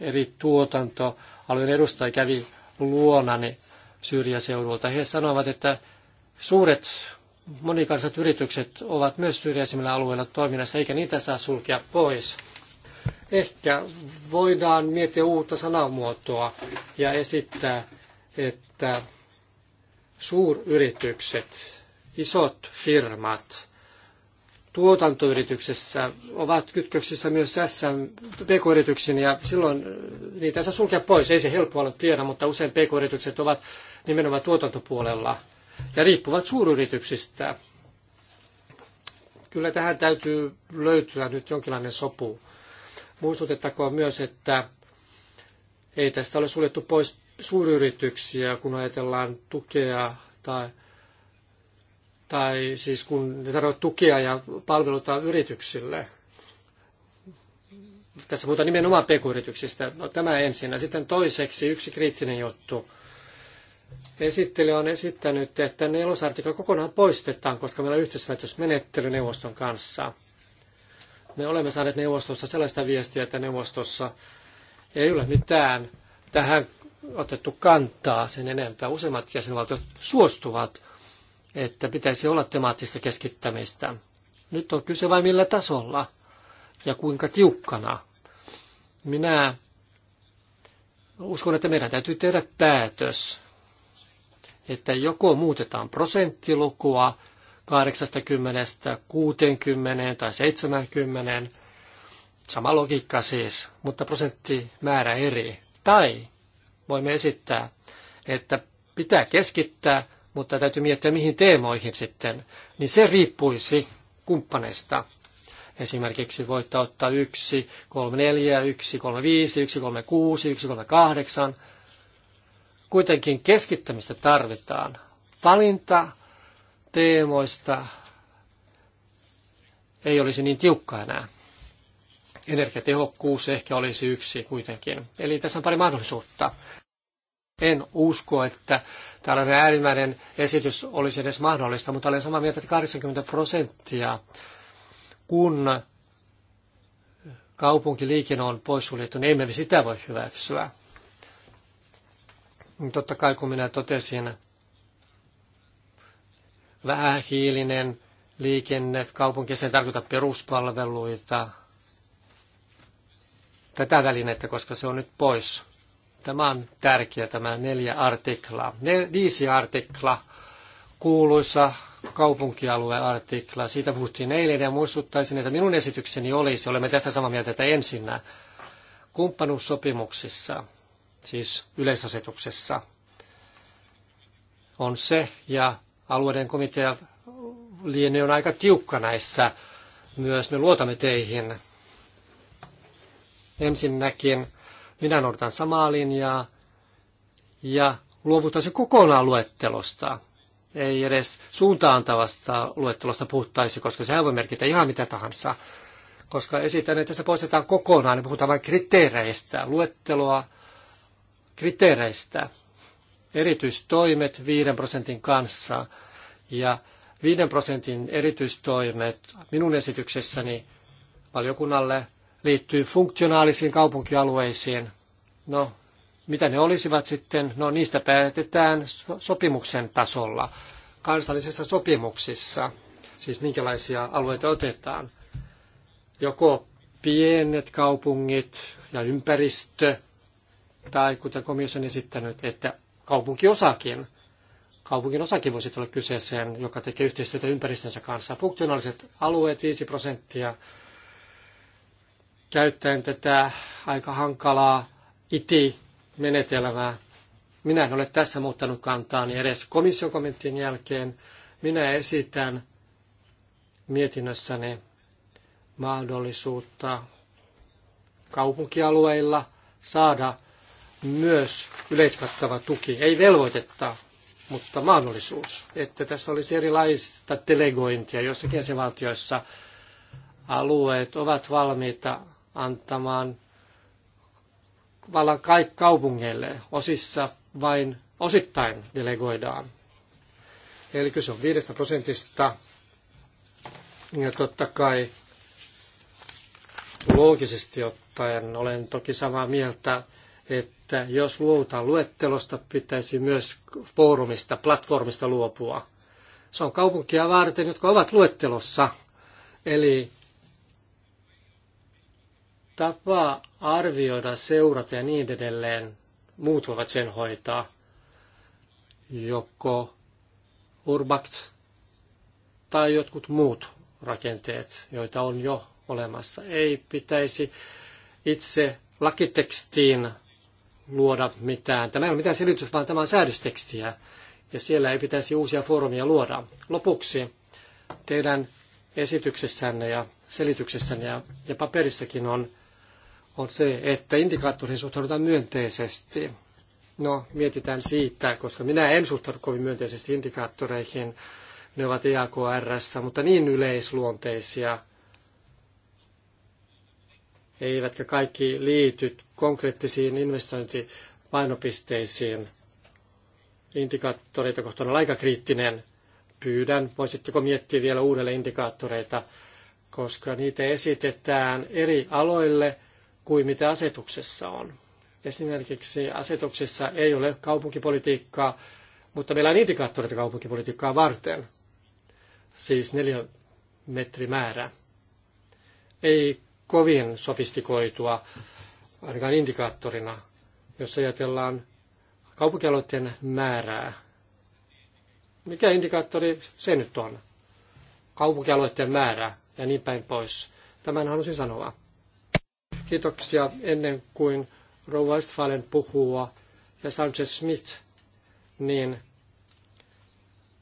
eri tuotantoalueen edustaja kävi luonani syrjäseudulta. He sanovat, että suuret monikansat yritykset ovat myös syrjäisimmillä alueilla toiminnassa, eikä niitä saa sulkea pois. Ehkä voidaan miettiä uutta sanamuotoa ja esittää, että suuryritykset, isot firmat tuotantoyrityksessä ovat kytköksissä myös PK-yrityksiin ja silloin niitä saa sulkea pois. Ei se helppoa ole tiedä, mutta usein PK-yritykset ovat nimenomaan tuotantopuolella ja riippuvat suuryrityksistä. Kyllä tähän täytyy löytyä nyt jonkinlainen sopu. Muistutettakoon myös, että ei tästä ole suljettu pois suuryrityksiä, kun ajatellaan tukea tai tai siis kun ne tarvitsevat tukea ja palveluita yrityksille. Tässä puhutaan nimenomaan pekuyrityksistä. No, tämä ensin. Sitten toiseksi yksi kriittinen juttu. Esittely on esittänyt, että nelosartikla kokonaan poistetaan, koska meillä on yhteisvetysmenettely neuvoston kanssa. Me olemme saaneet neuvostossa sellaista viestiä, että neuvostossa ei ole mitään tähän otettu kantaa sen enempää. Useimmat jäsenvaltiot suostuvat että pitäisi olla temaattista keskittämistä. Nyt on kyse vain millä tasolla ja kuinka tiukkana. Minä uskon, että meidän täytyy tehdä päätös, että joko muutetaan prosenttilukua 80, 60 tai 70, sama logiikka siis, mutta prosenttimäärä eri. Tai voimme esittää, että pitää keskittää mutta täytyy miettiä mihin teemoihin sitten, niin se riippuisi kumppaneista. Esimerkiksi voitte ottaa 1, 3, 4, 1, 3, 5, 1, 3, 6, 1, 3, 8. Kuitenkin keskittämistä tarvitaan. Valinta teemoista ei olisi niin tiukka enää. Energiatehokkuus ehkä olisi yksi kuitenkin. Eli tässä on pari mahdollisuutta. En usko, että tällainen äärimmäinen esitys olisi edes mahdollista, mutta olen samaa mieltä, että 80 prosenttia, kun kaupunkiliikenne on poissuljettu, niin emme sitä voi hyväksyä. Totta kai, kun minä totesin, vähähiilinen liikenne kaupunkissa ei tarkoita peruspalveluita, tätä välinettä, koska se on nyt pois Tämä on tärkeä, tämä neljä artiklaa. Ne, viisi artikla, kuuluisa kaupunkialueen artikla, siitä puhuttiin eilen ja muistuttaisin, että minun esitykseni olisi, olemme tästä samaa mieltä, että ensinnä kumppanuussopimuksissa, siis yleisasetuksessa, on se, ja alueiden komitea lienee on aika tiukka näissä, myös me luotamme teihin. Ensinnäkin minä noudatan samaa linjaa ja luovutan se kokonaan luettelosta. Ei edes suuntaantavasta luettelosta puhuttaisi, koska sehän voi merkitä ihan mitä tahansa. Koska esitän, että se poistetaan kokonaan, niin puhutaan vain kriteereistä, luetteloa kriteereistä. Erityistoimet 5 prosentin kanssa ja 5 prosentin erityistoimet minun esityksessäni valiokunnalle liittyy funktionaalisiin kaupunkialueisiin. No, mitä ne olisivat sitten? No, niistä päätetään sopimuksen tasolla, kansallisissa sopimuksissa, siis minkälaisia alueita otetaan. Joko pienet kaupungit ja ympäristö, tai kuten komissio on esittänyt, että kaupunkiosakin, kaupungin osakin voisi tulla kyseeseen, joka tekee yhteistyötä ympäristönsä kanssa. Funktionaaliset alueet 5 prosenttia käyttäen tätä aika hankalaa iti-menetelmää. Minä en ole tässä muuttanut kantaani edes komission kommenttien jälkeen. Minä esitän mietinnössäni mahdollisuutta kaupunkialueilla saada myös yleiskattava tuki. Ei velvoitetta, mutta mahdollisuus. Että tässä olisi erilaista delegointia jossakin jäsenvaltioissa. Alueet ovat valmiita antamaan vallan kaikki kaupungeille. Osissa vain osittain delegoidaan. Eli kyse on viidestä prosentista. Ja totta kai loogisesti ottaen olen toki samaa mieltä, että jos luovutaan luettelosta, pitäisi myös foorumista, platformista luopua. Se on kaupunkia varten, jotka ovat luettelossa. Eli tapa arvioida, seurata ja niin edelleen. Muut voivat sen hoitaa. Joko Urbakt tai jotkut muut rakenteet, joita on jo olemassa. Ei pitäisi itse lakitekstiin luoda mitään. Tämä ei ole mitään selitys, vaan tämä on säädöstekstiä. Ja siellä ei pitäisi uusia foorumia luoda. Lopuksi teidän esityksessänne ja selityksessänne ja, ja paperissakin on on se, että indikaattoriin suhtaudutaan myönteisesti. No, mietitään siitä, koska minä en suhtaudu kovin myönteisesti indikaattoreihin. Ne ovat EAKRS, mutta niin yleisluonteisia, eivätkä kaikki liity konkreettisiin investointipainopisteisiin. Indikaattoreita kohtaan on aika kriittinen. Pyydän, voisitteko miettiä vielä uudelle indikaattoreita, koska niitä esitetään eri aloille – kuin mitä asetuksessa on. Esimerkiksi asetuksessa ei ole kaupunkipolitiikkaa, mutta meillä on indikaattoreita kaupunkipolitiikkaa varten, siis metrimäärä. Ei kovin sofistikoitua, ainakaan indikaattorina, jos ajatellaan kaupunkialueiden määrää. Mikä indikaattori se nyt on? Kaupunkialueiden määrä ja niin päin pois. Tämän halusin sanoa. Kiitoksia ennen kuin Rouva Westfalen puhua ja Sanchez Smith, niin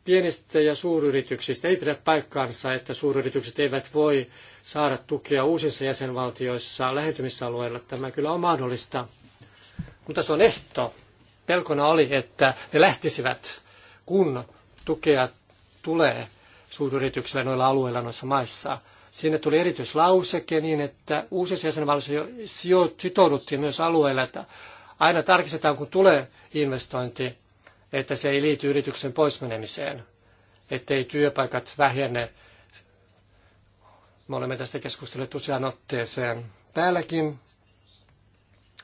pienistä ja suuryrityksistä ei pidä paikkaansa, että suuryritykset eivät voi saada tukea uusissa jäsenvaltioissa lähentymisalueilla. Tämä kyllä on mahdollista, mutta se on ehto. Pelkona oli, että ne lähtisivät, kun tukea tulee suuryrityksille noilla alueilla noissa maissa – Siinä tuli erityislauseke niin, että uusissa jäsenvaltioissa jo sitouduttiin myös alueella, että aina tarkistetaan, kun tulee investointi, että se ei liity yrityksen poismenemiseen, ettei työpaikat vähene. Me olemme tästä keskustelleet useaan otteeseen täälläkin,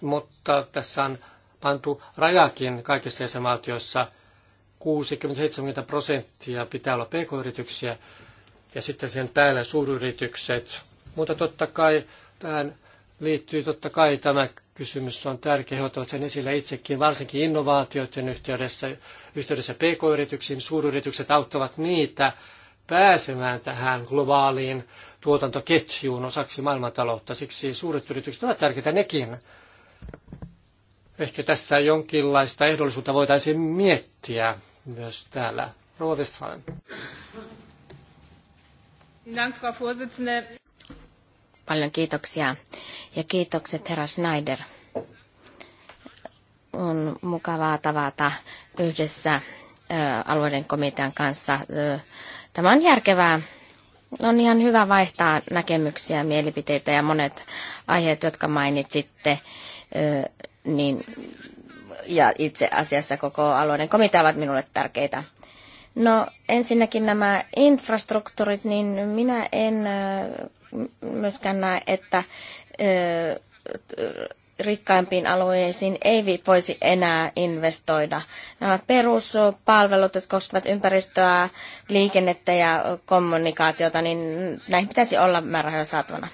mutta tässä on pantu rajakin kaikissa jäsenvaltioissa 60-70 prosenttia pitää olla pk-yrityksiä, ja sitten sen päällä suuryritykset. Mutta totta kai tähän liittyy totta kai tämä kysymys on tärkeä. He ottavat sen esille itsekin, varsinkin innovaatioiden yhteydessä, yhteydessä pk-yrityksiin. Suuryritykset auttavat niitä pääsemään tähän globaaliin tuotantoketjuun osaksi maailmantaloutta. Siksi suuret yritykset ovat tärkeitä nekin. Ehkä tässä jonkinlaista ehdollisuutta voitaisiin miettiä myös täällä. Rova Westfalen. Paljon kiitoksia ja kiitokset herra Schneider. On mukavaa tavata yhdessä alueiden komitean kanssa. Tämä on järkevää. On ihan hyvä vaihtaa näkemyksiä, mielipiteitä ja monet aiheet, jotka mainitsitte, niin, ja itse asiassa koko alueiden komitea ovat minulle tärkeitä. No ensinnäkin nämä infrastruktuurit, niin minä en äh, myöskään näe, että äh, rikkaimpiin alueisiin ei voisi enää investoida. Nämä peruspalvelut, jotka koskevat ympäristöä, liikennettä ja kommunikaatiota, niin näihin pitäisi olla määrärahoja saatavana.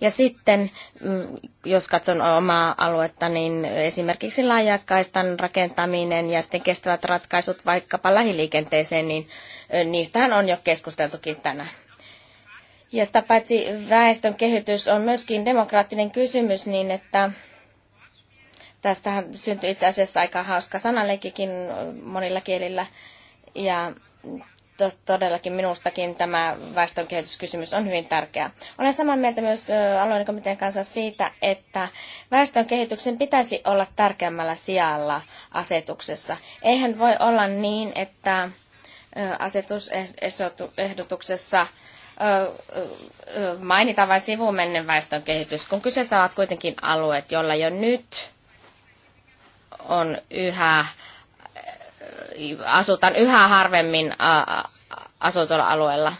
Ja sitten, mm, jos katson omaa aluetta, niin esimerkiksi laajakaistan rakentaminen ja sitten kestävät ratkaisut vaikkapa lähiliikenteeseen, niin niistähän on jo keskusteltukin tänään. Ja sitä paitsi väestön kehitys on myöskin demokraattinen kysymys niin, että Tästähän syntyi itse asiassa aika hauska sanaleikkikin monilla kielillä. Ja to, todellakin minustakin tämä väestönkehityskysymys on hyvin tärkeä. Olen samaa mieltä myös alueen komitean kanssa siitä, että väestönkehityksen pitäisi olla tärkeämmällä sijalla asetuksessa. Eihän voi olla niin, että asetusehdotuksessa mainitaan vain sivumennen väestönkehitys, kun kyseessä ovat kuitenkin alueet, joilla jo nyt on yhä, asutan yhä harvemmin asutulla alueella.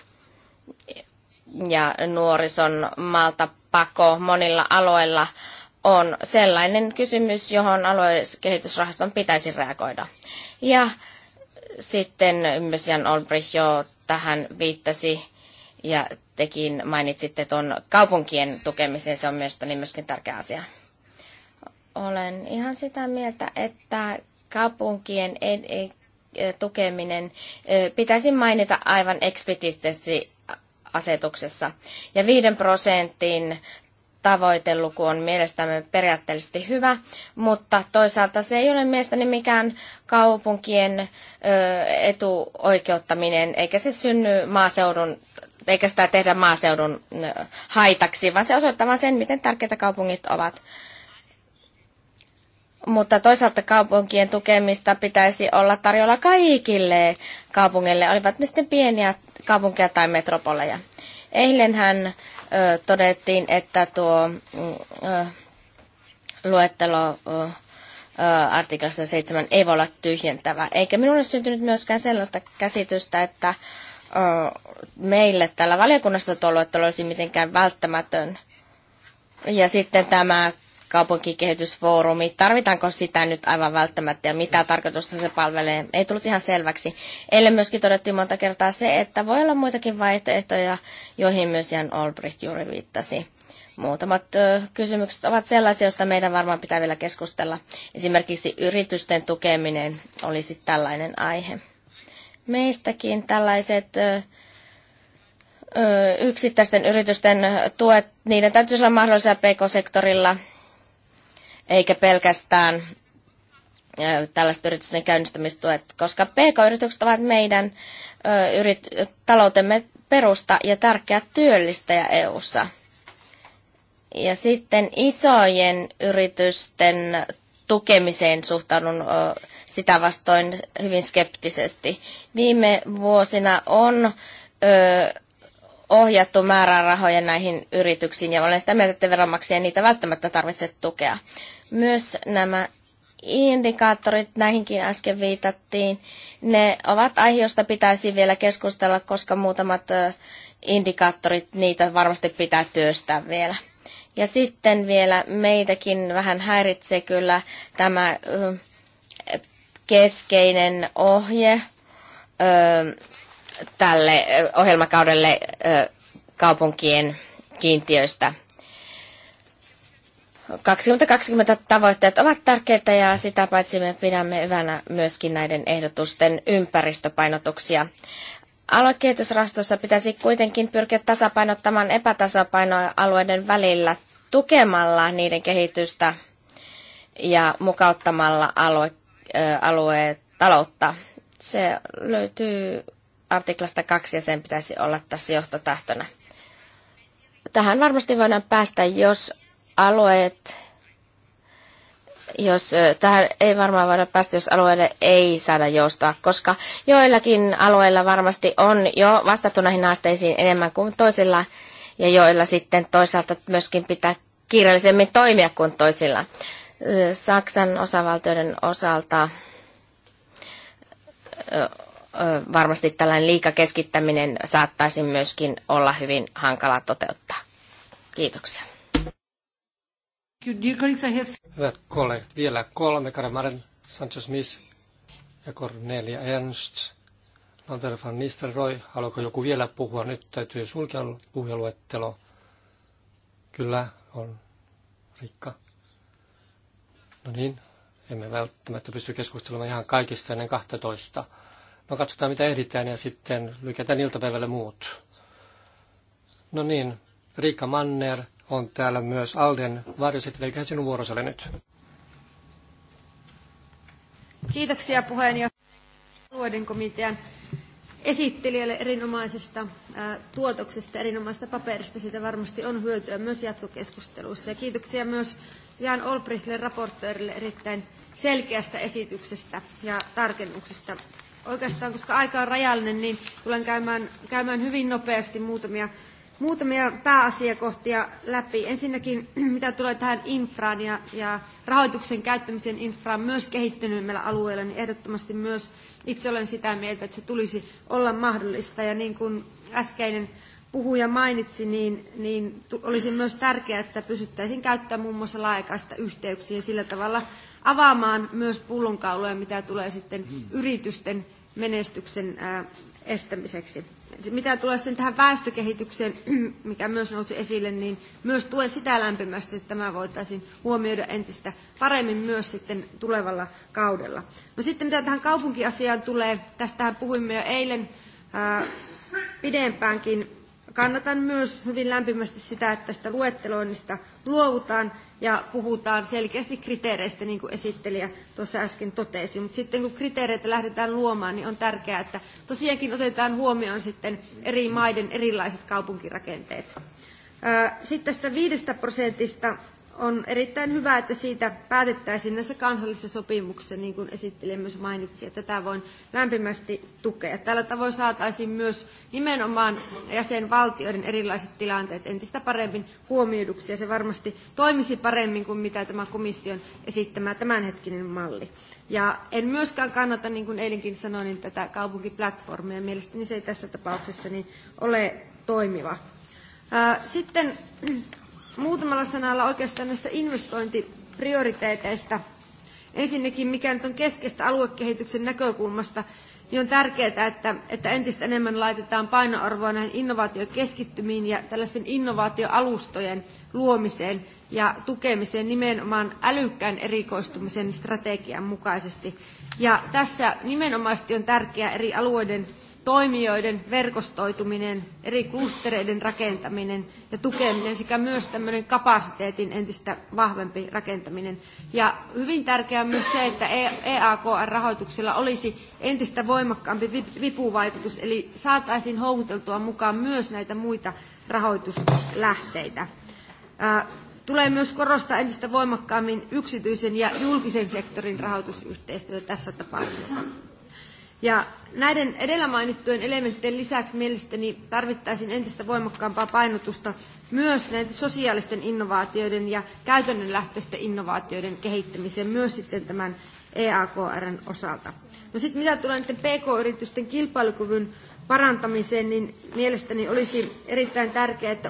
Ja nuorison maalta pako monilla alueilla on sellainen kysymys, johon aluekehitysrahaston pitäisi reagoida. Ja sitten myös Jan Olbrich jo tähän viittasi ja tekin mainitsitte tuon kaupunkien tukemisen, se on mielestäni myöskin tärkeä asia olen ihan sitä mieltä, että kaupunkien e- tukeminen pitäisi mainita aivan ekspetistisesti asetuksessa. Ja viiden prosentin tavoiteluku on mielestämme periaatteellisesti hyvä, mutta toisaalta se ei ole mielestäni mikään kaupunkien etuoikeuttaminen, eikä se synny maaseudun eikä sitä tehdä maaseudun haitaksi, vaan se osoittaa vain sen, miten tärkeitä kaupungit ovat mutta toisaalta kaupunkien tukemista pitäisi olla tarjolla kaikille kaupungeille, olivat ne sitten pieniä kaupunkeja tai metropoleja. Eilenhän ö, todettiin, että tuo mm, ö, luettelo ö, artiklassa 7 ei voi olla tyhjentävä. Eikä minulle syntynyt myöskään sellaista käsitystä, että ö, meille tällä valiokunnassa tuo luettelo olisi mitenkään välttämätön. Ja sitten tämä kaupunkikehitysfoorumi. Tarvitaanko sitä nyt aivan välttämättä ja mitä mm. tarkoitusta se palvelee? Ei tullut ihan selväksi. Eilen myöskin todettiin monta kertaa se, että voi olla muitakin vaihtoehtoja, joihin myös Jan Olbricht juuri viittasi. Muutamat ö, kysymykset ovat sellaisia, joista meidän varmaan pitää vielä keskustella. Esimerkiksi yritysten tukeminen olisi tällainen aihe. Meistäkin tällaiset ö, yksittäisten yritysten tuet, niiden täytyisi olla mahdollisia pk-sektorilla eikä pelkästään tällaiset yritysten käynnistämistuet, koska pk-yritykset ovat meidän yrit- taloutemme perusta ja tärkeä työllistäjä EU-ssa. Ja sitten isojen yritysten tukemiseen suhtaudun sitä vastoin hyvin skeptisesti. Viime vuosina on ohjattu määrärahoja näihin yrityksiin ja olen sitä mieltä, että veronmaksajia niitä välttämättä tarvitse tukea. Myös nämä indikaattorit, näihinkin äsken viitattiin, ne ovat aihe, josta pitäisi vielä keskustella, koska muutamat indikaattorit, niitä varmasti pitää työstää vielä. Ja sitten vielä meitäkin vähän häiritsee kyllä tämä keskeinen ohje tälle ohjelmakaudelle kaupunkien kiintiöistä 2020 tavoitteet ovat tärkeitä ja sitä paitsi me pidämme hyvänä myöskin näiden ehdotusten ympäristöpainotuksia. Aluekehitysrahastossa pitäisi kuitenkin pyrkiä tasapainottamaan epätasapainoa alueiden välillä tukemalla niiden kehitystä ja mukauttamalla alue, alueet taloutta. Se löytyy artiklasta kaksi ja sen pitäisi olla tässä johtotähtönä. Tähän varmasti voidaan päästä, jos alueet, jos tähän ei varmaan voida päästä, jos alueelle ei saada joustaa, koska joillakin alueilla varmasti on jo vastattu näihin haasteisiin enemmän kuin toisilla, ja joilla sitten toisaalta myöskin pitää kiireellisemmin toimia kuin toisilla. Saksan osavaltioiden osalta varmasti tällainen liikakeskittäminen saattaisi myöskin olla hyvin hankala toteuttaa. Kiitoksia. Hyvät kollegat, vielä kolme. Karamaren, Sanchez Smith ja Cornelia Ernst. Lambert van Nistelrooy, haluaako joku vielä puhua? Nyt täytyy sulkea puheluettelo. Kyllä, on rikka. No niin, emme välttämättä pysty keskustelemaan ihan kaikista ennen 12. No katsotaan mitä ehditään ja sitten lykätään iltapäivälle muut. No niin, Riikka Manner, on täällä myös Alden Varjoset. eli sinun vuorosi nyt. Kiitoksia puheenjohtaja alueiden komitean esittelijälle erinomaisesta ää, tuotoksesta, erinomaisesta paperista. Siitä varmasti on hyötyä myös jatkokeskusteluissa. Ja kiitoksia myös Jan Olbrichtille raportöörille erittäin selkeästä esityksestä ja tarkennuksesta. Oikeastaan, koska aika on rajallinen, niin tulen käymään, käymään hyvin nopeasti muutamia muutamia pääasiakohtia läpi. Ensinnäkin, <clears throat> mitä tulee tähän infraan ja, ja rahoituksen käyttämisen infraan myös kehittyneemmillä alueilla, niin ehdottomasti myös itse olen sitä mieltä, että se tulisi olla mahdollista. Ja niin kuin äskeinen puhuja mainitsi, niin, niin olisi myös tärkeää, että pysyttäisiin käyttämään muun muassa laajakaista yhteyksiä sillä tavalla avaamaan myös pullonkauloja, mitä tulee sitten yritysten menestyksen ää, estämiseksi mitä tulee sitten tähän väestökehitykseen, <clears throat> mikä myös nousi esille, niin myös tuen sitä lämpimästi, että tämä voitaisiin huomioida entistä paremmin myös sitten tulevalla kaudella. No sitten mitä tähän kaupunkiasiaan tulee, tästähän puhuimme jo eilen ää, pidempäänkin. Kannatan myös hyvin lämpimästi sitä, että tästä luetteloinnista luovutaan ja puhutaan selkeästi kriteereistä, niin kuin esittelijä tuossa äsken totesi. Mutta sitten kun kriteereitä lähdetään luomaan, niin on tärkeää, että tosiaankin otetaan huomioon sitten eri maiden erilaiset kaupunkirakenteet. Sitten tästä viidestä prosentista on erittäin hyvä, että siitä päätettäisiin näissä kansallisissa sopimuksissa, niin kuin esittelijä myös mainitsi, ja tätä voin lämpimästi tukea. Tällä tavoin saataisiin myös nimenomaan jäsenvaltioiden erilaiset tilanteet entistä paremmin huomioiduksi, ja se varmasti toimisi paremmin kuin mitä tämä komission esittämä tämänhetkinen malli. Ja en myöskään kannata, niin kuin eilenkin sanoin, niin tätä kaupunkiplatformia. Mielestäni se ei tässä tapauksessa niin ole toimiva. Sitten Muutamalla sanalla oikeastaan näistä investointiprioriteeteista. Ensinnäkin, mikä nyt on keskeistä aluekehityksen näkökulmasta, niin on tärkeää, että, että entistä enemmän laitetaan painoarvoa näihin innovaatiokeskittymiin ja tällaisten innovaatioalustojen luomiseen ja tukemiseen nimenomaan älykkään erikoistumisen strategian mukaisesti. Ja tässä nimenomaisesti on tärkeää eri alueiden toimijoiden verkostoituminen, eri klustereiden rakentaminen ja tukeminen sekä myös tämmöinen kapasiteetin entistä vahvempi rakentaminen. Ja hyvin tärkeää on myös se, että EAKR-rahoituksella e olisi entistä voimakkaampi vipuvaikutus, eli saataisiin houkuteltua mukaan myös näitä muita rahoituslähteitä. Tulee myös korostaa entistä voimakkaammin yksityisen ja julkisen sektorin rahoitusyhteistyötä tässä tapauksessa. Ja näiden edellä mainittujen elementtien lisäksi mielestäni tarvittaisiin entistä voimakkaampaa painotusta myös näiden sosiaalisten innovaatioiden ja käytännönlähtöisten innovaatioiden kehittämiseen myös sitten tämän EAKRn osalta. No sitten mitä tulee näiden PK-yritysten kilpailukyvyn parantamiseen, niin mielestäni olisi erittäin tärkeää, että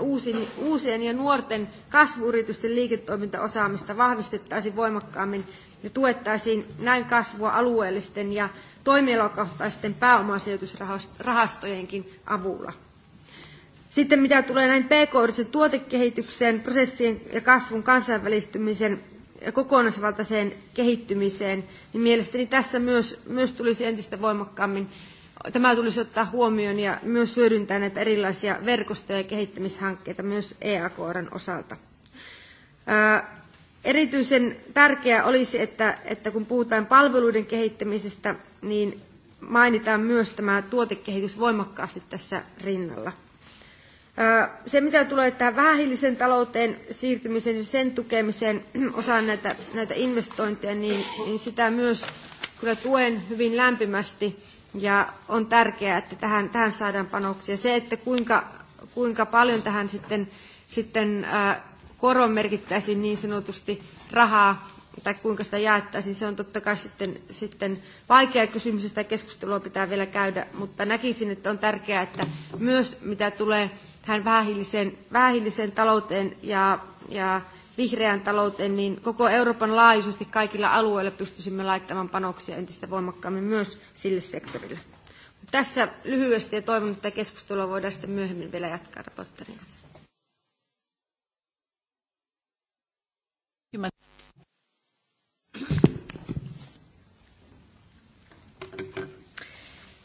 uusien ja nuorten kasvuyritysten liiketoimintaosaamista vahvistettaisiin voimakkaammin ja tuettaisiin näin kasvua alueellisten ja toimialakohtaisten pääomasijoitusrahastojenkin avulla. Sitten mitä tulee näin pk-yritysten tuotekehitykseen, prosessien ja kasvun kansainvälistymisen ja kokonaisvaltaiseen kehittymiseen, niin mielestäni tässä myös, myös tulisi entistä voimakkaammin tämä tulisi ottaa huomioon ja myös hyödyntää näitä erilaisia verkostoja ja kehittämishankkeita myös EAKRn osalta. Ää, erityisen tärkeää olisi, että, että kun puhutaan palveluiden kehittämisestä, niin mainitaan myös tämä tuotekehitys voimakkaasti tässä rinnalla. Se, mitä tulee tähän vähähiilisen talouteen siirtymiseen ja sen tukemiseen <clears throat> osaan näitä, näitä investointeja, niin, niin sitä myös kyllä tuen hyvin lämpimästi. Ja on tärkeää, että tähän, tähän saadaan panoksia. Se, että kuinka, kuinka paljon tähän sitten, sitten koron merkittäisiin niin sanotusti rahaa, tai kuinka sitä jaettaisiin, se on totta kai sitten, sitten vaikea kysymys, sitä keskustelua pitää vielä käydä, mutta näkisin, että on tärkeää, että myös mitä tulee tähän vähähiiliseen, vähähiiliseen talouteen ja, ja vihreään talouteen, niin koko Euroopan laajuisesti kaikilla alueilla pystyisimme laittamaan panoksia entistä voimakkaammin myös sille sektorille. Tässä lyhyesti ja toivon, että keskustelua voidaan sitten myöhemmin vielä jatkaa raporttorin kanssa.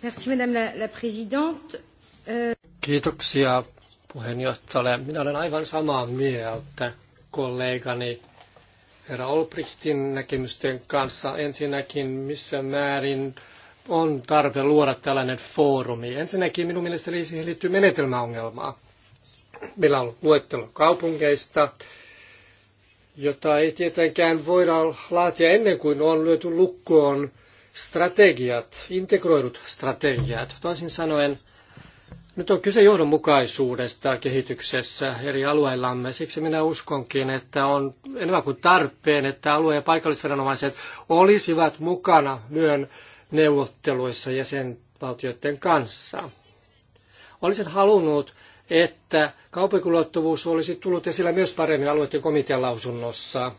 Merci Madame la, Présidente. Euh, Kiitoksia puheenjohtajalle. Minä olen aivan samaa mieltä kollegani herra Olprichtin näkemysten kanssa. Ensinnäkin, missä määrin on tarve luoda tällainen foorumi. Ensinnäkin minun mielestäni siihen liittyy menetelmäongelmaa. Meillä on ollut luettelo kaupungeista, jota ei tietenkään voida laatia ennen kuin on lyöty lukkoon strategiat, integroidut strategiat. Toisin sanoen, nyt on kyse johdonmukaisuudesta kehityksessä eri alueillamme. Siksi minä uskonkin, että on enemmän kuin tarpeen, että alue- ja paikallisviranomaiset olisivat mukana myön neuvotteluissa jäsenvaltioiden kanssa. Olisin halunnut, että kaupunkiulottuvuus olisi tullut esillä myös paremmin alueiden komitean lausunnossa,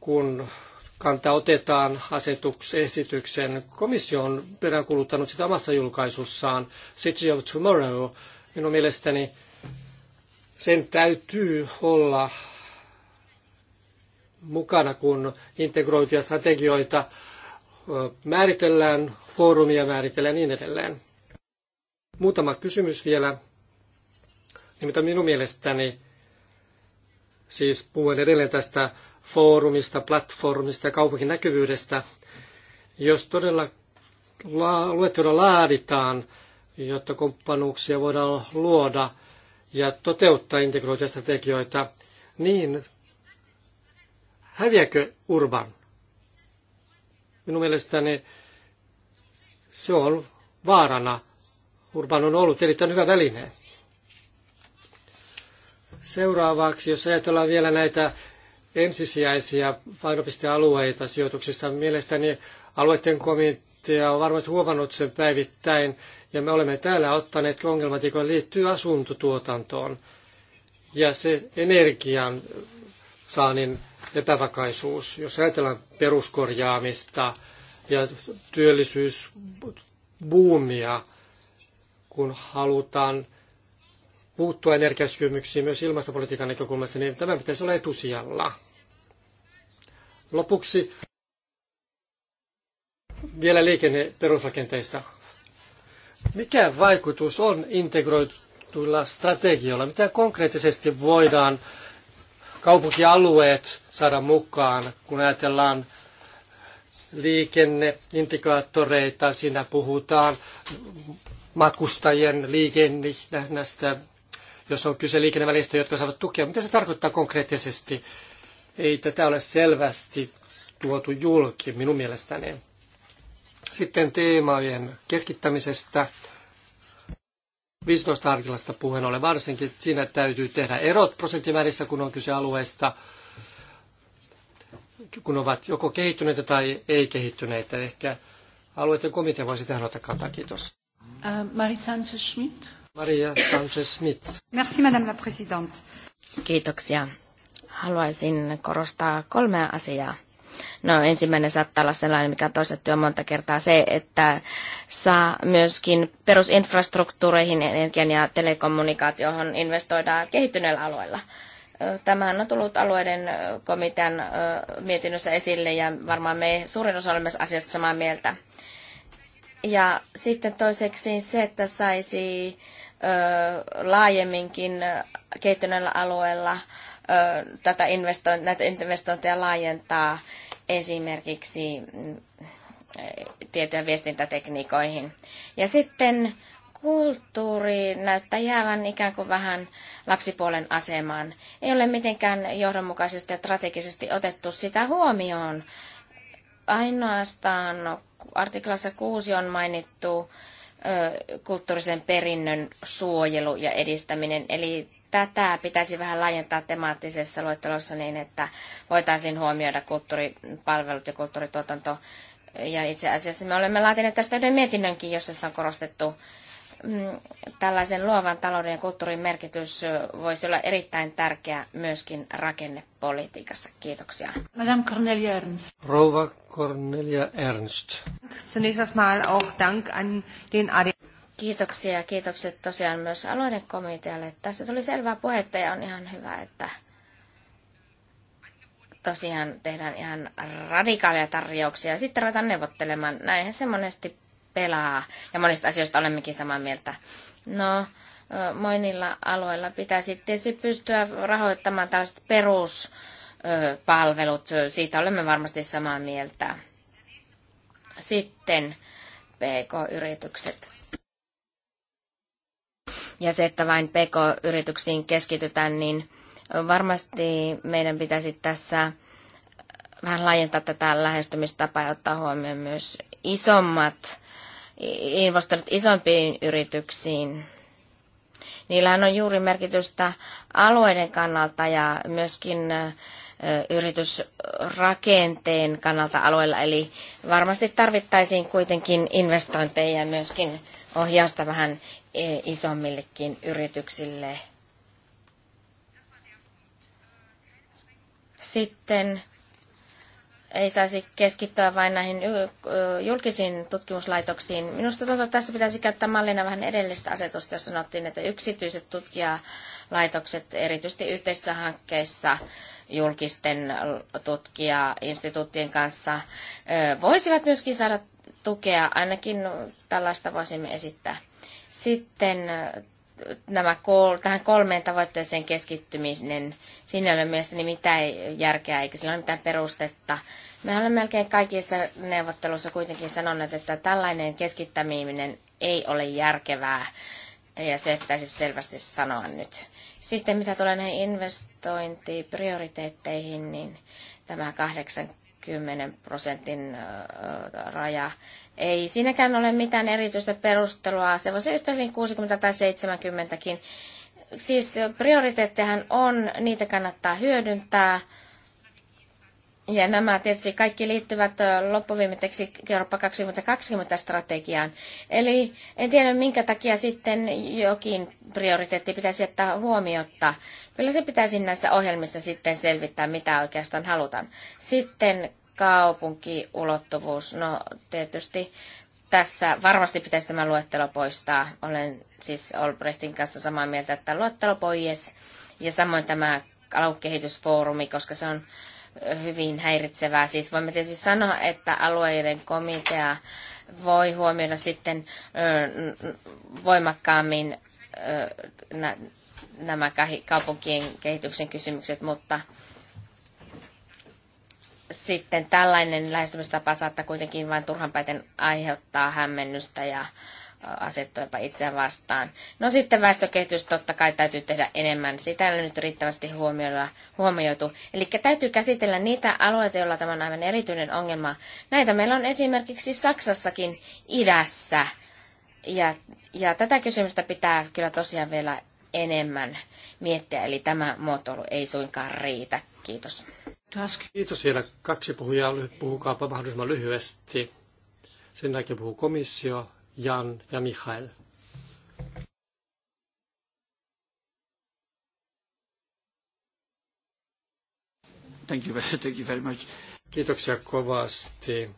kun kanta otetaan asetuksen Komissio on peräänkuluttanut sitä omassa julkaisussaan City of Tomorrow. Minun mielestäni sen täytyy olla mukana, kun integroituja strategioita määritellään, foorumia määritellään ja niin edelleen. Muutama kysymys vielä. Nimittäin minun mielestäni, siis puhun edelleen tästä foorumista, platformista ja kaupunkin näkyvyydestä. Jos todella luettuna laaditaan, jotta kumppanuuksia voidaan luoda ja toteuttaa integroituja strategioita, niin häviäkö Urban? Minun mielestäni se on vaarana. Urban on ollut erittäin hyvä väline. Seuraavaksi, jos ajatellaan vielä näitä ensisijaisia painopistealueita sijoituksissa. Mielestäni alueiden komitea on varmasti huomannut sen päivittäin, ja me olemme täällä ottaneet ongelmat, jotka liittyy asuntotuotantoon ja se energian saannin epävakaisuus, jos ajatellaan peruskorjaamista ja työllisyysbuumia, kun halutaan puuttua energiakysymyksiin myös ilmastopolitiikan näkökulmasta, niin tämä pitäisi olla etusijalla. Lopuksi vielä liikenneperusrakenteista. Mikä vaikutus on integroituilla strategioilla? Mitä konkreettisesti voidaan kaupunkialueet saada mukaan, kun ajatellaan liikenneintegraattoreita, siinä puhutaan matkustajien liikennästä, jos on kyse liikennevälistä, jotka saavat tukea. Mitä se tarkoittaa konkreettisesti? Ei tätä ole selvästi tuotu julki minun mielestäni. Sitten teemojen keskittämisestä. 15 artiklasta puheen ole varsinkin. Siinä täytyy tehdä erot prosenttimäärissä, kun on kyse alueesta, kun ovat joko kehittyneitä tai ei kehittyneitä. Ehkä alueiden komitea voisi tehdä ottaa kantaa. Kiitos. Uh, äh, Sanchez-Schmidt. Maria Sanchez-Smith. Merci, Madame la Présidente. Kiitoksia. Haluaisin korostaa kolmea asiaa. No ensimmäinen saattaa olla sellainen, mikä on toistettu jo monta kertaa, se, että saa myöskin perusinfrastruktuureihin, energian ja telekommunikaatioon investoidaan kehittyneillä alueilla. Tämähän on tullut alueiden komitean mietinnössä esille ja varmaan me suurin osa olemme asiasta samaa mieltä. Ja sitten toiseksi se, että saisi ö, laajemminkin kehittyneellä alueella ö, tätä investoin, näitä investointeja laajentaa esimerkiksi mm, tietoja viestintätekniikoihin. Ja sitten kulttuuri näyttää jäävän ikään kuin vähän lapsipuolen asemaan. Ei ole mitenkään johdonmukaisesti ja strategisesti otettu sitä huomioon. Ainoastaan artiklassa 6 on mainittu kulttuurisen perinnön suojelu ja edistäminen. Eli tätä pitäisi vähän laajentaa temaattisessa luettelossa niin, että voitaisiin huomioida kulttuuripalvelut ja kulttuurituotanto. Ja itse asiassa me olemme laatineet tästä yhden mietinnönkin, jossa sitä on korostettu Mm, tällaisen luovan talouden ja kulttuurin merkitys voisi olla erittäin tärkeä myöskin rakennepolitiikassa. Kiitoksia. Madame Cornelia Ernst. Rouva Cornelia Ernst. Zunächst mal auch Dank an den Kiitoksia ja kiitokset tosiaan myös alueiden komitealle. Tässä tuli selvää puhetta ja on ihan hyvä, että tosiaan tehdään ihan radikaaleja tarjouksia ja sitten ruvetaan neuvottelemaan. Näinhän se monesti pelaa. Ja monista asioista olemmekin samaa mieltä. No, monilla alueilla pitäisi tietysti pystyä rahoittamaan tällaiset peruspalvelut. Siitä olemme varmasti samaa mieltä. Sitten PK-yritykset. Ja se, että vain PK-yrityksiin keskitytään, niin varmasti meidän pitäisi tässä vähän laajentaa tätä lähestymistapaa ja ottaa huomioon myös isommat investoinut isompiin yrityksiin. Niillähän on juuri merkitystä alueiden kannalta ja myöskin yritysrakenteen kannalta alueella. Eli varmasti tarvittaisiin kuitenkin investointeja ja myöskin ohjausta vähän e, isommillekin yrityksille. Sitten ei saisi keskittyä vain näihin julkisiin tutkimuslaitoksiin. Minusta tuntuu, että tässä pitäisi käyttää mallina vähän edellistä asetusta, jossa sanottiin, että yksityiset tutkijalaitokset, erityisesti yhteisissä hankkeissa julkisten tutkijainstituuttien kanssa, voisivat myöskin saada tukea, ainakin tällaista voisimme esittää. Sitten nämä kol, tähän kolmeen tavoitteeseen keskittyminen, siinä ei ole mielestäni mitään järkeä eikä sillä ole mitään perustetta. Me olemme melkein kaikissa neuvotteluissa kuitenkin sanoneet, että tällainen keskittäminen ei ole järkevää ja se pitäisi selvästi sanoa nyt. Sitten mitä tulee näihin investointiprioriteetteihin, niin tämä 80 10 prosentin raja. Ei siinäkään ole mitään erityistä perustelua. Se voisi yhtä hyvin 60 tai 70kin. Siis prioriteettehan on, niitä kannattaa hyödyntää ja nämä tietysti kaikki liittyvät loppuviimetteksi Eurooppa 2020 strategiaan. Eli en tiedä, minkä takia sitten jokin prioriteetti pitäisi jättää huomiota, Kyllä se pitäisi näissä ohjelmissa sitten selvittää, mitä oikeastaan halutaan. Sitten kaupunkiulottuvuus. No tietysti tässä varmasti pitäisi tämä luettelo poistaa. Olen siis Olbrechtin kanssa samaa mieltä, että luettelo pois. Ja samoin tämä aluekehitysfoorumi, koska se on hyvin häiritsevää. Siis voimme tietysti sanoa, että alueiden komitea voi huomioida sitten voimakkaammin nämä kaupunkien kehityksen kysymykset, mutta sitten tällainen lähestymistapa saattaa kuitenkin vain turhanpäiten aiheuttaa hämmennystä ja asettuipa itseään vastaan. No sitten väestökehitys totta kai täytyy tehdä enemmän. Sitä ei ole nyt riittävästi huomioitu. Eli täytyy käsitellä niitä alueita, joilla tämä on aivan erityinen ongelma. Näitä meillä on esimerkiksi Saksassakin idässä. Ja, ja tätä kysymystä pitää kyllä tosiaan vielä enemmän miettiä. Eli tämä muotoilu ei suinkaan riitä. Kiitos. Kiitos vielä. Kaksi puhujaa. Puhukaapa mahdollisimman lyhyesti. Sen jälkeen puhuu komissio Jan ja Michael, Thank you, <laughs> thank you very much. Kiitoksia kovasti.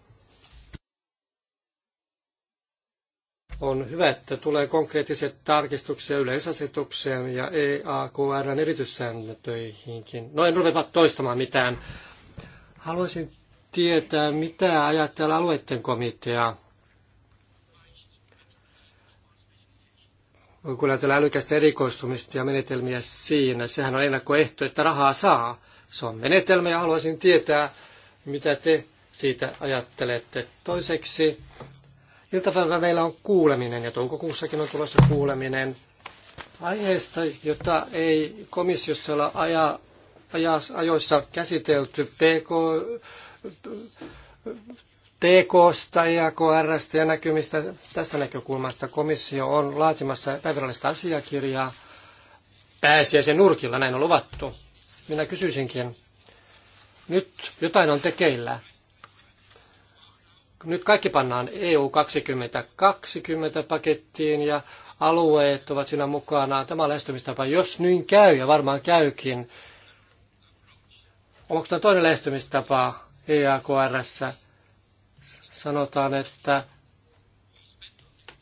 On hyvä, että tulee konkreettiset tarkistuksia yleisasetukseen ja EAKRn erityissääntöihinkin. No en ruveta toistamaan mitään. Haluaisin tietää, mitä ajattelee alueiden komitea kun ajatellaan älykästä erikoistumista ja menetelmiä siinä, sehän on ennakkoehto, että rahaa saa. Se on menetelmä ja haluaisin tietää, mitä te siitä ajattelette. Toiseksi, iltapäivällä meillä on kuuleminen ja toukokuussakin on tulossa kuuleminen aiheesta, jota ei komissiossa olla aja, ajas, ajoissa käsitelty. PK, Tekoista ja KRstä ja näkymistä tästä näkökulmasta. Komissio on laatimassa päivällistä asiakirjaa pääsiäisen nurkilla, näin on luvattu. Minä kysyisinkin, nyt jotain on tekeillä. Nyt kaikki pannaan EU 2020 pakettiin ja alueet ovat siinä mukana. Tämä on lähestymistapa, jos niin käy ja varmaan käykin. Onko tämä toinen lähestymistapa EAKRssä? sanotaan, että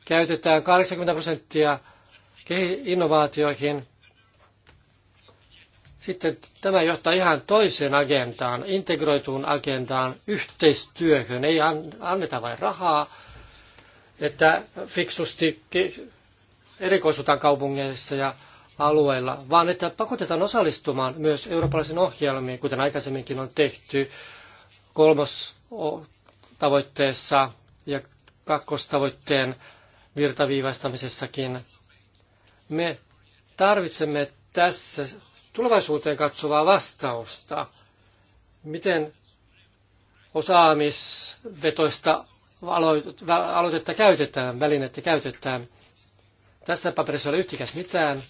käytetään 80 prosenttia innovaatioihin. Sitten tämä johtaa ihan toiseen agendaan, integroituun agendaan, yhteistyöhön. Ei anneta vain rahaa, että fiksusti erikoisutaan kaupungeissa ja alueilla, vaan että pakotetaan osallistumaan myös eurooppalaisiin ohjelmiin, kuten aikaisemminkin on tehty kolmos tavoitteessa ja kakkostavoitteen virtaviivaistamisessakin. Me tarvitsemme tässä tulevaisuuteen katsovaa vastausta, miten osaamisvetoista aloitetta käytetään, välinettä käytetään. Tässä paperissa ei ole yhtikäs mitään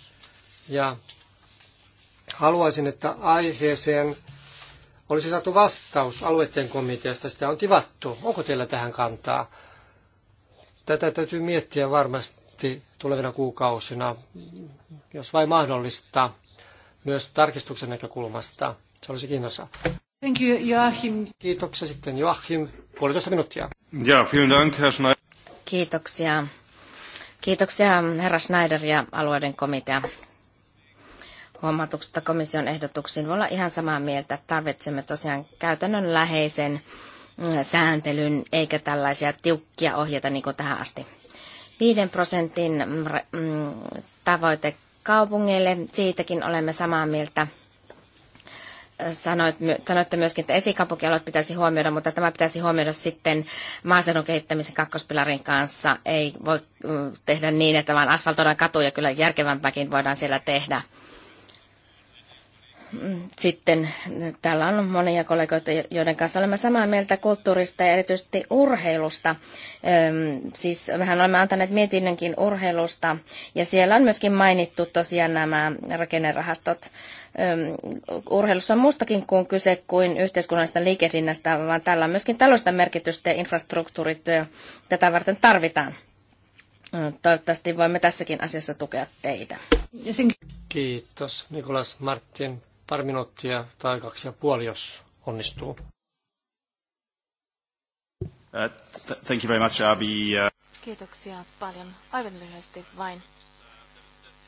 ja haluaisin, että aiheeseen olisi saatu vastaus alueiden komiteasta, sitä on tivattu. Onko teillä tähän kantaa? Tätä täytyy miettiä varmasti tulevina kuukausina, jos vain mahdollista, myös tarkistuksen näkökulmasta. Se olisi kiinnostavaa. Thank you, Joachim. Kiitoksia sitten Joachim. Puolitoista minuuttia. Ja, vielen dank, Herr Schneider. Kiitoksia. Kiitoksia herra Schneider ja alueiden komitea huomautuksesta komission ehdotuksiin. Voi olla ihan samaa mieltä, että tarvitsemme tosiaan käytännön läheisen mm, sääntelyn, eikä tällaisia tiukkia ohjeita niin kuin tähän asti. 5 prosentin mm, mm, tavoite kaupungeille, siitäkin olemme samaa mieltä. Sanoit, sanoitte myöskin, että esikaupunkialueet pitäisi huomioida, mutta tämä pitäisi huomioida sitten maaseudun kehittämisen kakkospilarin kanssa. Ei voi tehdä niin, että vaan asfaltoidaan katuja, kyllä järkevämpäkin voidaan siellä tehdä sitten täällä on monia kollegoita, joiden kanssa olemme samaa mieltä kulttuurista ja erityisesti urheilusta. Siis mehän olemme antaneet mietinnönkin urheilusta ja siellä on myöskin mainittu tosiaan nämä rakennerahastot. Urheilussa on muustakin kuin kyse kuin yhteiskunnallisesta liikehdinnästä, vaan tällä on myöskin taloudellista merkitystä ja infrastruktuurit tätä varten tarvitaan. Toivottavasti voimme tässäkin asiassa tukea teitä. Kiitos Nikolas Martin pari minuuttia tai kaksi ja puoli, jos onnistuu. Uh, thank you very much, Abi. Uh. Kiitoksia paljon. Aivan lyhyesti vain.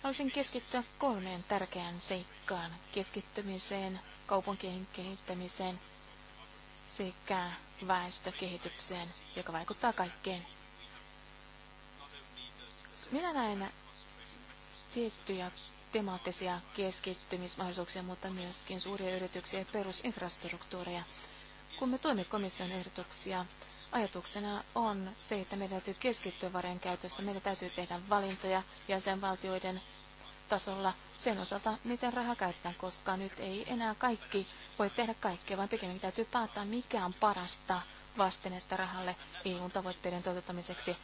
Haluaisin keskittyä kolmeen tärkeään seikkaan. Keskittymiseen, kaupunkien kehittämiseen sekä väestökehitykseen, joka vaikuttaa kaikkeen. Minä näen tiettyjä temaattisia keskittymismahdollisuuksia, mutta myöskin suuria yrityksiä ja perusinfrastruktuureja. Kun me tuemme komission ehdotuksia, ajatuksena on se, että meidän täytyy keskittyä varojen käytössä. Meidän täytyy tehdä valintoja jäsenvaltioiden tasolla sen osalta, miten raha käytetään, koska nyt ei enää kaikki voi tehdä kaikkea, vaan pikemminkin täytyy päättää, mikä on parasta vastinetta rahalle eu tavoitteiden toteuttamiseksi.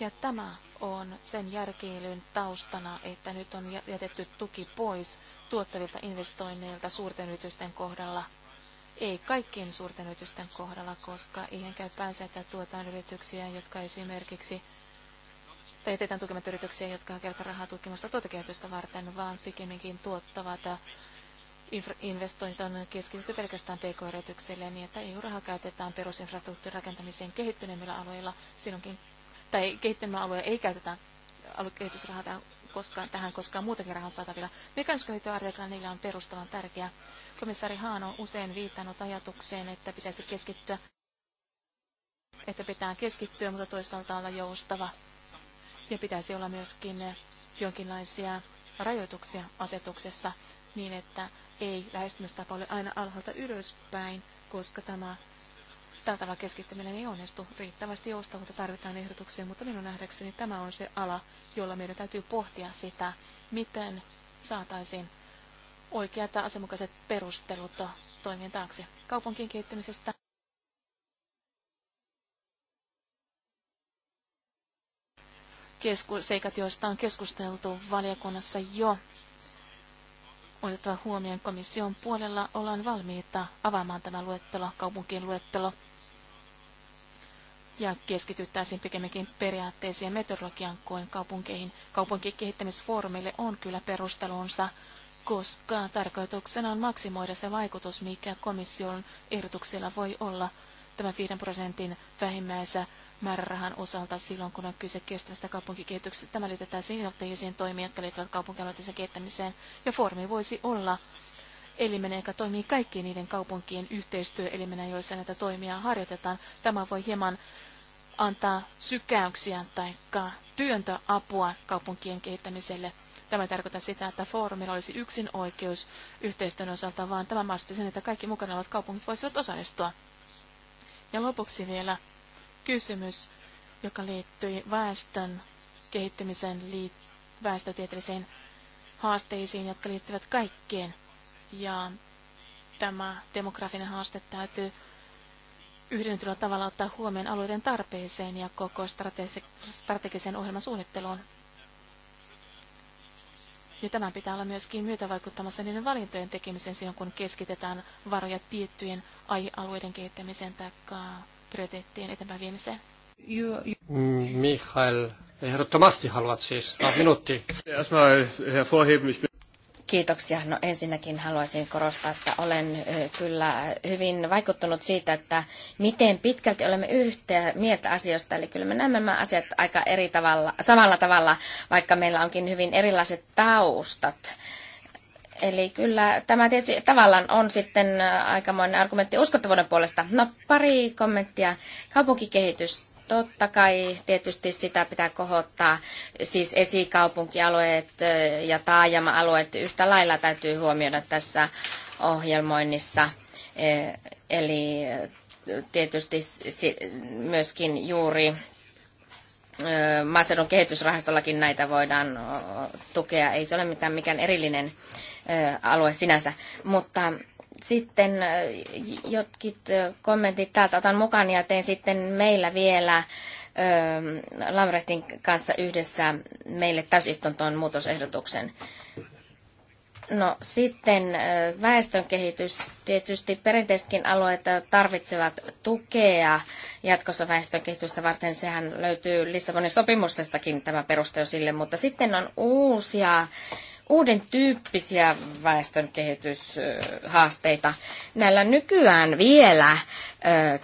Ja tämä on sen järkeilyn taustana, että nyt on jätetty tuki pois tuottavilta investoinneilta suurten yritysten kohdalla. Ei kaikkien suurten yritysten kohdalla, koska ihan käy päänsä, että tuetaan yrityksiä, jotka esimerkiksi tai jätetään tukemat yrityksiä, jotka käyttävät rahaa tutkimusta tuotekehitystä varten, vaan pikemminkin tuottavat äh, investoinnit on keskitytty pelkästään pk yritykselle niin, että EU-raha käytetään perusinfrastruktuurin rakentamiseen kehittyneimmillä aloilla silloinkin, tai kehittämäalueja ei käytetä aluekehitysrahaa tähän koskaan, tähän koskaan muutenkin rahan saatavilla. Mekanismihyötyarvioilla niillä on perustavan tärkeä. Komissaari Haan on usein viitannut ajatukseen, että pitäisi keskittyä, että pitää keskittyä, mutta toisaalta olla joustava. Ja pitäisi olla myöskin jonkinlaisia rajoituksia asetuksessa niin, että ei lähestymistapa ole aina alhaalta ylöspäin, koska tämä tällä tavalla keskittyminen ei onnistu. Riittävästi joustavuutta tarvitaan ehdotuksia, mutta minun nähdäkseni tämä on se ala, jolla meidän täytyy pohtia sitä, miten saataisiin oikeat ja asianmukaiset perustelut toimien taakse. Kaupunkien kehittymisestä seikat, joista on keskusteltu valiokunnassa jo otettava huomioon komission puolella ollaan valmiita avaamaan tämä luettelo, kaupunkien luettelo ja keskityttäisiin pikemminkin periaatteisiin meteorologian kuin kaupunkeihin. Kaupunkikehittämisfoorumille on kyllä perustelunsa, koska tarkoituksena on maksimoida se vaikutus, mikä komission ehdotuksella voi olla tämän 5 prosentin vähimmäisä määrärahan osalta silloin, kun on kyse kestävästä kaupunkikehityksestä. Tämä liitetään siihen toimiin, jotka liittyvät kaupunkialoitteisen kehittämiseen, ja foorumi voisi olla elimenä, joka toimii kaikkien niiden kaupunkien yhteistyöelimenä, joissa näitä toimia harjoitetaan. Tämä voi hieman antaa sykäyksiä tai työntöapua kaupunkien kehittämiselle. Tämä tarkoittaa sitä, että foorumilla olisi yksin oikeus yhteistyön osalta, vaan tämä mahdollisti sen, että kaikki mukana olevat kaupungit voisivat osallistua. Ja lopuksi vielä kysymys, joka liittyy väestön kehittämisen liit väestötieteellisiin haasteisiin, jotka liittyvät kaikkeen. Ja tämä demografinen haaste täytyy yhdennetyllä tavalla ottaa huomioon alueiden tarpeeseen ja koko strategisen ohjelman suunnitteluun. Ja tämän pitää olla myöskin vaikuttamassa niiden valintojen tekemiseen silloin, kun keskitetään varoja tiettyjen ai-alueiden kehittämiseen tai prioriteettien eteenpäin viemiseen. Mm, Mikael, ehdottomasti haluat siis. Ah, minuutti. Kiitoksia. No ensinnäkin haluaisin korostaa, että olen kyllä hyvin vaikuttunut siitä, että miten pitkälti olemme yhtä mieltä asioista. Eli kyllä me näemme nämä asiat aika eri tavalla, samalla tavalla, vaikka meillä onkin hyvin erilaiset taustat. Eli kyllä tämä tietysti tavallaan on sitten aikamoinen argumentti uskottavuuden puolesta. No pari kommenttia. Kaupunkikehitys totta kai tietysti sitä pitää kohottaa. Siis esikaupunkialueet ja taajama-alueet yhtä lailla täytyy huomioida tässä ohjelmoinnissa. E, eli tietysti myöskin juuri maaseudun kehitysrahastollakin näitä voidaan tukea. Ei se ole mitään mikään erillinen alue sinänsä, mutta sitten äh, jotkin äh, kommentit täältä otan mukaan ja teen sitten meillä vielä ähm, Lamrehtin kanssa yhdessä meille täysistuntoon muutosehdotuksen. No sitten äh, väestönkehitys. Tietysti perinteisetkin alueet tarvitsevat tukea jatkossa väestönkehitystä varten. Sehän löytyy Lissabonin sopimustestakin tämä peruste sille, mutta sitten on uusia uuden tyyppisiä väestön kehityshaasteita näillä nykyään vielä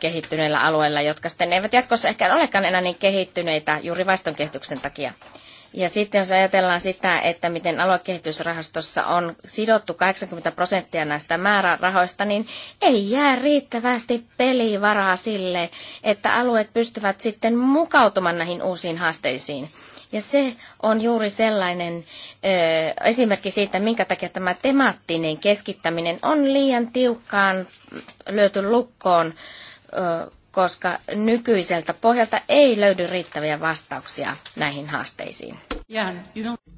kehittyneillä alueilla, jotka sitten eivät jatkossa ehkä olekaan enää niin kehittyneitä juuri väestön kehityksen takia. Ja sitten jos ajatellaan sitä, että miten aluekehitysrahastossa on sidottu 80 prosenttia näistä määrärahoista, niin ei jää riittävästi pelivaraa sille, että alueet pystyvät sitten mukautumaan näihin uusiin haasteisiin. Ja se on juuri sellainen ö, esimerkki siitä, minkä takia tämä temaattinen keskittäminen on liian tiukkaan löyty lukkoon, ö, koska nykyiseltä pohjalta ei löydy riittäviä vastauksia näihin haasteisiin. Jan, you don't...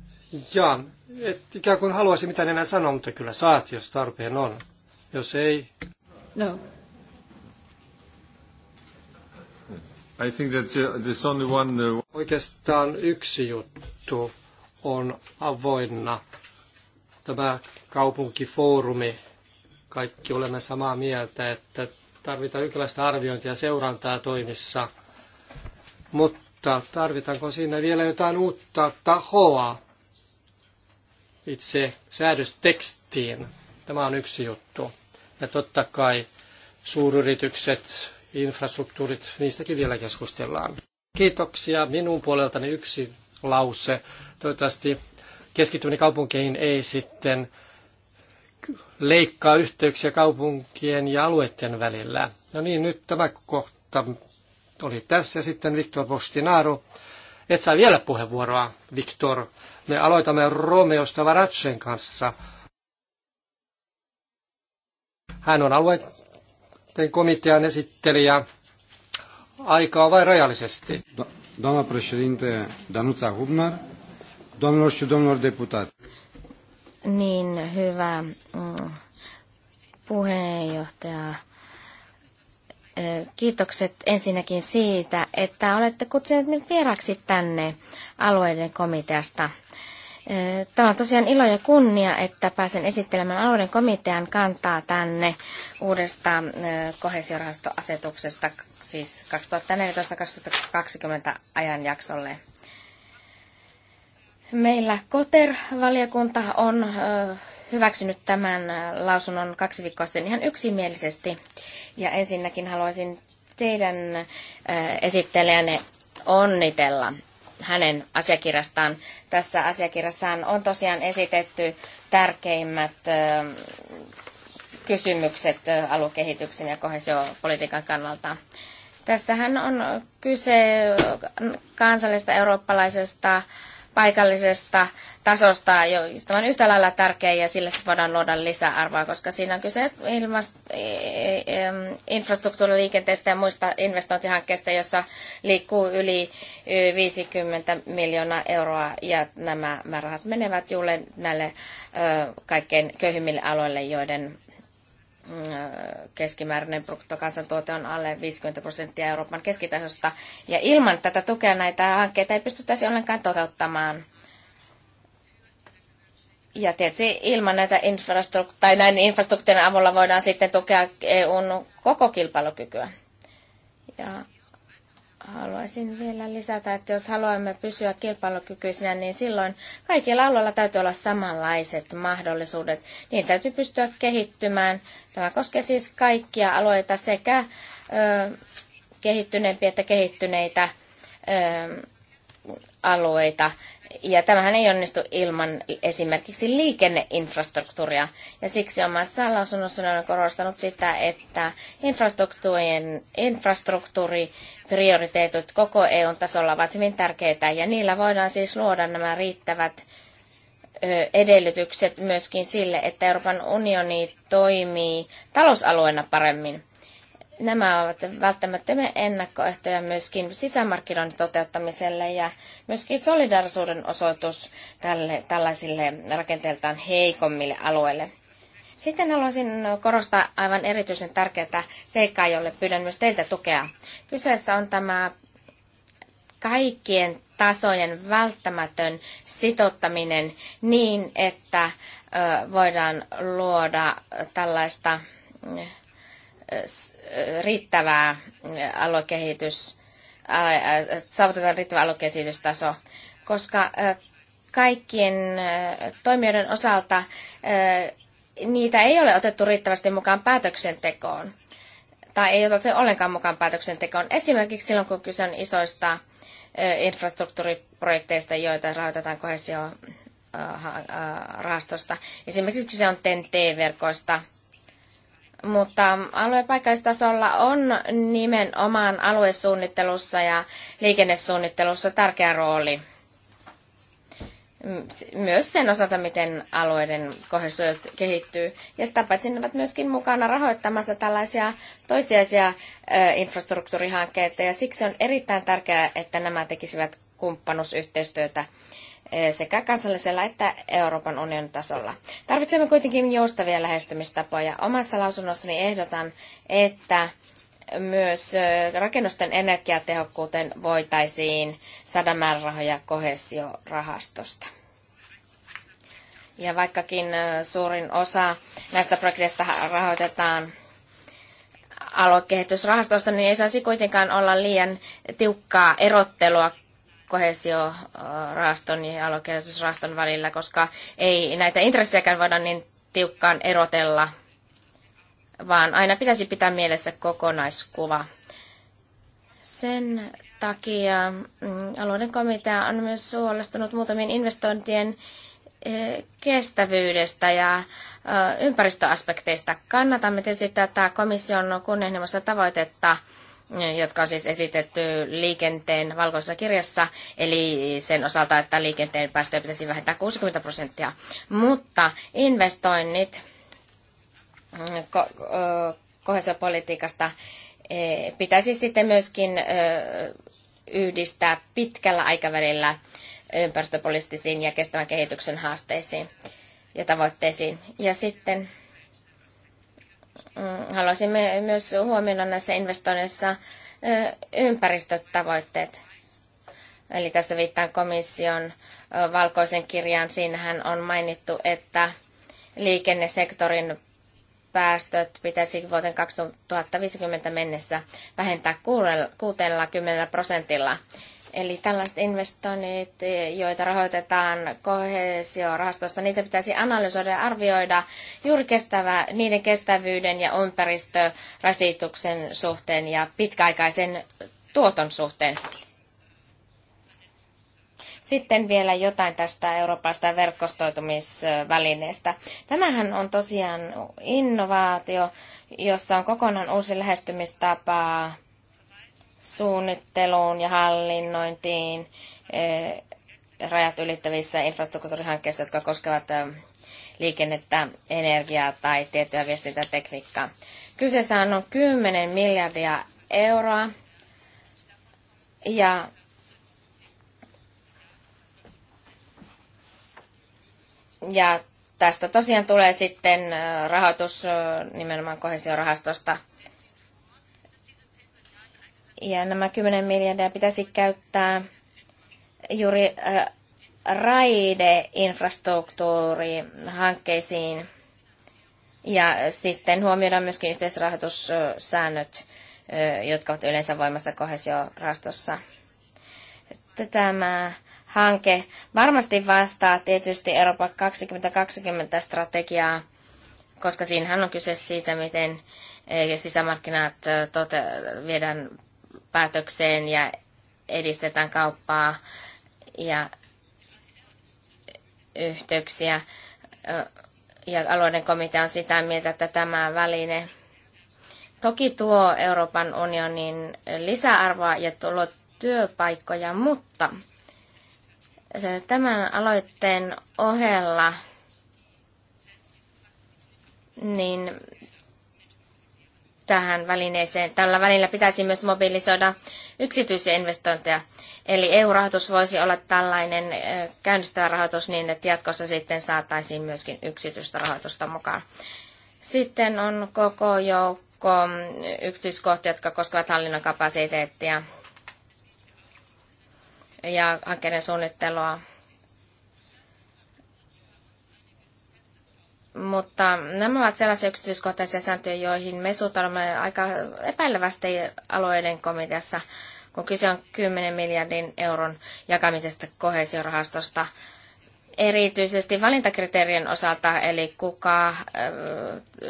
Jaan, et ikään kuin haluaisi mitään enää sanoa, mutta kyllä saat, jos tarpeen on. Jos ei... No. I think that uh, there's only one... Uh, Oikeastaan yksi juttu on avoinna. Tämä kaupunkifoorumi, kaikki olemme samaa mieltä, että tarvitaan jonkinlaista arviointia ja seurantaa toimissa. Mutta tarvitaanko siinä vielä jotain uutta tahoa itse säädöstekstiin? Tämä on yksi juttu. Ja totta kai suuryritykset infrastruktuurit, niistäkin vielä keskustellaan. Kiitoksia minun puoleltani yksi lause. Toivottavasti keskittyminen kaupunkeihin ei sitten leikkaa yhteyksiä kaupunkien ja alueiden välillä. No niin, nyt tämä kohta oli tässä. Ja sitten Viktor Postinaru. Et saa vielä puheenvuoroa, Viktor. Me aloitamme Romeosta Varatsen kanssa. Hän on alueen sitten komitean esittelijä. Aikaa vain rajallisesti. Doamna președinte Danuta Hubner, domnilor și domnilor deputat. Niin, hyvä mm, puheenjohtaja. E, kiitokset ensinnäkin siitä, että olette kutsuneet minut vieraksi tänne alueiden komiteasta. Tämä on tosiaan ilo ja kunnia, että pääsen esittelemään alueiden komitean kantaa tänne uudesta kohesiorahastoasetuksesta, siis 2014-2020 ajanjaksolle. Meillä Koter-valiokunta on hyväksynyt tämän lausunnon kaksi viikkoa sitten ihan yksimielisesti. Ja ensinnäkin haluaisin teidän esittelijänne onnitella hänen asiakirjastaan. Tässä asiakirjassaan on tosiaan esitetty tärkeimmät kysymykset aluekehityksen ja kohesiopolitiikan kannalta. Tässähän on kyse kansallisesta eurooppalaisesta paikallisesta tasosta, joista on yhtä lailla tärkeä ja sillä se siis voidaan luoda lisäarvoa, koska siinä on kyse ilmast- e- e- infrastruktuuriliikenteestä ja muista investointihankkeista, jossa liikkuu yli 50 e, miljoonaa euroa ja nämä määrärahat menevät juuri näille kaikkein köyhimmille aloille, joiden keskimääräinen bruttokansantuote on alle 50 prosenttia Euroopan keskitasosta. Ja ilman tätä tukea näitä hankkeita ei pystyttäisi ollenkaan toteuttamaan. Ja tietysti ilman näitä infrastruktu- tai näin infrastruktuurin avulla voidaan sitten tukea EUn koko kilpailukykyä. Ja haluaisin vielä lisätä, että jos haluamme pysyä kilpailukykyisinä, niin silloin kaikilla alueilla täytyy olla samanlaiset mahdollisuudet. Niin täytyy pystyä kehittymään. Tämä koskee siis kaikkia alueita sekä ö, kehittyneempiä että kehittyneitä ö, alueita. Ja tämähän ei onnistu ilman esimerkiksi liikenneinfrastruktuuria. Ja siksi omassa lausunnossa olen korostanut sitä, että infrastruktuurien, infrastruktuuriprioriteetit koko EUn tasolla ovat hyvin tärkeitä. Ja niillä voidaan siis luoda nämä riittävät edellytykset myöskin sille, että Euroopan unioni toimii talousalueena paremmin nämä ovat välttämättömiä ennakkoehtoja myöskin sisämarkkinoiden toteuttamiselle ja myöskin solidarisuuden osoitus tälle, tällaisille rakenteeltaan heikommille alueille. Sitten haluaisin korostaa aivan erityisen tärkeää seikkaa, jolle pyydän myös teiltä tukea. Kyseessä on tämä kaikkien tasojen välttämätön sitottaminen niin, että voidaan luoda tällaista riittävää aluekehitys, saavutetaan riittävä aluekehitystaso, koska kaikkien toimijoiden osalta niitä ei ole otettu riittävästi mukaan päätöksentekoon tai ei otettu ollenkaan mukaan päätöksentekoon. Esimerkiksi silloin, kun kyse on isoista infrastruktuuriprojekteista, joita rahoitetaan kohesio rahastosta. Esimerkiksi kyse on TEN-T-verkoista, mutta alue- paikallistasolla on nimenomaan aluesuunnittelussa ja liikennesuunnittelussa tärkeä rooli. Myös sen osalta, miten alueiden kohdallisuudet kehittyy. Ja sitä paitsi ne ovat myöskin mukana rahoittamassa tällaisia toisiaisia infrastruktuurihankkeita. Ja siksi on erittäin tärkeää, että nämä tekisivät kumppanuusyhteistyötä Eh, sekä kansallisella että Euroopan unionin tasolla. Tarvitsemme kuitenkin joustavia lähestymistapoja. Omassa lausunnossani ehdotan, että myös eh, rakennusten energiatehokkuuteen voitaisiin saada määrärahoja kohesiorahastosta. Ja vaikkakin eh, suurin osa näistä projekteista rahoitetaan aluekehitysrahastosta, niin ei saisi kuitenkaan olla liian tiukkaa erottelua kohesioraaston ja alokehitysraaston välillä, koska ei näitä intressejäkään voida niin tiukkaan erotella, vaan aina pitäisi pitää mielessä kokonaiskuva. Sen takia mm, alueiden komitea on myös huolestunut muutamien investointien e, kestävyydestä ja ympäristöaspekteista. Kannatamme tietysti tätä komission kunnianhimoista tavoitetta jotka on siis esitetty liikenteen valkoisessa kirjassa, eli sen osalta, että liikenteen päästöjä pitäisi vähentää 60 prosenttia. Mutta investoinnit kohesiopolitiikasta e, pitäisi sitten myöskin yhdistää pitkällä aikavälillä ympäristöpoliittisiin ja kestävän kehityksen haasteisiin ja tavoitteisiin. Ja sitten haluaisimme myös huomioida näissä investoinneissa ympäristötavoitteet. Eli tässä viittaan komission valkoisen kirjaan. Siinähän on mainittu, että liikennesektorin päästöt pitäisi vuoteen 2050 mennessä vähentää 60 prosentilla. Eli tällaiset investoinnit, joita rahoitetaan kohesiorahastosta, niitä pitäisi analysoida ja arvioida juuri kestävä, niiden kestävyyden ja ympäristörasituksen suhteen ja pitkäaikaisen tuoton suhteen. Sitten vielä jotain tästä eurooppalaista verkostoitumisvälineestä. Tämähän on tosiaan innovaatio, jossa on kokonaan uusi lähestymistapa suunnitteluun ja hallinnointiin eh, rajat ylittävissä infrastruktuurihankkeissa, jotka koskevat eh, liikennettä, energiaa tai tiettyä viestintätekniikkaa. Kyseessä on noin 10 miljardia euroa ja ja tästä tosiaan tulee sitten eh, rahoitus nimenomaan kohesiorahastosta rahastosta ja nämä 10 miljardia pitäisi käyttää juuri äh, raideinfrastruktuurihankkeisiin ja sitten huomioidaan myöskin yhteisrahoitussäännöt, äh, jotka ovat yleensä voimassa kohesiorastossa. Tämä hanke varmasti vastaa tietysti Euroopan 2020 strategiaa, koska siinähän on kyse siitä, miten äh, sisämarkkinat tote- viedään päätökseen ja edistetään kauppaa ja yhteyksiä. Ja alueiden komitea on sitä mieltä, että tämä väline toki tuo Euroopan unionin lisäarvoa ja tuo työpaikkoja, mutta tämän aloitteen ohella niin tähän välineeseen. Tällä välillä pitäisi myös mobilisoida yksityisiä investointeja. Eli EU-rahoitus voisi olla tällainen käynnistävä rahoitus niin, että jatkossa sitten saataisiin myöskin yksityistä rahoitusta mukaan. Sitten on koko joukko mm, yksityiskohtia, jotka koskevat hallinnon kapasiteettia ja hankkeiden suunnittelua Mutta nämä ovat sellaisia yksityiskohtaisia sääntöjä, joihin me suhtaudumme aika epäilevästi alueiden komiteassa, kun kyse on 10 miljardin euron jakamisesta kohesiorahastosta erityisesti valintakriteerien osalta, eli kuka äh,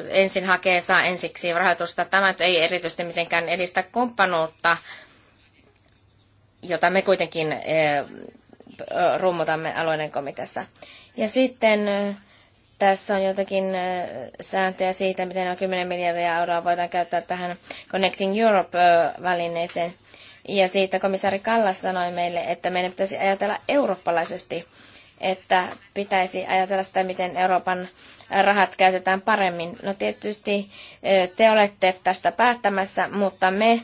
ensin hakee, saa ensiksi rahoitusta. Tämä ei erityisesti mitenkään edistä kumppanuutta, jota me kuitenkin äh, rummutamme alueiden komiteassa. Ja sitten äh, tässä on jotakin sääntöjä siitä, miten noin 10 miljardia euroa voidaan käyttää tähän Connecting Europe-välineeseen. Ja siitä komissaari Kallas sanoi meille, että meidän pitäisi ajatella eurooppalaisesti, että pitäisi ajatella sitä, miten Euroopan rahat käytetään paremmin. No tietysti te olette tästä päättämässä, mutta me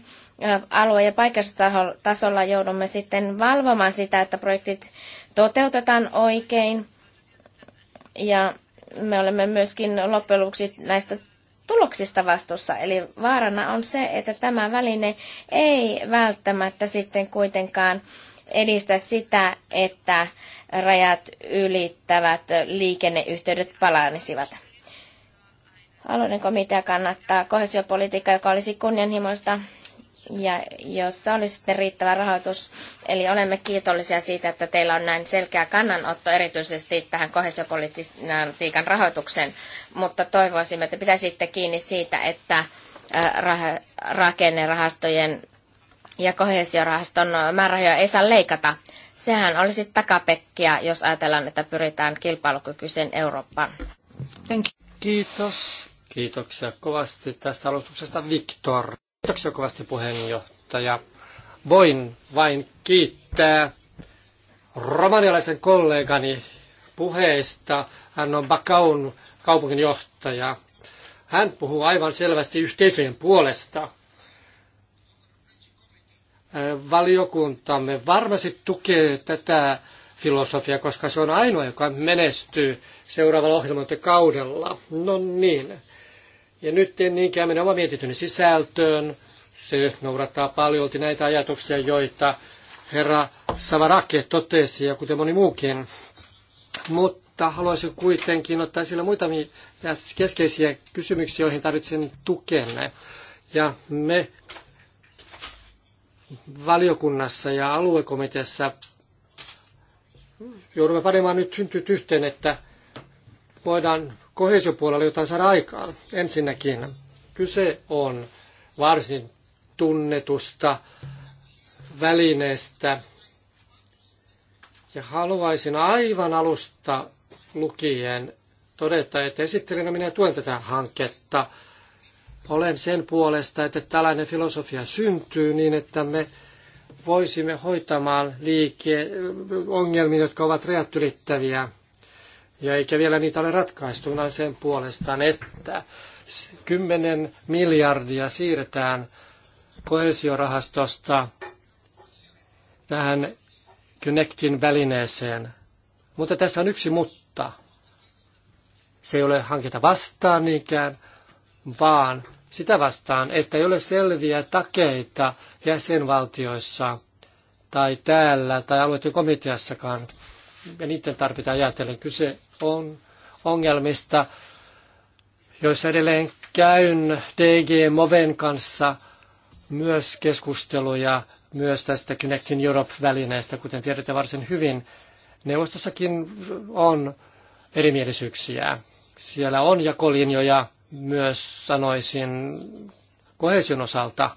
alue- ja paikallistasolla joudumme sitten valvomaan sitä, että projektit toteutetaan oikein. Ja me olemme myöskin loppujen lopuksi näistä tuloksista vastuussa. Eli vaarana on se, että tämä väline ei välttämättä sitten kuitenkaan edistä sitä, että rajat ylittävät liikenneyhteydet palanisivat. Alueiden komitea kannattaa kohesiopolitiikkaa, joka olisi kunnianhimoista ja jossa olisi sitten riittävä rahoitus. Eli olemme kiitollisia siitä, että teillä on näin selkeä kannanotto erityisesti tähän kohesiopolitiikan rahoitukseen, mutta toivoisimme, että pitäisitte kiinni siitä, että rakennerahastojen ja kohesiorahaston määrärahoja ei saa leikata. Sehän olisi takapekkiä, jos ajatellaan, että pyritään kilpailukykyiseen Eurooppaan. Thank you. Kiitos. Kiitoksia kovasti tästä alustuksesta, Viktor. Kiitoksia kovasti puheenjohtaja. Voin vain kiittää romanialaisen kollegani puheesta. Hän on Bakaun kaupunginjohtaja. Hän puhuu aivan selvästi yhteisöjen puolesta. Valiokuntamme varmasti tukee tätä filosofiaa, koska se on ainoa, joka menestyy seuraavalla ohjelmointikaudella. No niin, ja nyt en niinkään mene oma mietintöni sisältöön. Se noudattaa paljolti näitä ajatuksia, joita herra Savarake totesi ja kuten moni muukin. Mutta haluaisin kuitenkin ottaa esille muutamia keskeisiä kysymyksiä, joihin tarvitsen tukenne. Ja me valiokunnassa ja aluekomiteassa joudumme panemaan nyt syntyt yhteen, että voidaan kohesiopuolella jotain saada aikaan. Ensinnäkin kyse on varsin tunnetusta välineestä. Ja haluaisin aivan alusta lukien todeta, että esittelen minä tuen tätä hanketta. Olen sen puolesta, että tällainen filosofia syntyy niin, että me voisimme hoitamaan liike- ongelmia, jotka ovat rajat ylittäviä ja eikä vielä niitä ole ratkaistuina sen puolestaan, että 10 miljardia siirretään kohesiorahastosta tähän Connectin välineeseen. Mutta tässä on yksi mutta. Se ei ole hankita vastaan niinkään, vaan sitä vastaan, että ei ole selviä takeita jäsenvaltioissa tai täällä tai alueiden komiteassakaan. Ja niiden tarvitaan ajatellen. Kyse on ongelmista, joissa edelleen käyn DG Moven kanssa myös keskusteluja myös tästä Connecting Europe-välineestä, kuten tiedätte varsin hyvin. Neuvostossakin on erimielisyyksiä. Siellä on jakolinjoja myös sanoisin kohesion osalta,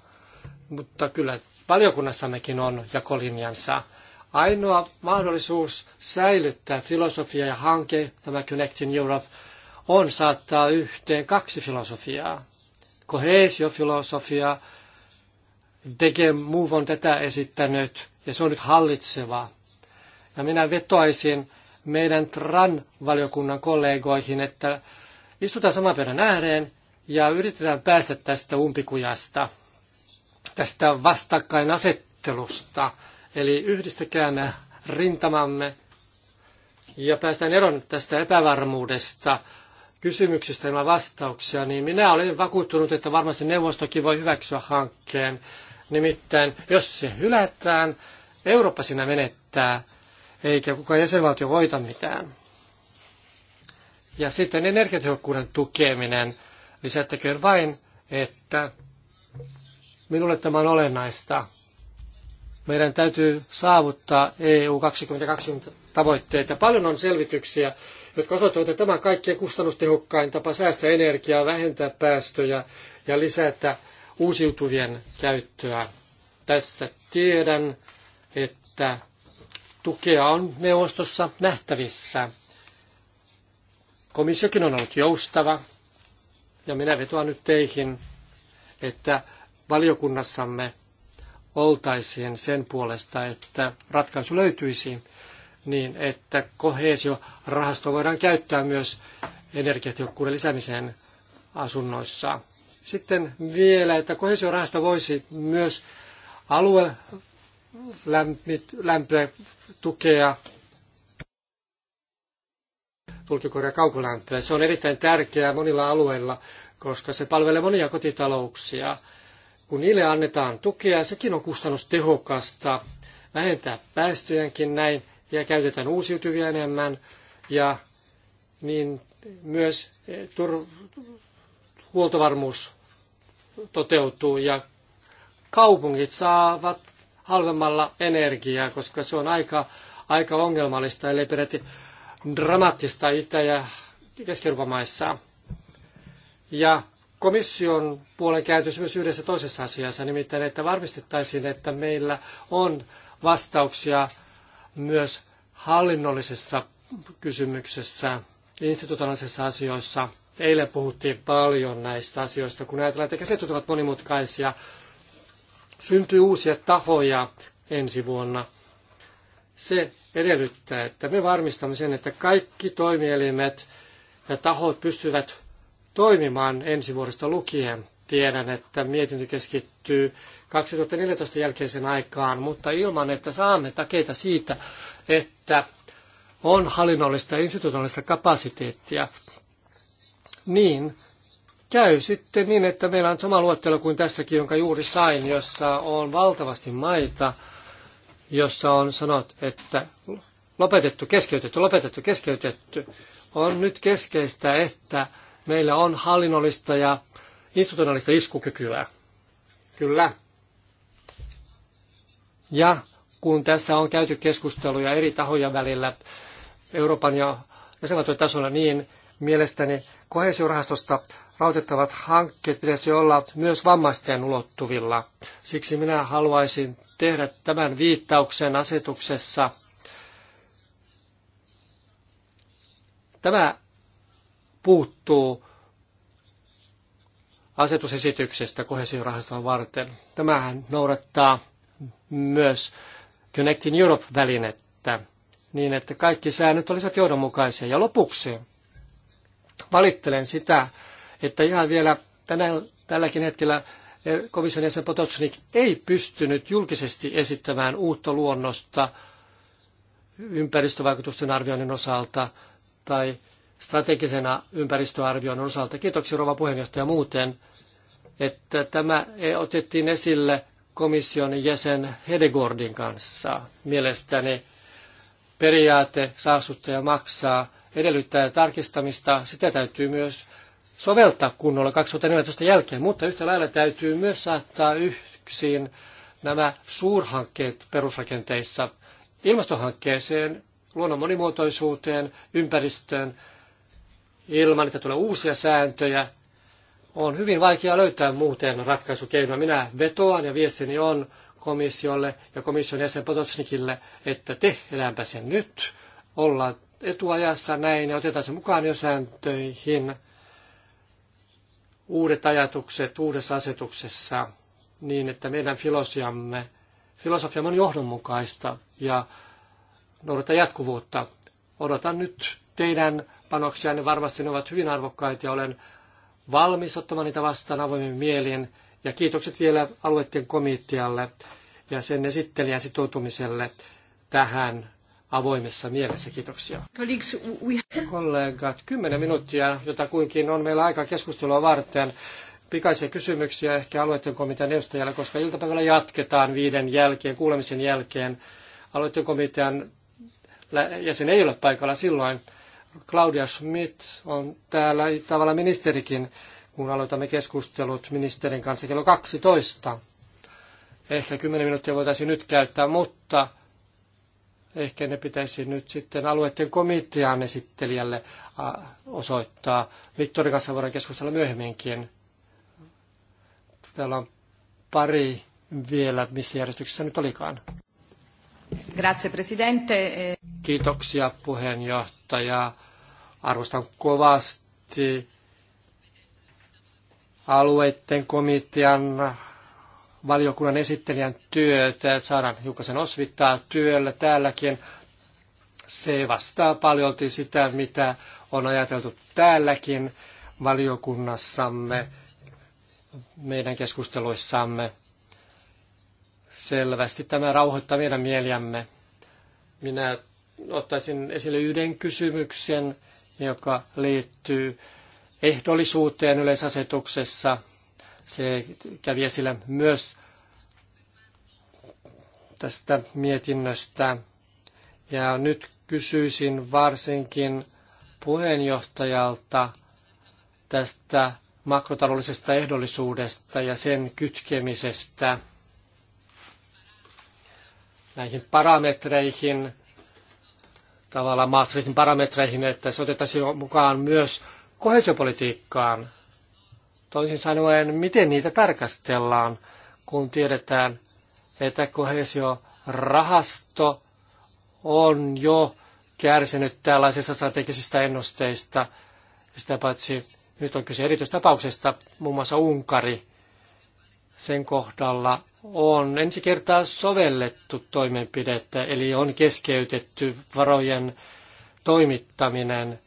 mutta kyllä valiokunnassammekin on jakolinjansa. Ainoa mahdollisuus säilyttää filosofia ja hanke, tämä Connecting Europe, on saattaa yhteen kaksi filosofiaa. Kohesiofilosofia, Dege Move on tätä esittänyt, ja se on nyt hallitseva. Ja minä vetoaisin meidän TRAN-valiokunnan kollegoihin, että istutaan saman pöydän ääreen ja yritetään päästä tästä umpikujasta, tästä vastakkainasettelusta – Eli yhdistäkäämme rintamamme ja päästään eroon tästä epävarmuudesta kysymyksistä ilman vastauksia, niin minä olen vakuuttunut, että varmasti neuvostokin voi hyväksyä hankkeen. Nimittäin, jos se hylätään, Eurooppa sinä menettää, eikä kukaan jäsenvaltio voita mitään. Ja sitten energiatehokkuuden tukeminen. Lisättäköön vain, että minulle tämä on olennaista. Meidän täytyy saavuttaa EU 2020 tavoitteita. Paljon on selvityksiä, jotka osoittavat, että tämä on kaikkein kustannustehokkain tapa säästää energiaa, vähentää päästöjä ja lisätä uusiutuvien käyttöä. Tässä tiedän, että tukea on neuvostossa nähtävissä. Komissiokin on ollut joustava, ja minä vetoan nyt teihin, että valiokunnassamme oltaisiin sen puolesta, että ratkaisu löytyisi niin, että kohesiorahasto voidaan käyttää myös energiatehokkuuden lisäämiseen asunnoissa. Sitten vielä, että koheesiorahasto voisi myös alue lämpöä tukea tulkikorja kaukolämpöä. Se on erittäin tärkeää monilla alueilla, koska se palvelee monia kotitalouksia kun niille annetaan tukea, sekin on kustannustehokasta, vähentää päästöjäkin näin ja käytetään uusiutuvia enemmän ja niin myös e, tur- huoltovarmuus toteutuu ja kaupungit saavat halvemmalla energiaa, koska se on aika, aika ongelmallista, ellei peräti dramaattista Itä- ja keski maissa. Ja komission puolen käytös myös yhdessä toisessa asiassa, nimittäin että varmistettaisiin, että meillä on vastauksia myös hallinnollisessa kysymyksessä, institutionaalisissa asioissa. Eilen puhuttiin paljon näistä asioista, kun ajatellaan, että käsittelyt ovat monimutkaisia. Syntyy uusia tahoja ensi vuonna. Se edellyttää, että me varmistamme sen, että kaikki toimielimet ja tahot pystyvät toimimaan ensi vuodesta lukien. Tiedän, että mietintö keskittyy 2014 jälkeisen aikaan, mutta ilman, että saamme takeita siitä, että on hallinnollista ja institutionaalista kapasiteettia, niin käy sitten niin, että meillä on sama luettelo kuin tässäkin, jonka juuri sain, jossa on valtavasti maita, jossa on sanot, että lopetettu, keskeytetty, lopetettu, keskeytetty. On nyt keskeistä, että Meillä on hallinnollista ja institutionaalista iskukykyä. Kyllä. Ja kun tässä on käyty keskusteluja eri tahojen välillä Euroopan ja jäsenvaltojen tasolla, niin mielestäni kohesiorahastosta rautettavat hankkeet pitäisi olla myös vammaisten ulottuvilla. Siksi minä haluaisin tehdä tämän viittauksen asetuksessa. Tämä puuttuu asetusesityksestä kohesiorahastoa varten. Tämähän noudattaa myös Connecting Europe-välinettä niin, että kaikki säännöt olisivat johdonmukaisia. Ja lopuksi valittelen sitä, että ihan vielä tänä, tälläkin hetkellä eh, komission jäsen Potocnik ei pystynyt julkisesti esittämään uutta luonnosta ympäristövaikutusten arvioinnin osalta tai strategisena ympäristöarvion osalta. Kiitoksia rouva puheenjohtaja muuten, että tämä e- otettiin esille komission jäsen Hedegordin kanssa. Mielestäni periaate saastuttaja maksaa edellyttää tarkistamista. Sitä täytyy myös soveltaa kunnolla 2014 jälkeen, mutta yhtä lailla täytyy myös saattaa yksin nämä suurhankkeet perusrakenteissa ilmastohankkeeseen, luonnon monimuotoisuuteen, ympäristöön ilman, että tulee uusia sääntöjä. On hyvin vaikea löytää muuten ratkaisukeinoa. Minä vetoan ja viestini on komissiolle ja komission jäsen Potocnikille, että tehdäänpä se nyt. Ollaan etuajassa näin ja otetaan se mukaan jo sääntöihin. Uudet ajatukset uudessa asetuksessa niin, että meidän filosofiamme, filosofiamme on johdonmukaista ja noudattaa jatkuvuutta. Odotan nyt teidän panoksia, niin varmasti ne ovat hyvin arvokkaita ja olen valmis ottamaan niitä vastaan avoimin mielin. Ja kiitokset vielä alueiden komitealle ja sen esittelijän sitoutumiselle tähän avoimessa mielessä. Kiitoksia. Kollegat, kymmenen minuuttia, jota kuinkin on meillä aika keskustelua varten. Pikaisia kysymyksiä ehkä alueiden komitean edustajalle, koska iltapäivällä jatketaan viiden jälkeen, kuulemisen jälkeen. Alueiden komitean jäsen ei ole paikalla silloin. Claudia Schmidt on täällä tavalla ministerikin, kun aloitamme keskustelut ministerin kanssa kello 12. Ehkä 10 minuuttia voitaisiin nyt käyttää, mutta ehkä ne pitäisi nyt sitten alueiden komitean esittelijälle osoittaa. Viktorin kanssa voidaan keskustella myöhemminkin. Täällä on pari vielä, missä järjestyksessä nyt olikaan. Grazie, presidente. Kiitoksia puheenjohtaja. Arvostan kovasti alueiden komitean valiokunnan esittelijän työtä, että saadaan hiukan sen osvittaa työllä täälläkin. Se vastaa paljolti sitä, mitä on ajateltu täälläkin valiokunnassamme, meidän keskusteluissamme selvästi. Tämä rauhoittaa meidän mieliämme. Minä ottaisin esille yhden kysymyksen, joka liittyy ehdollisuuteen yleisasetuksessa. Se kävi esille myös tästä mietinnöstä. Ja nyt kysyisin varsinkin puheenjohtajalta tästä makrotaloudellisesta ehdollisuudesta ja sen kytkemisestä – näihin parametreihin, tavallaan Maastrichtin parametreihin, että se otettaisiin mukaan myös kohesiopolitiikkaan. Toisin sanoen, miten niitä tarkastellaan, kun tiedetään, että kohesiorahasto on jo kärsinyt tällaisista strategisista ennusteista. Sitä paitsi nyt on kyse erityistapauksesta, muun muassa Unkari. Sen kohdalla on ensi kertaa sovellettu toimenpidettä, eli on keskeytetty varojen toimittaminen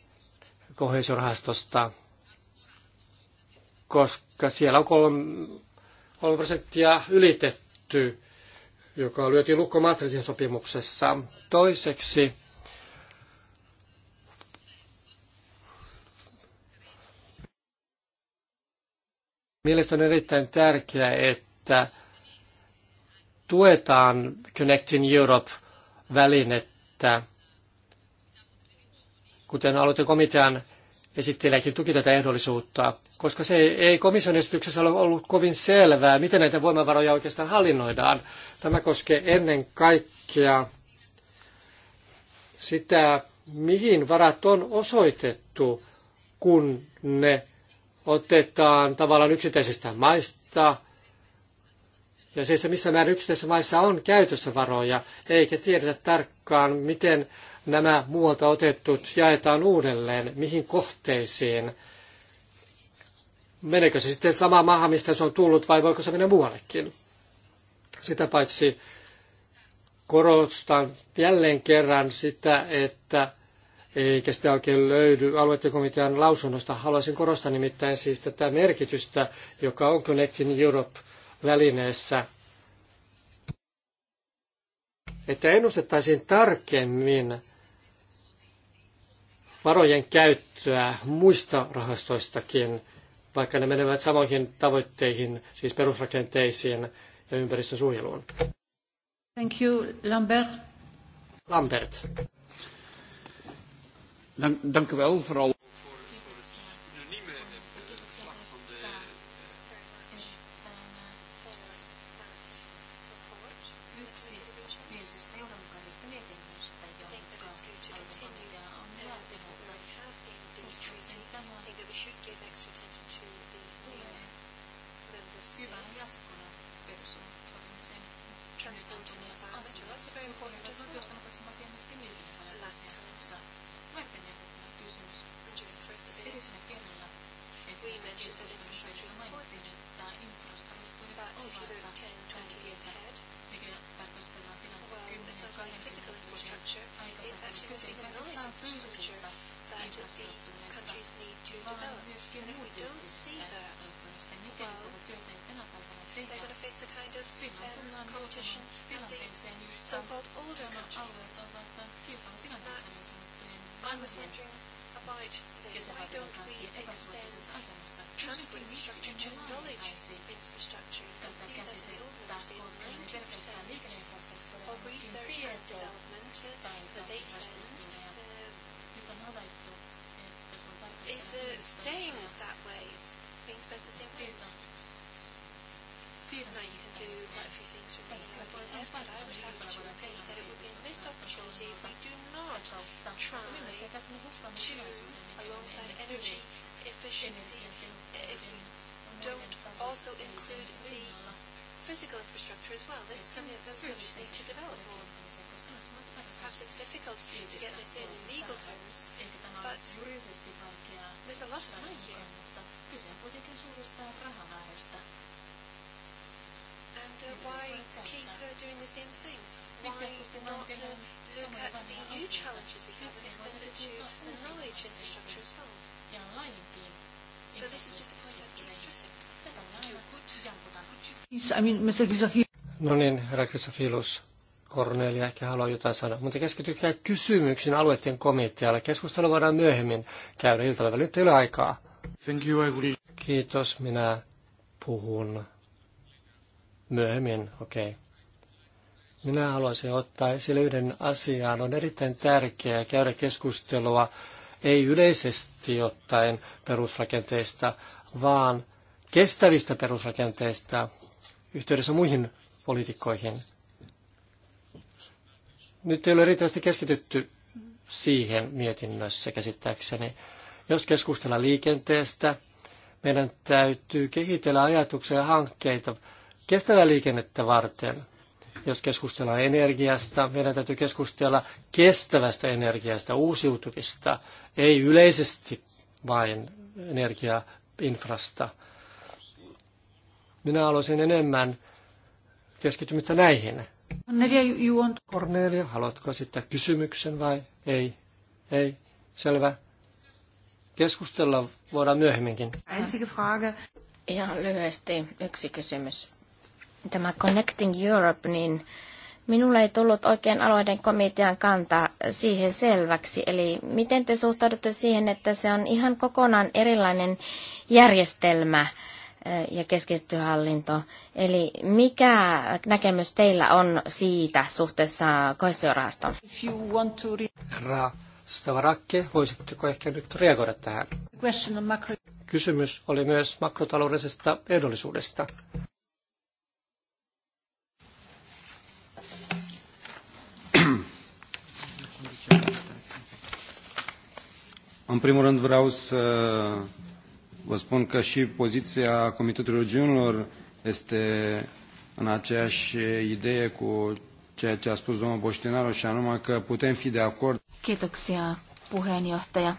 kohesiorahastosta, koska siellä on 3, prosenttia ylitetty, joka lyötiin lukko Maastrichtin sopimuksessa. Toiseksi Mielestäni on erittäin tärkeää, että tuetaan Connecting Europe-välinettä. Kuten komitean esittelijäkin tuki tätä ehdollisuutta, koska se ei komission esityksessä ole ollut kovin selvää, miten näitä voimavaroja oikeastaan hallinnoidaan. Tämä koskee ennen kaikkea sitä, mihin varat on osoitettu, kun ne otetaan tavallaan yksittäisistä maista – ja siis se, missä määrin yksittäisissä maissa on käytössä varoja, eikä tiedetä tarkkaan, miten nämä muualta otetut jaetaan uudelleen, mihin kohteisiin. Meneekö se sitten sama maahan, mistä se on tullut, vai voiko se mennä muuallekin? Sitä paitsi korostan jälleen kerran sitä, että eikä sitä oikein löydy aluekomitean lausunnosta. Haluaisin korostaa nimittäin siis tätä merkitystä, joka on Connecting Europe – välineessä, että ennustettaisiin tarkemmin varojen käyttöä muista rahastoistakin, vaikka ne menevät samoihin tavoitteihin, siis perusrakenteisiin ja ympäristön suojeluun. Thank you, Lambert. Lambert. Dank, dank u wel, vooral... I mean, Mr. No niin, herra Grisafilus. Kornelia ehkä haluaa jotain sanoa, mutta keskitykää kysymyksiin alueiden komitealle. Keskustelu voidaan myöhemmin käydä iltalla. Nyt ei ole aikaa. Thank you, I will... Kiitos, minä puhun myöhemmin. Okei. Okay. Minä haluaisin ottaa esille yhden asian. On erittäin tärkeää käydä keskustelua ei yleisesti ottaen perusrakenteista, vaan kestävistä perusrakenteista, yhteydessä muihin poliitikkoihin. Nyt ei ole riittävästi keskitytty siihen mietinnössä käsittääkseni. Jos keskustellaan liikenteestä, meidän täytyy kehitellä ajatuksia ja hankkeita kestävää liikennettä varten. Jos keskustellaan energiasta, meidän täytyy keskustella kestävästä energiasta, uusiutuvista, ei yleisesti vain energiainfrasta. Minä haluaisin enemmän keskittymistä näihin. Cornelia, you want... Cornelia, haluatko esittää kysymyksen vai ei? Ei, selvä. Keskustella voidaan myöhemminkin. Einzige Frage. Ihan lyhyesti yksi kysymys. Tämä Connecting Europe, niin minulle ei tullut oikein alueiden komitean kanta siihen selväksi. Eli miten te suhtaudutte siihen, että se on ihan kokonaan erilainen järjestelmä ja keskitetty hallinto. Eli mikä näkemys teillä on siitä suhteessa kohesiorahastoon? Herra Stavarakke, voisitteko ehkä nyt reagoida tähän? Kysymys oli myös makrotaloudellisesta ehdollisuudesta. În primul rând vreau să Vă spun că și poziția Comitetului Regiunilor este în aceeași idee cu ceea ce a spus domnul Boștinaru și anume că putem fi de acord. Kiitoksia puheenjohtaja.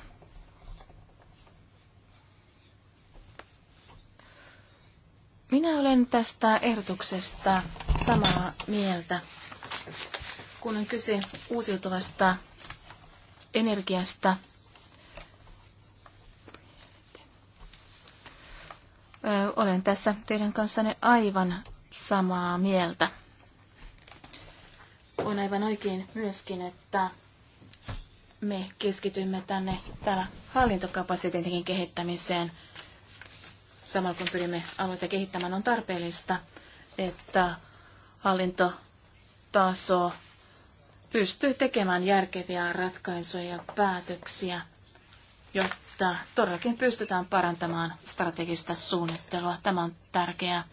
Minä olen tästä ehdotuksesta samaa mieltä, kun on kyse uusiutuvasta energiasta Olen tässä teidän kanssanne aivan samaa mieltä. On aivan oikein myöskin, että me keskitymme tänne täällä hallintokapasiteetin kehittämiseen. Samalla kun pyrimme alueita kehittämään, on tarpeellista, että hallintotaso pystyy tekemään järkeviä ratkaisuja ja päätöksiä – jotta todellakin pystytään parantamaan strategista suunnittelua. Tämä on tärkeää.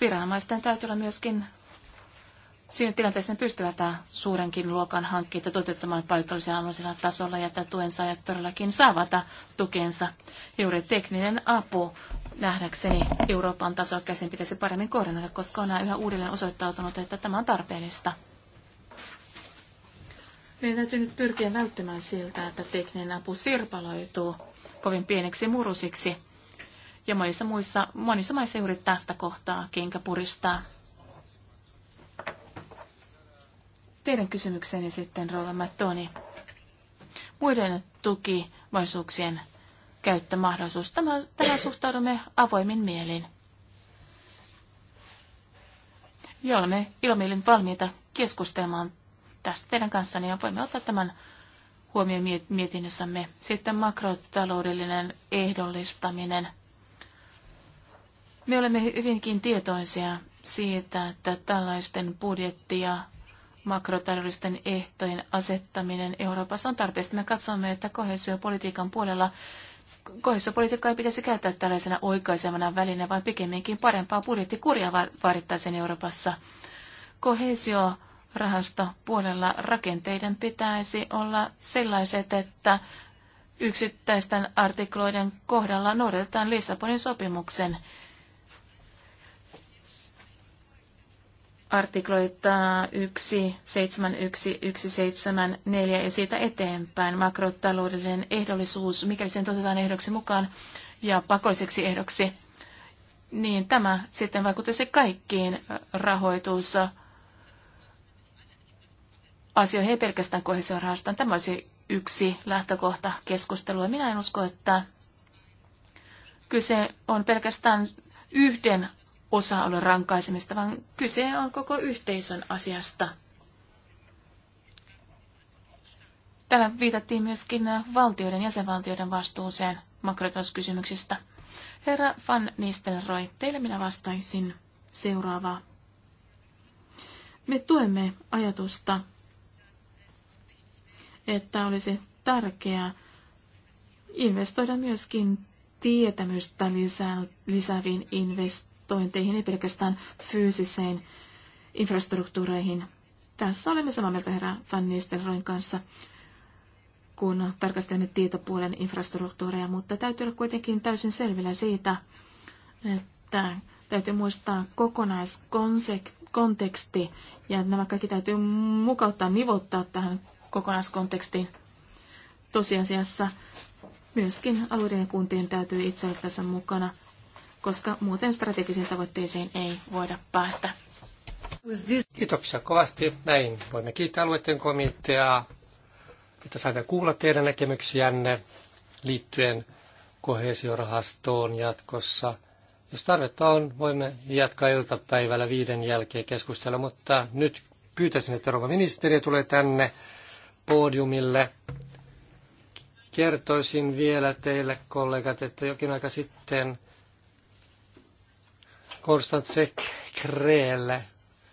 Viranomaisten täytyy olla myöskin siinä tilanteessa ne pystyvät suurenkin luokan hankkeita toteuttamaan paikallisella alueella tasolla ja tuen saajat todellakin saavat tukensa. Juuri tekninen apu nähdäkseni Euroopan tasolla käsin pitäisi paremmin koordinoida, koska on yhä uudelleen osoittautunut, että tämä on tarpeellista. Meidän täytyy nyt pyrkiä välttämään siltä, että tekninen apu sirpaloituu kovin pieneksi murusiksi. Ja monissa, muissa, monissa maissa juuri tästä kohtaa kenkä puristaa. Teidän kysymykseni sitten, Rova Mattoni. Muiden tukimaisuuksien käyttömahdollisuus. Tämän, tähän suhtaudumme avoimin mielin. Ja olemme ilomielin valmiita keskustelemaan tästä teidän kanssanne ja voimme ottaa tämän huomioon mietinnössämme. Sitten makrotaloudellinen ehdollistaminen. Me olemme hyvinkin tietoisia siitä, että tällaisten budjetti- ja makrotaloudellisten ehtojen asettaminen Euroopassa on tarpeesta. Me katsomme, että kohesiopolitiikan puolella kohesiopolitiikka ei pitäisi käyttää tällaisena oikaisemana välineen, vaan pikemminkin parempaa budjettikuria vaadittaisiin Euroopassa. Kohesio rahastopuolella rakenteiden pitäisi olla sellaiset, että yksittäisten artikloiden kohdalla noudatetaan Lissabonin sopimuksen artikloita 1, 7, 1, 1, 7, 4 ja siitä eteenpäin makrotaloudellinen ehdollisuus, mikäli sen otetaan ehdoksi mukaan ja pakolliseksi ehdoksi, niin tämä sitten vaikuttaisi kaikkiin rahoitus- asioihin, ei pelkästään kohesiorahastaan. Tämä olisi yksi lähtökohta keskustelua. Minä en usko, että kyse on pelkästään yhden osa-alueen rankaisemista, vaan kyse on koko yhteisön asiasta. Täällä viitattiin myöskin valtioiden jäsenvaltioiden vastuuseen makrotalouskysymyksistä. Herra Van Nistelrooy, teille minä vastaisin seuraavaa. Me tuemme ajatusta että olisi tärkeää investoida myöskin tietämystä lisääviin investointeihin, ei pelkästään fyysiseen infrastruktuureihin. Tässä olemme samaa mieltä herra Van Nistelroin kanssa, kun tarkastelemme tietopuolen infrastruktuureja, mutta täytyy olla kuitenkin täysin selvillä siitä, että täytyy muistaa kokonaiskonteksti ja nämä kaikki täytyy mukauttaa, nivottaa. tähän kokonaiskonteksti. Tosiasiassa myöskin alueiden ja kuntien täytyy itse olla tässä mukana, koska muuten strategisiin tavoitteisiin ei voida päästä. Kiitoksia kovasti. Näin voimme kiittää alueiden komiteaa, että saimme kuulla teidän näkemyksiänne liittyen kohesiorahastoon jatkossa. Jos tarvetta on, voimme jatkaa iltapäivällä viiden jälkeen keskustella, mutta nyt pyytäisin, että rouva ministeri tulee tänne podiumille. Kertoisin vielä teille kollegat, että jokin aika sitten Konstantse Kreelle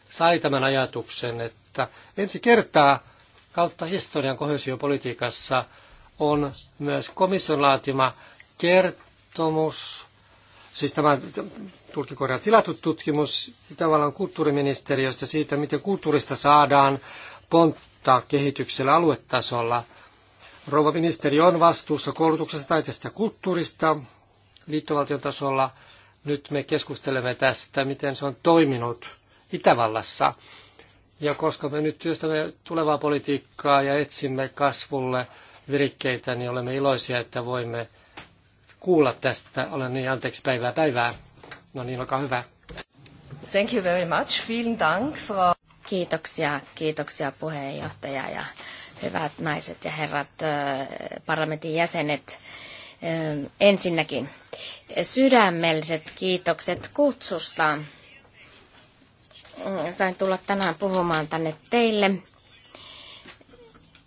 sai tämän ajatuksen, että ensi kertaa kautta historian kohesiopolitiikassa on myös komission laatima kertomus, siis tämä Turkikorjan tilattu tutkimus tavallaan kulttuuriministeriöstä siitä, miten kulttuurista saadaan vaikuttaa kehityksellä aluetasolla. Rouva ministeri on vastuussa koulutuksesta, taiteesta ja kulttuurista liittovaltion tasolla. Nyt me keskustelemme tästä, miten se on toiminut Itävallassa. Ja koska me nyt työstämme tulevaa politiikkaa ja etsimme kasvulle virikkeitä, niin olemme iloisia, että voimme kuulla tästä. Olen niin anteeksi päivää päivää. No niin, olkaa hyvä. Thank you very much. Vielen Dank, Frau. Kiitoksia, kiitoksia puheenjohtaja ja hyvät naiset ja herrat, parlamentin jäsenet. Ensinnäkin sydämelliset kiitokset kutsusta. Sain tulla tänään puhumaan tänne teille.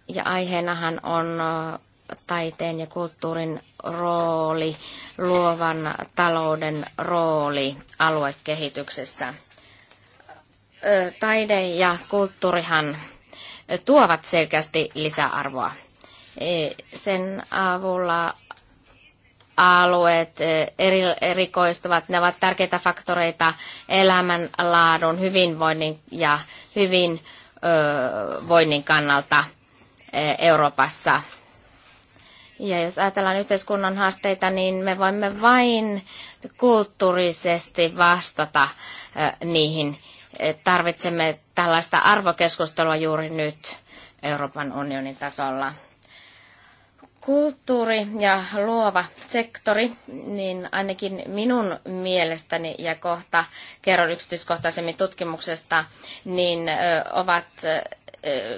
Ja aiheenahan on taiteen ja kulttuurin rooli, luovan talouden rooli aluekehityksessä taide ja kulttuurihan tuovat selkeästi lisäarvoa. E, sen avulla alueet e, eri, erikoistuvat. Ne ovat tärkeitä faktoreita elämänlaadun, hyvinvoinnin ja hyvinvoinnin kannalta e, Euroopassa. Ja jos ajatellaan yhteiskunnan haasteita, niin me voimme vain kulttuurisesti vastata niihin tarvitsemme tällaista arvokeskustelua juuri nyt Euroopan unionin tasolla. Kulttuuri ja luova sektori, niin ainakin minun mielestäni, ja kohta kerron yksityiskohtaisemmin tutkimuksesta, niin ovat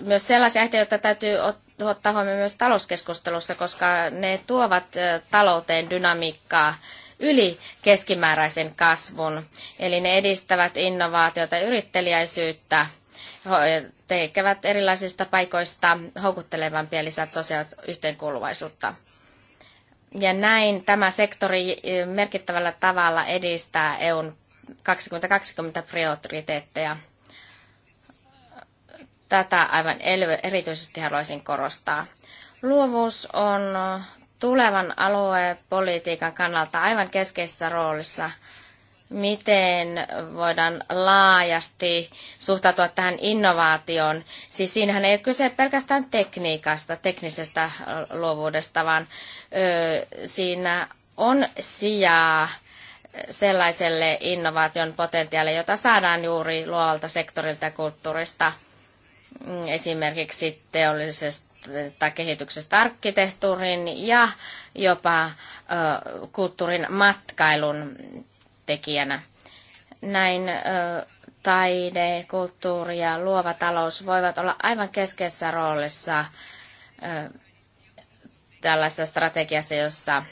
myös sellaisia aiheita, joita täytyy ottaa huomioon myös talouskeskustelussa, koska ne tuovat talouteen dynamiikkaa yli keskimääräisen kasvun. Eli ne edistävät innovaatiota ja yritteliäisyyttä, tekevät erilaisista paikoista houkuttelevampia lisät sosiaalista yhteenkuuluvaisuutta. Ja näin tämä sektori eh, merkittävällä tavalla edistää EUn 2020 prioriteetteja. Tätä aivan erityisesti haluaisin korostaa. Luovuus on tulevan aluepolitiikan kannalta aivan keskeisessä roolissa. Miten voidaan laajasti suhtautua tähän innovaatioon? Siis siinähän ei ole kyse pelkästään tekniikasta, teknisestä luovuudesta, vaan ö, siinä on sijaa sellaiselle innovaation potentiaalille, jota saadaan juuri luovalta sektorilta ja kulttuurista, mm, esimerkiksi teollisesta tai kehityksestä arkkitehtuurin ja jopa kulttuurin matkailun tekijänä. Näin taide, kulttuuri ja luova talous voivat olla aivan keskeisessä roolissa tällaisessa strategiassa, jossa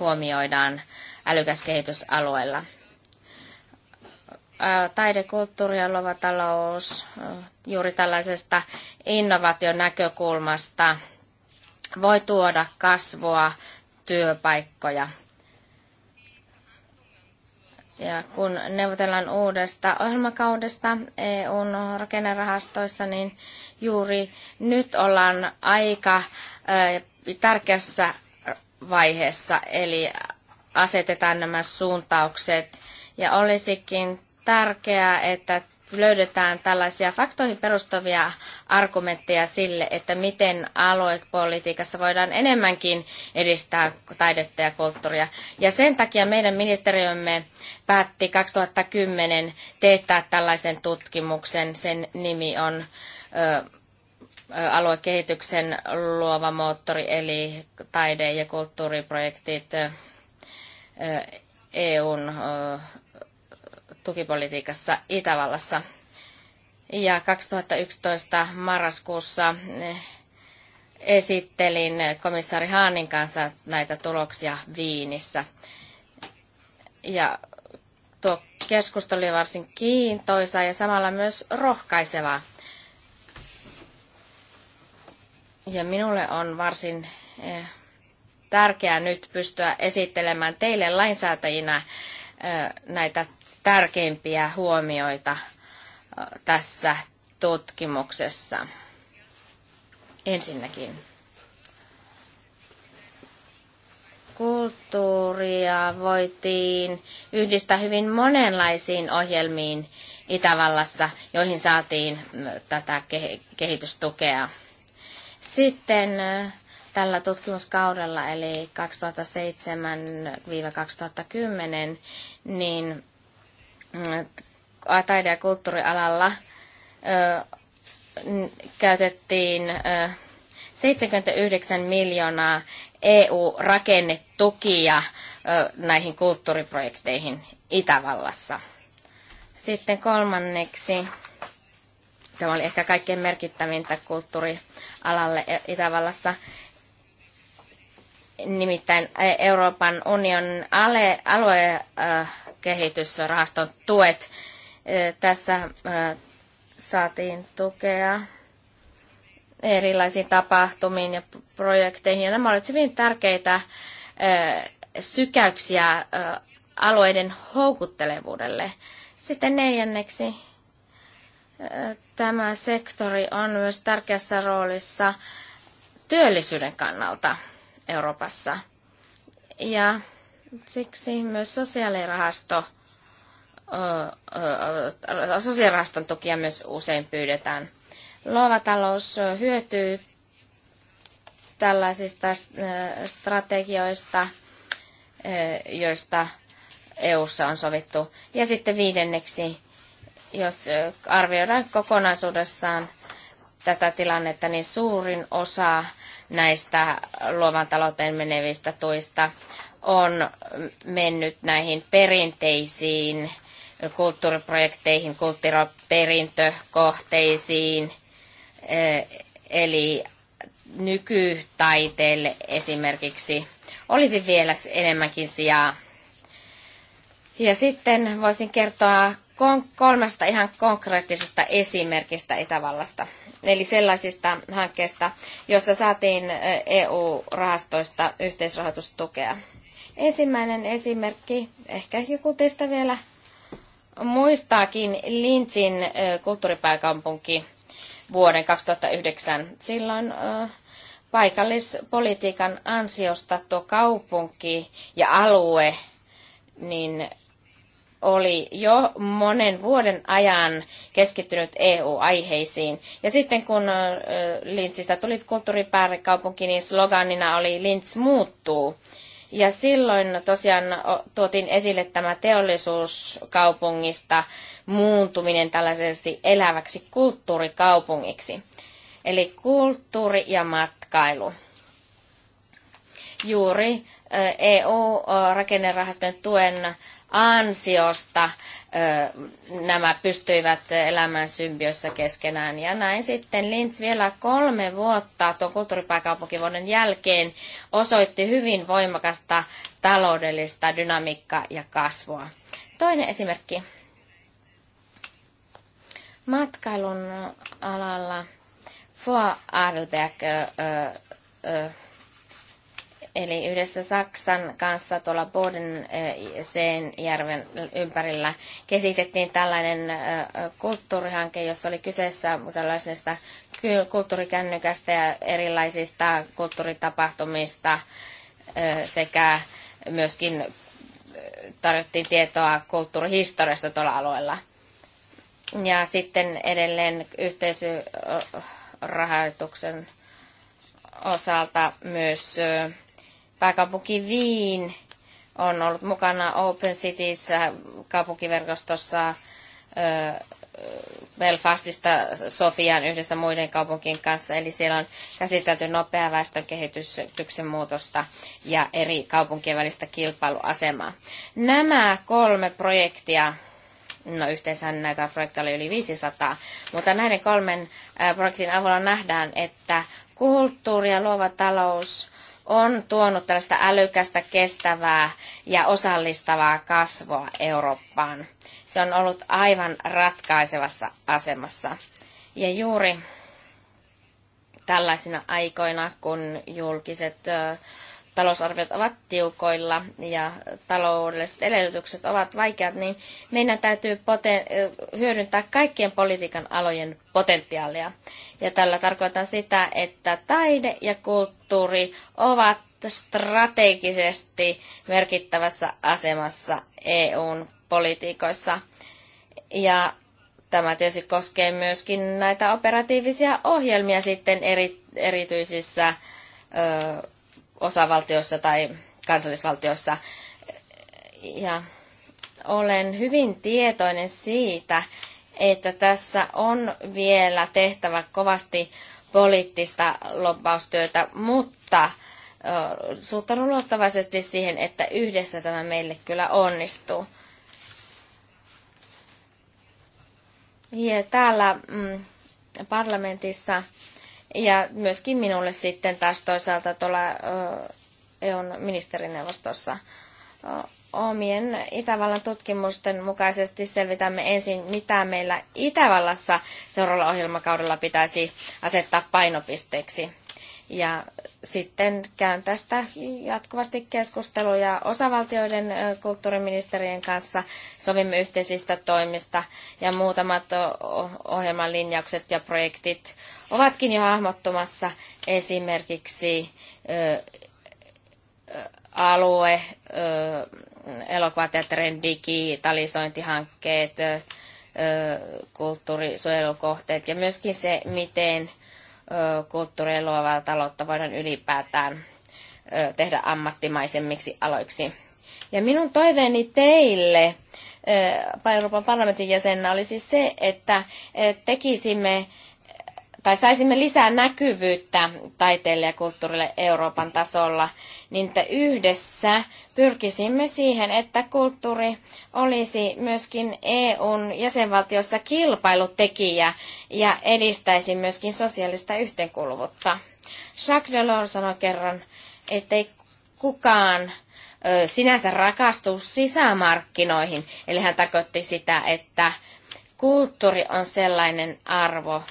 huomioidaan älykäs kehitys alueella taide, kulttuuri ja luova talous juuri tällaisesta innovaation näkökulmasta voi tuoda kasvua, työpaikkoja. Ja kun neuvotellaan uudesta ohjelmakaudesta EUn rakennerahastoissa, niin juuri nyt ollaan aika tärkeässä vaiheessa, eli asetetaan nämä suuntaukset. Ja olisikin tärkeää, että löydetään tällaisia faktoihin perustavia argumentteja sille, että miten aluepolitiikassa voidaan enemmänkin edistää taidetta ja kulttuuria. Ja sen takia meidän ministeriömme päätti 2010 teettää tällaisen tutkimuksen. Sen nimi on ö, aluekehityksen luova moottori, eli taide- ja kulttuuriprojektit EUn tukipolitiikassa Itävallassa. Ja 2011 marraskuussa eh, esittelin komissaari Haanin kanssa näitä tuloksia Viinissä. Ja tuo keskustelu oli varsin kiintoisa ja samalla myös rohkaiseva. Ja minulle on varsin eh, tärkeää nyt pystyä esittelemään teille lainsäätäjinä eh, näitä tärkeimpiä huomioita tässä tutkimuksessa. Ensinnäkin kulttuuria voitiin yhdistää hyvin monenlaisiin ohjelmiin Itävallassa, joihin saatiin tätä kehitystukea. Sitten tällä tutkimuskaudella, eli 2007-2010, niin Mm, taide- ja kulttuurialalla käytettiin 79 miljoonaa EU-rakennetukia näihin kulttuuriprojekteihin Itävallassa. Sitten kolmanneksi, tämä oli ehkä kaikkein merkittävintä kulttuurialalle e- Itävallassa, nimittäin Euroopan union alue, alue, äh, kehitysrahaston tuet. Tässä saatiin tukea erilaisiin tapahtumiin ja projekteihin. Ja nämä olivat hyvin tärkeitä sykäyksiä alueiden houkuttelevuudelle. Sitten neljänneksi tämä sektori on myös tärkeässä roolissa työllisyyden kannalta Euroopassa. Ja Siksi myös sosiaalirahasto, sosiaalirahaston tukia myös usein pyydetään. Luova talous hyötyy tällaisista strategioista, joista EU:ssa on sovittu. Ja sitten viidenneksi, jos arvioidaan kokonaisuudessaan tätä tilannetta, niin suurin osa näistä luovan talouteen menevistä tuista on mennyt näihin perinteisiin kulttuuriprojekteihin, kulttuuriperintökohteisiin, eh, eli nykytaiteelle esimerkiksi olisi vielä enemmänkin sijaa. Ja sitten voisin kertoa kolmesta ihan konkreettisesta esimerkistä Itävallasta. Eli sellaisista hankkeista, joissa saatiin EU-rahastoista eh, e yhteisrahoitustukea. Ensimmäinen esimerkki, ehkä joku teistä vielä muistaakin Lintsin kulttuuripääkaupunki vuoden 2009. Silloin paikallispolitiikan ansiosta tuo kaupunki ja alue niin oli jo monen vuoden ajan keskittynyt EU-aiheisiin. Ja sitten kun Lintsistä tuli kulttuuripääkaupunki, niin sloganina oli Lints muuttuu. Ja silloin tosiaan tuotiin esille tämä teollisuuskaupungista muuntuminen tällaiseksi eläväksi kulttuurikaupungiksi. Eli kulttuuri ja matkailu. Juuri EU-rakennerahastojen tuen ansiosta nämä pystyivät elämään symbiossa keskenään. Ja näin sitten Linz vielä kolme vuotta tuon kulttuuripääkaupunkivuoden jälkeen osoitti hyvin voimakasta taloudellista dynamiikkaa ja kasvua. Toinen esimerkki. Matkailun alalla Foa Adelberg Eli yhdessä Saksan kanssa tuolla Bodenseen eh, järven ympärillä kesitettiin tällainen eh, kulttuurihanke, jossa oli kyseessä tällaisesta kulttuurikännykästä ja erilaisista kulttuuritapahtumista eh, sekä myöskin tarjottiin tietoa kulttuurihistoriasta tuolla alueella. Ja sitten edelleen yhteisörahoituksen osalta myös Pääkaupunki Viin on ollut mukana Open Cities kaupunkiverkostossa Belfastista Sofiaan yhdessä muiden kaupunkien kanssa. Eli siellä on käsitelty nopea väestönkehityksen muutosta ja eri kaupunkien välistä kilpailuasemaa. Nämä kolme projektia, no yhteensä näitä projekteja oli yli 500, mutta näiden kolmen projektin avulla nähdään, että kulttuuri ja luova talous – on tuonut tällaista älykästä, kestävää ja osallistavaa kasvua Eurooppaan. Se on ollut aivan ratkaisevassa asemassa. Ja juuri tällaisina aikoina, kun julkiset talousarviot ovat tiukoilla ja taloudelliset edellytykset ovat vaikeat, niin meidän täytyy poten- hyödyntää kaikkien politiikan alojen potentiaalia. Ja tällä tarkoitan sitä, että taide ja kulttuuri ovat strategisesti merkittävässä asemassa EUn politiikoissa. Ja tämä tietysti koskee myöskin näitä operatiivisia ohjelmia sitten eri, erityisissä ö, osavaltiossa tai kansallisvaltiossa. Ja olen hyvin tietoinen siitä, että tässä on vielä tehtävä kovasti poliittista lobbaustyötä, mutta suhtaudun luottavaisesti siihen, että yhdessä tämä meille kyllä onnistuu. Ja täällä mm, parlamentissa ja myöskin minulle sitten taas toisaalta tuolla EUn ministerineuvostossa omien Itävallan tutkimusten mukaisesti selvitämme ensin, mitä meillä Itävallassa seuraavalla ohjelmakaudella pitäisi asettaa painopisteeksi. Ja sitten käyn tästä jatkuvasti keskusteluja osavaltioiden kulttuuriministerien kanssa. Sovimme yhteisistä toimista ja muutamat ohjelman linjaukset ja projektit ovatkin jo hahmottumassa esimerkiksi alue, elokuvateatterin digitalisointihankkeet, kulttuurisuojelukohteet ja myöskin se, miten kulttuuria luovaa taloutta voidaan ylipäätään tehdä ammattimaisemmiksi aloiksi. Ja minun toiveeni teille Euroopan parlamentin jäsenä, olisi se, että tekisimme tai saisimme lisää näkyvyyttä taiteelle ja kulttuurille Euroopan tasolla, niin että yhdessä pyrkisimme siihen, että kulttuuri olisi myöskin EUn jäsenvaltiossa kilpailutekijä ja edistäisi myöskin sosiaalista yhteenkuuluvuutta. Jacques Delors sanoi kerran, ettei kukaan ö, sinänsä rakastu sisämarkkinoihin. Eli hän tarkoitti sitä, että kulttuuri on sellainen arvo,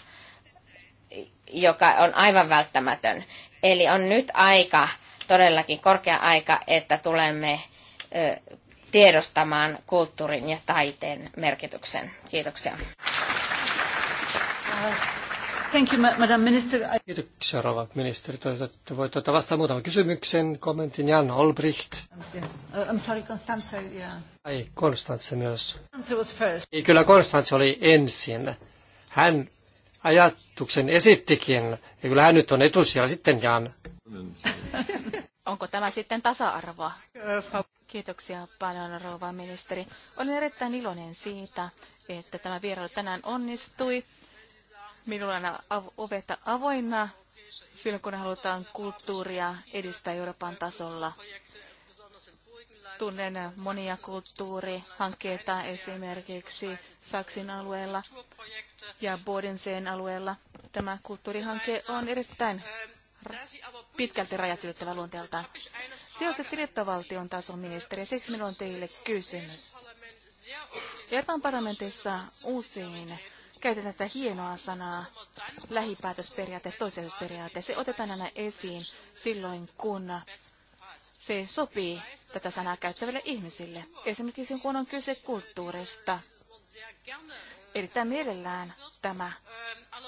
joka on aivan välttämätön. Eli on nyt aika, todellakin korkea aika, että tulemme tiedostamaan kulttuurin ja taiteen merkityksen. Kiitoksia. Uh, thank you, Madam Minister. Kiitoksia, rouva ministeri. Toivottavasti voit ottaa vastaan muutaman kysymyksen, kommentin. Jan Olbricht. Uh, I'm sorry, Constanze, yeah. Ai, Konstantse myös. Constanze was first. Ei, kyllä Konstantse oli ensin. Hän ajatuksen esittikin. Ja kyllä hän nyt on etusijalla sitten Jan. Onko tämä sitten tasa-arvoa? Kiitoksia paljon, rouva ministeri. Olen erittäin iloinen siitä, että tämä vierailu tänään onnistui. Minulla on av- oveta avoinna silloin, kun halutaan kulttuuria edistää Euroopan tasolla. Tunnen monia kulttuurihankkeita esimerkiksi Saksin alueella ja Bodenseen alueella. Tämä kulttuurihanke on erittäin pitkälti rajat ylittävä luonteeltaan. Te olette liittovaltion tason ministeri, siksi minulla on teille kysymys. Euroopan parlamentissa usein käytetään tätä hienoa sanaa lähipäätösperiaate, toisellisuusperiaate. Se otetaan aina esiin silloin, kun se sopii tätä sanaa käyttäville ihmisille. Esimerkiksi kun on kyse kulttuurista Erittäin mielellään tämä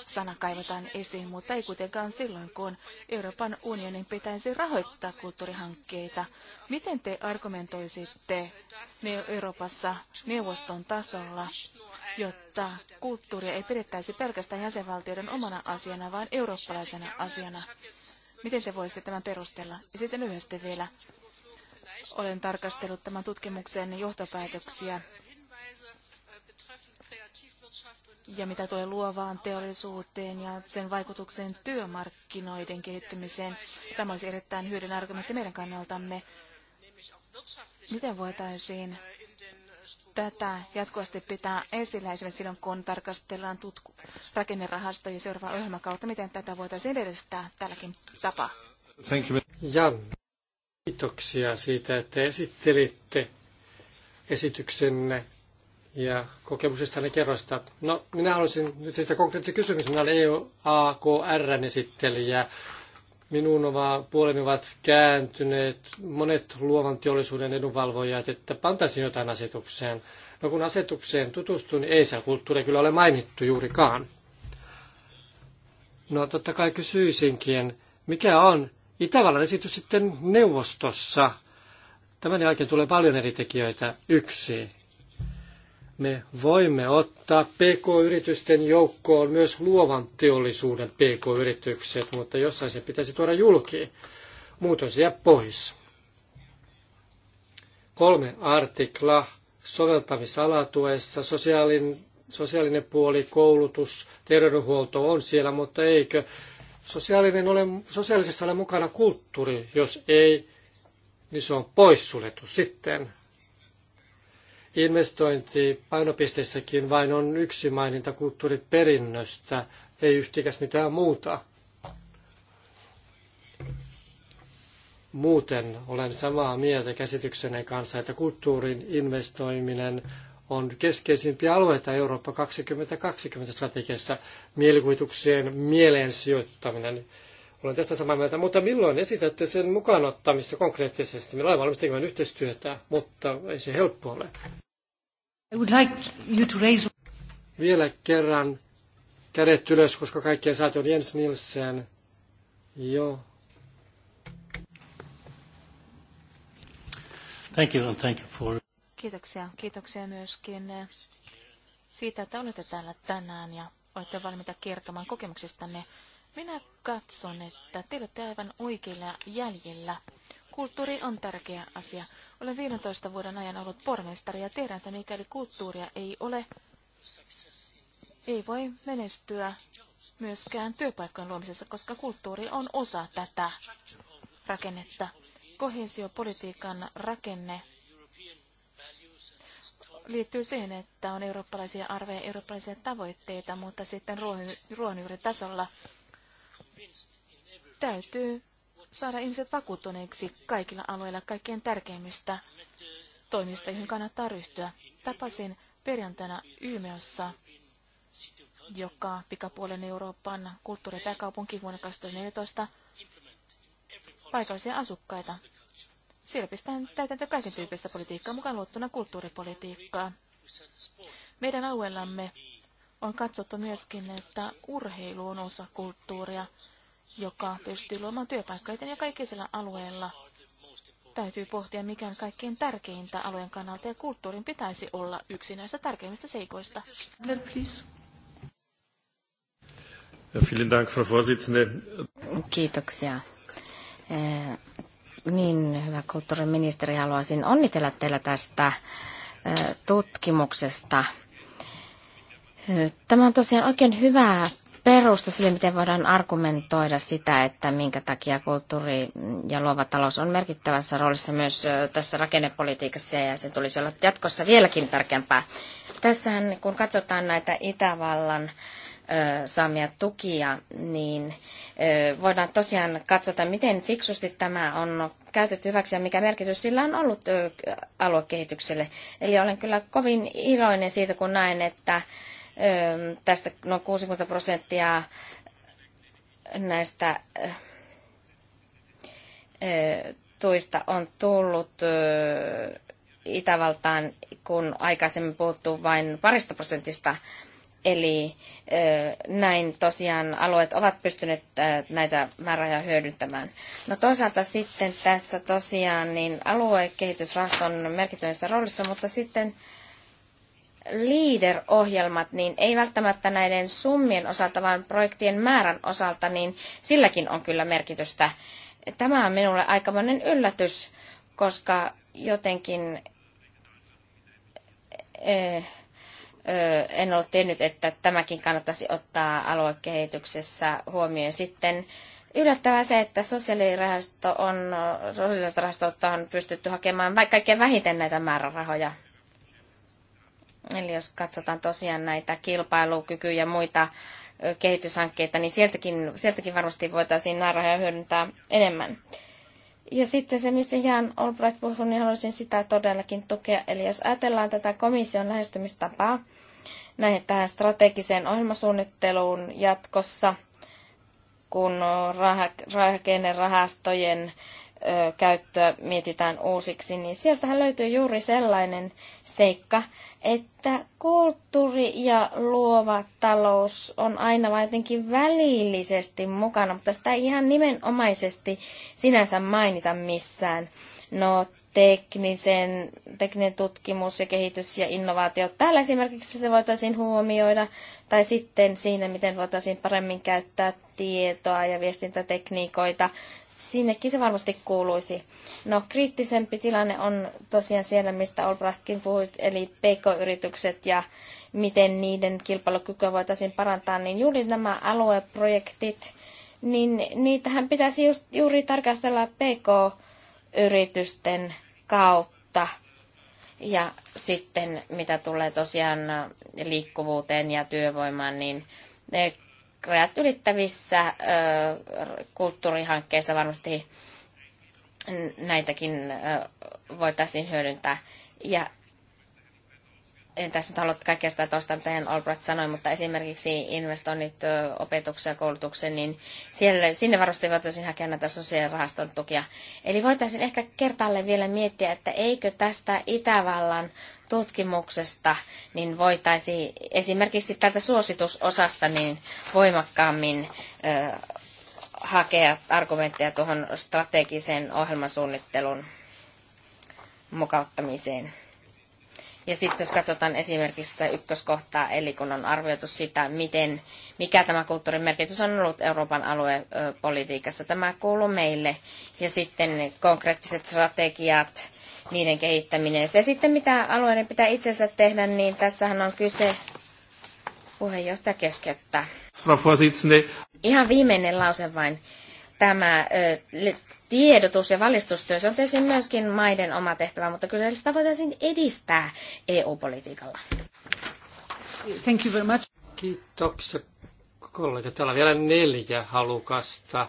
sana kaivataan esiin, mutta ei kuitenkaan silloin, kun Euroopan unionin pitäisi rahoittaa kulttuurihankkeita. Miten te argumentoisitte Euroopassa neuvoston tasolla, jotta kulttuuria ei pidettäisi pelkästään jäsenvaltioiden omana asiana, vaan eurooppalaisena asiana? Miten te voisitte tämän perustella? Ja sitten lyhyesti vielä. Olen tarkastellut tämän tutkimuksen johtopäätöksiä ja mitä tulee luovaan teollisuuteen ja sen vaikutukseen työmarkkinoiden kehittymiseen. Tämä olisi erittäin hyödyllinen argumentti meidän kannaltamme. Miten voitaisiin tätä jatkuvasti pitää esillä esimerkiksi silloin, kun tarkastellaan tutku- rakennerahastoja seuraavaa ohjelmakautta, miten tätä voitaisiin edistää tälläkin tapaa? Thank you. kiitoksia siitä, että esittelitte esityksenne ja kokemuksestani kerroista. No, minä haluaisin nyt sitä konkreettisen kysymyksen. Minä olen EUAKRn esittelijä. Minun oma puoleni ovat kääntyneet monet luovan teollisuuden edunvalvojat, että pantaisin jotain asetukseen. No kun asetukseen tutustun niin ei se kulttuuri kyllä ole mainittu juurikaan. No totta kai kysyisinkin, mikä on Itävallan esitys sitten neuvostossa? Tämän jälkeen tulee paljon eri tekijöitä. Yksi, me voimme ottaa PK-yritysten joukkoon myös luovan teollisuuden PK-yritykset, mutta jossain se pitäisi tuoda julki. Muutos jää pois. Kolme artikla soveltamisalatuessa, sosiaalin, sosiaalinen puoli, koulutus, terveydenhuolto on siellä, mutta eikö sosiaalinen ole, sosiaalisessa ole mukana kulttuuri, jos ei, niin se on poissuljettu sitten investointipainopisteissäkin vain on yksi maininta kulttuuriperinnöstä, ei yhtikäs mitään muuta. Muuten olen samaa mieltä käsityksenne kanssa, että kulttuurin investoiminen on keskeisimpiä alueita Eurooppa 2020 strategiassa mielikuvituksien mieleen sijoittaminen olen tästä samaa mieltä, mutta milloin esitätte sen mukaan ottamista konkreettisesti? Me olemme valmiita tekemään yhteistyötä, mutta ei se helppo ole. I would like you to raise... Vielä kerran kädet ylös, koska kaikkien saat on Jens Nielsen. Joo. Thank you and thank you for... Kiitoksia. Kiitoksia myöskin eh, siitä, että olette täällä tänään ja olette valmiita kertomaan kokemuksistanne minä katson, että te olette aivan oikeilla jäljillä. Kulttuuri on tärkeä asia. Olen 15 vuoden ajan ollut pormestari ja tiedän, että mikäli kulttuuria ei ole, ei voi menestyä myöskään työpaikkojen luomisessa, koska kulttuuri on osa tätä rakennetta. Kohesiopolitiikan rakenne liittyy siihen, että on eurooppalaisia arveja, eurooppalaisia tavoitteita, mutta sitten ruohonjuuritasolla Täytyy saada ihmiset vakuuttuneiksi kaikilla alueilla kaikkein tärkeimmistä toimista, joihin kannattaa ryhtyä. Tapasin perjantaina Ymeossa, joka pikapuolen Euroopan kulttuuripääkaupunki vuonna 2014, paikallisia asukkaita. Siellä pistetään täytäntö kaiken tyyppistä politiikkaa, mukaan luottuna kulttuuripolitiikkaa. Meidän alueellamme on katsottu myöskin, että urheilu on osa kulttuuria, joka pystyy luomaan työpaikkoja ja kaikilla alueella. Täytyy pohtia, mikä on kaikkein tärkeintä alueen kannalta, ja kulttuurin pitäisi olla yksi näistä tärkeimmistä seikoista. Kiitoksia. Eh, niin, hyvä kulttuuriministeri, haluaisin onnitella teillä tästä eh, tutkimuksesta – Tämä on tosiaan oikein hyvää perusta sille, miten voidaan argumentoida sitä, että minkä takia kulttuuri ja luova talous on merkittävässä roolissa myös tässä rakennepolitiikassa ja sen tulisi olla jatkossa vieläkin tärkeämpää. Tässähän kun katsotaan näitä Itävallan saamia tukia, niin voidaan tosiaan katsota, miten fiksusti tämä on käytetty hyväksi ja mikä merkitys sillä on ollut aluekehitykselle. Eli olen kyllä kovin iloinen siitä, kun näen, että Tästä noin 60 prosenttia näistä tuista on tullut Itävaltaan, kun aikaisemmin puhuttu vain parista prosentista. Eli näin tosiaan alueet ovat pystyneet näitä määräjä hyödyntämään. No toisaalta sitten tässä tosiaan niin aluekehitysrahasto on merkittävässä roolissa, mutta sitten leader-ohjelmat, niin ei välttämättä näiden summien osalta, vaan projektien määrän osalta, niin silläkin on kyllä merkitystä. Tämä on minulle aikamoinen yllätys, koska jotenkin eh, eh, en ole tehnyt, että tämäkin kannattaisi ottaa aluekehityksessä huomioon. Sitten yllättävää se, että sosiaalirahasto on, sosiaalirahasto on pystytty hakemaan kaikkein vähiten näitä määrärahoja. Eli jos katsotaan tosiaan näitä kilpailukykyjä ja muita kehityshankkeita, niin sieltäkin, sieltäkin varmasti voitaisiin määrärahoja hyödyntää enemmän. Ja sitten se, mistä Jan Albright puhui, niin haluaisin sitä todellakin tukea. Eli jos ajatellaan tätä komission lähestymistapaa näihin tähän strategiseen ohjelmasuunnitteluun jatkossa, kun raha rahastojen käyttöä mietitään uusiksi, niin sieltähän löytyy juuri sellainen seikka, että kulttuuri ja luova talous on aina vain jotenkin välillisesti mukana, mutta sitä ei ihan nimenomaisesti sinänsä mainita missään. No, teknisen, tekninen tutkimus ja kehitys ja innovaatiot. Täällä esimerkiksi se voitaisiin huomioida, tai sitten siinä, miten voitaisiin paremmin käyttää tietoa ja viestintätekniikoita sinnekin se varmasti kuuluisi. No, kriittisempi tilanne on tosiaan siellä, mistä Olbrachtkin puhuit, eli PK-yritykset ja miten niiden kilpailukykyä voitaisiin parantaa, niin juuri nämä alueprojektit, niin niitähän pitäisi just, juuri tarkastella PK-yritysten kautta. Ja sitten mitä tulee tosiaan liikkuvuuteen ja työvoimaan, niin rajat ylittävissä kulttuurihankkeissa varmasti näitäkin voitaisiin hyödyntää. Ja en tässä nyt halua kaikkea sitä tuosta, mitä hän Albright sanoi, mutta esimerkiksi investoinnit opetukseen ja koulutuksen, niin siellä, sinne varmasti voitaisiin hakea näitä sosiaalirahaston tukia. Eli voitaisiin ehkä kertaalleen vielä miettiä, että eikö tästä Itävallan tutkimuksesta, niin voitaisiin esimerkiksi tältä suositusosasta niin voimakkaammin ö, hakea argumentteja tuohon strategisen ohjelmasuunnittelun mukauttamiseen. Ja sitten jos katsotaan esimerkiksi tätä ykköskohtaa, eli kun on arvioitu sitä, miten, mikä tämä kulttuurin merkitys on ollut Euroopan aluepolitiikassa, tämä kuuluu meille. Ja sitten konkreettiset strategiat, niiden kehittäminen. Ja sitten mitä alueiden pitää itsensä tehdä, niin tässähän on kyse puheenjohtaja keskeyttää. Ihan viimeinen lause vain tämä tiedotus- ja valistustyö, se on tietysti myöskin maiden oma tehtävä, mutta kyllä sitä voitaisiin edistää EU-politiikalla. Thank you very much. Kiitoksia kollega. Täällä on vielä neljä halukasta.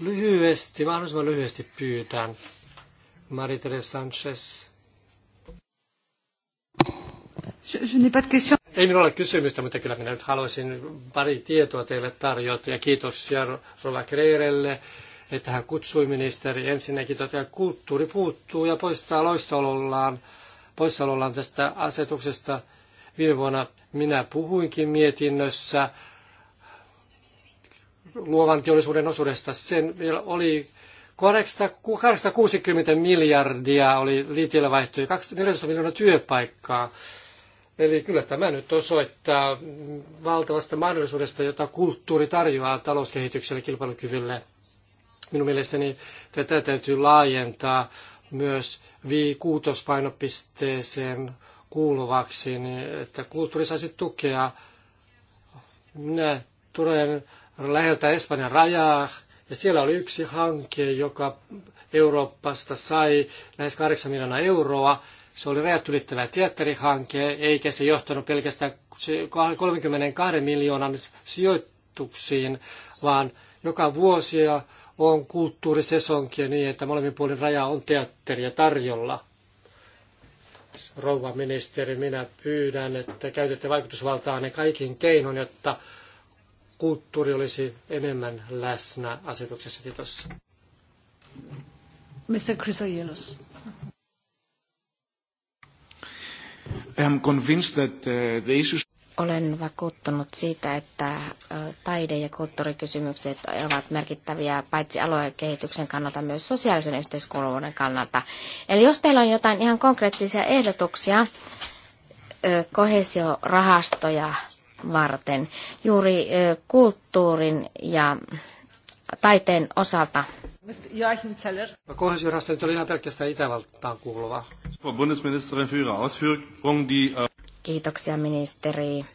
Lyhyesti, mahdollisimman lyhyesti pyydän. Maritere Sanchez, ei minulla ole kysymystä, mutta kyllä minä nyt haluaisin pari tietoa teille tarjota. Ja kiitoksia Rova Kreerelle, että hän kutsui ministeri. Ensinnäkin toteaa, että kulttuuri puuttuu ja poistaa loistolollaan poissaolollaan tästä asetuksesta. Viime vuonna minä puhuinkin mietinnössä luovan teollisuuden osuudesta. Sen oli 860 miljardia oli liitillä vaihtoja, 14 miljoonaa työpaikkaa. Eli kyllä tämä nyt osoittaa valtavasta mahdollisuudesta, jota kulttuuri tarjoaa talouskehitykselle, kilpailukyvylle. Minun mielestäni tätä täytyy laajentaa myös V6-painopisteeseen kuuluvaksi, niin että kulttuuri saisi tukea. Minä tulen läheltä Espanjan rajaa, ja siellä oli yksi hanke, joka Euroopasta sai lähes 8 miljoonaa euroa se oli rajat ylittävä teatterihanke, eikä se johtanut pelkästään 32 miljoonan sijoituksiin, vaan joka vuosi on kulttuurisesonkia niin, että molemmin puolin raja on teatteria tarjolla. Rouva ministeri, minä pyydän, että käytätte vaikutusvaltaa ne kaikin keinon, jotta kulttuuri olisi enemmän läsnä asetuksessa. Kiitos. Mr. Chrysoyelos. Uh, Olen vakuuttunut siitä, että taide- ja kulttuurikysymykset ovat merkittäviä paitsi kehityksen kannalta myös sosiaalisen yhteiskuuluvuuden kannalta. Eli jos teillä on jotain ihan konkreettisia ehdotuksia kohesiorahastoja varten juuri kulttuurin ja taiteen osalta. Joachim no, Kohesiorahasto oli ihan pelkästään Itävaltaan kuuluva Äh, Kiitoksia ministeri.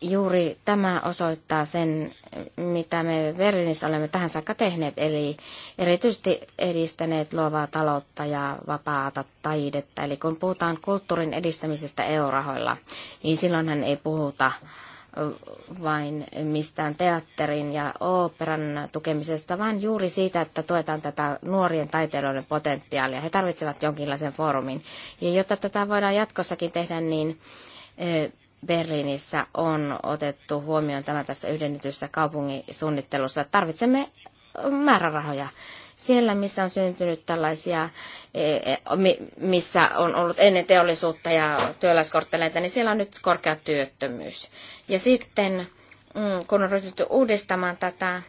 Juuri tämä osoittaa sen, mitä me Berliinissä olemme tähän saakka tehneet, eli erityisesti edistäneet luovaa taloutta ja vapaata taidetta. Eli kun puhutaan kulttuurin edistämisestä EU-rahoilla, niin silloinhan ei puhuta vain mistään teatterin ja oopperan tukemisesta, vaan juuri siitä, että tuetaan tätä nuorien taiteilijoiden potentiaalia. He tarvitsevat jonkinlaisen foorumin. Ja jotta tätä voidaan jatkossakin tehdä, niin e, Berliinissä on otettu huomioon tämä tässä yhdennetyssä suunnittelussa Tarvitsemme määrärahoja. Siellä, missä on syntynyt tällaisia, e, e, missä on ollut ennen teollisuutta ja työläiskortteleita, niin siellä on nyt korkea työttömyys. Ja sitten, mm, kun on ryhdytty uudistamaan tätä,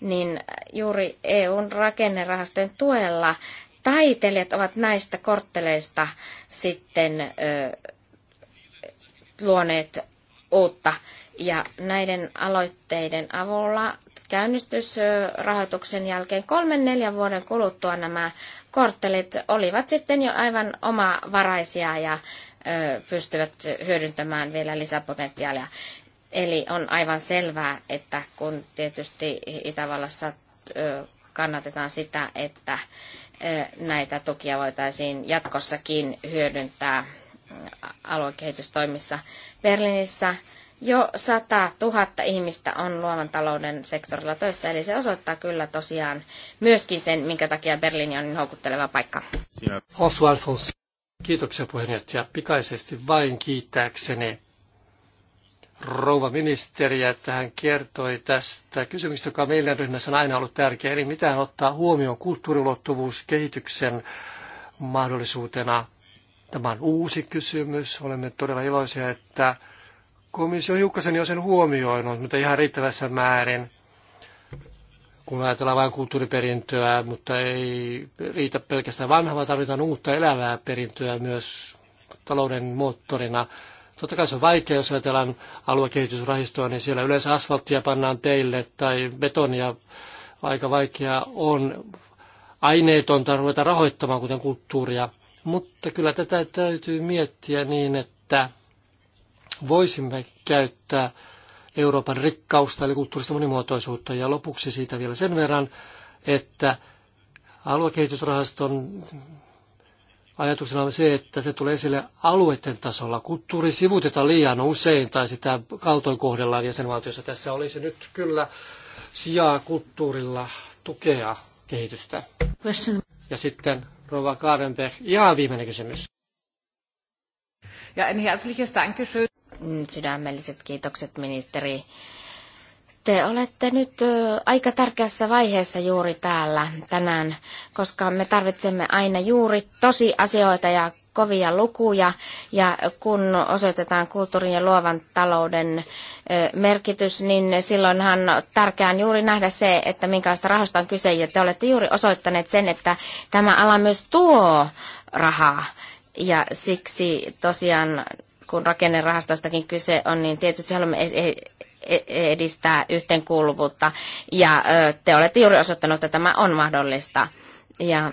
niin juuri EUn rakennerahastojen tuella taiteilijat ovat näistä kortteleista sitten luoneet uutta ja näiden aloitteiden avulla käynnistysrahoituksen jälkeen kolmen neljän vuoden kuluttua nämä korttelit olivat sitten jo aivan omavaraisia ja ö, pystyvät hyödyntämään vielä lisäpotentiaalia. Eli on aivan selvää, että kun tietysti Itävallassa ö, kannatetaan sitä, että ö, näitä tukia voitaisiin jatkossakin hyödyntää aluekehitystoimissa Berliinissä, jo 100 000 ihmistä on luovan talouden sektorilla töissä, eli se osoittaa kyllä tosiaan myöskin sen, minkä takia Berliini on niin houkutteleva paikka. Osu Alphonse, kiitoksia puheenjohtaja. Pikaisesti vain kiittääkseni rouva ministeriä, että hän kertoi tästä kysymyksestä, joka meidän ryhmässä on aina ollut tärkeä, eli mitä ottaa huomioon kulttuurilottuvuus kehityksen mahdollisuutena. Tämä on uusi kysymys. Olemme todella iloisia, että komissio hiukkasen jo sen huomioinut, mutta ihan riittävässä määrin. Kun ajatellaan vain kulttuuriperintöä, mutta ei riitä pelkästään vanhaa, vaan tarvitaan uutta elävää perintöä myös talouden moottorina. Totta kai se on vaikea, jos ajatellaan aluekehitysrahistoa, niin siellä yleensä asfalttia pannaan teille tai betonia. Aika vaikea on aineetonta ruveta rahoittamaan, kuten kulttuuria. Mutta kyllä tätä täytyy miettiä niin, että voisimme käyttää Euroopan rikkausta eli kulttuurista monimuotoisuutta. Ja lopuksi siitä vielä sen verran, että aluekehitysrahaston ajatuksena on se, että se tulee esille alueiden tasolla. Kulttuuri sivutetaan liian usein tai sitä kaltoin kohdellaan jäsenvaltiossa. Tässä olisi nyt kyllä sijaa kulttuurilla tukea kehitystä. Ja sitten Rova Kaarenberg, ihan viimeinen kysymys. Ja ein herzliches Dankeschön sydämelliset kiitokset ministeri. Te olette nyt aika tärkeässä vaiheessa juuri täällä tänään, koska me tarvitsemme aina juuri tosi asioita ja kovia lukuja ja kun osoitetaan kulttuurin ja luovan talouden merkitys, niin silloinhan tärkeää on juuri nähdä se, että minkälaista rahasta on kyse ja te olette juuri osoittaneet sen, että tämä ala myös tuo rahaa ja siksi tosiaan kun rakennerahastoistakin kyse on, niin tietysti haluamme e- e- e- edistää yhteenkuuluvuutta. Ja te olette juuri osoittanut, että tämä on mahdollista. Ja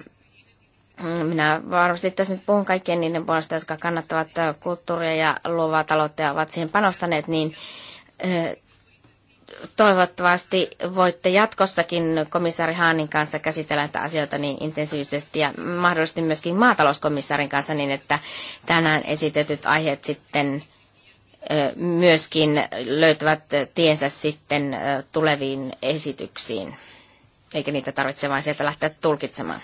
mm, minä varmasti tässä nyt puhun kaikkien niiden puolesta, jotka kannattavat kulttuuria ja luovaa taloutta ja ovat siihen panostaneet, niin toivottavasti voitte jatkossakin komissaari Haanin kanssa käsitellä näitä asioita niin intensiivisesti ja mahdollisesti myöskin maatalouskomissaarin kanssa niin, että tänään esitetyt aiheet sitten myöskin löytävät tiensä sitten tuleviin esityksiin. Eikä niitä tarvitse vain sieltä lähteä tulkitsemaan.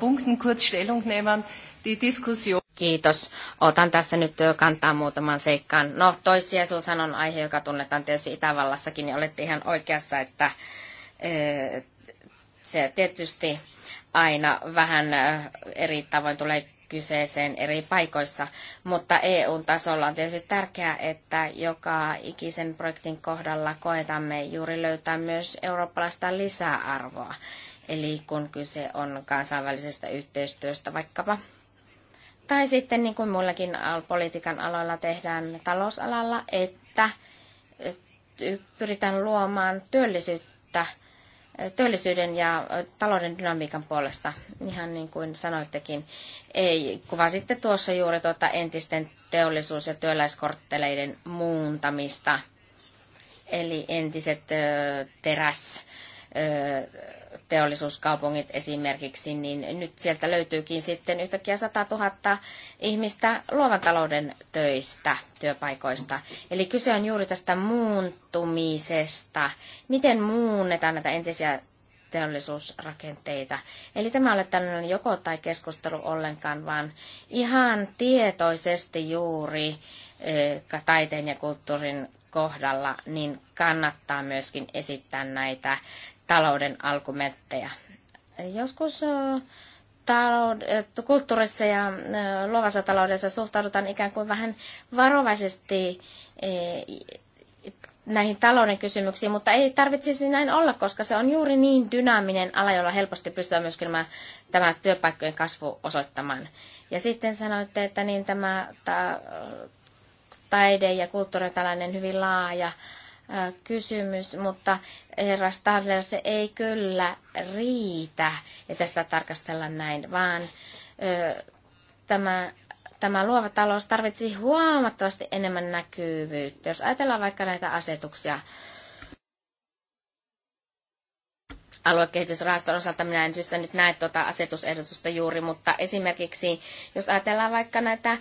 Punkten kurz Stellung nehmen. Die Diskussion. Kiitos. Otan tässä nyt kantaa muutaman seikkaan. No, toissijaisuushan on aihe, joka tunnetaan tietysti Itävallassakin, niin olette ihan oikeassa, että se tietysti aina vähän eri tavoin tulee kyseeseen eri paikoissa, mutta EU-tasolla on tietysti tärkeää, että joka ikisen projektin kohdalla koetamme juuri löytää myös eurooppalaista lisäarvoa. Eli kun kyse on kansainvälisestä yhteistyöstä vaikkapa tai sitten niin kuin muillakin politiikan aloilla tehdään talousalalla, että pyritään luomaan työllisyyttä työllisyyden ja talouden dynamiikan puolesta, ihan niin kuin sanoittekin. Ei, kuvasitte tuossa juuri tuota entisten teollisuus- ja työläiskortteleiden muuntamista, eli entiset teräs teollisuuskaupungit esimerkiksi, niin nyt sieltä löytyykin sitten yhtäkkiä 100 000 ihmistä luovan talouden töistä, työpaikoista. Eli kyse on juuri tästä muuntumisesta. Miten muunnetaan näitä entisiä teollisuusrakenteita. Eli tämä ei ole tällainen joko tai keskustelu ollenkaan, vaan ihan tietoisesti juuri eh, taiteen ja kulttuurin kohdalla, niin kannattaa myöskin esittää näitä talouden alkumettejä. Joskus taloud- kulttuurissa ja luovassa taloudessa suhtaudutaan ikään kuin vähän varovaisesti e, näihin talouden kysymyksiin, mutta ei tarvitsisi näin olla, koska se on juuri niin dynaaminen ala, jolla helposti pystytään myöskin tämä, tämä työpaikkojen kasvu osoittamaan. Ja sitten sanoitte, että niin tämä ta, taide ja kulttuuri on tällainen hyvin laaja kysymys, mutta herra Stadler, se ei kyllä riitä, että sitä tarkastella näin, vaan tämä, tämä luova talous tarvitsi huomattavasti enemmän näkyvyyttä. Jos ajatellaan vaikka näitä asetuksia, aluekehitysrahaston osalta minä en tietysti nyt näe tuota asetusehdotusta juuri, mutta esimerkiksi jos ajatellaan vaikka näitä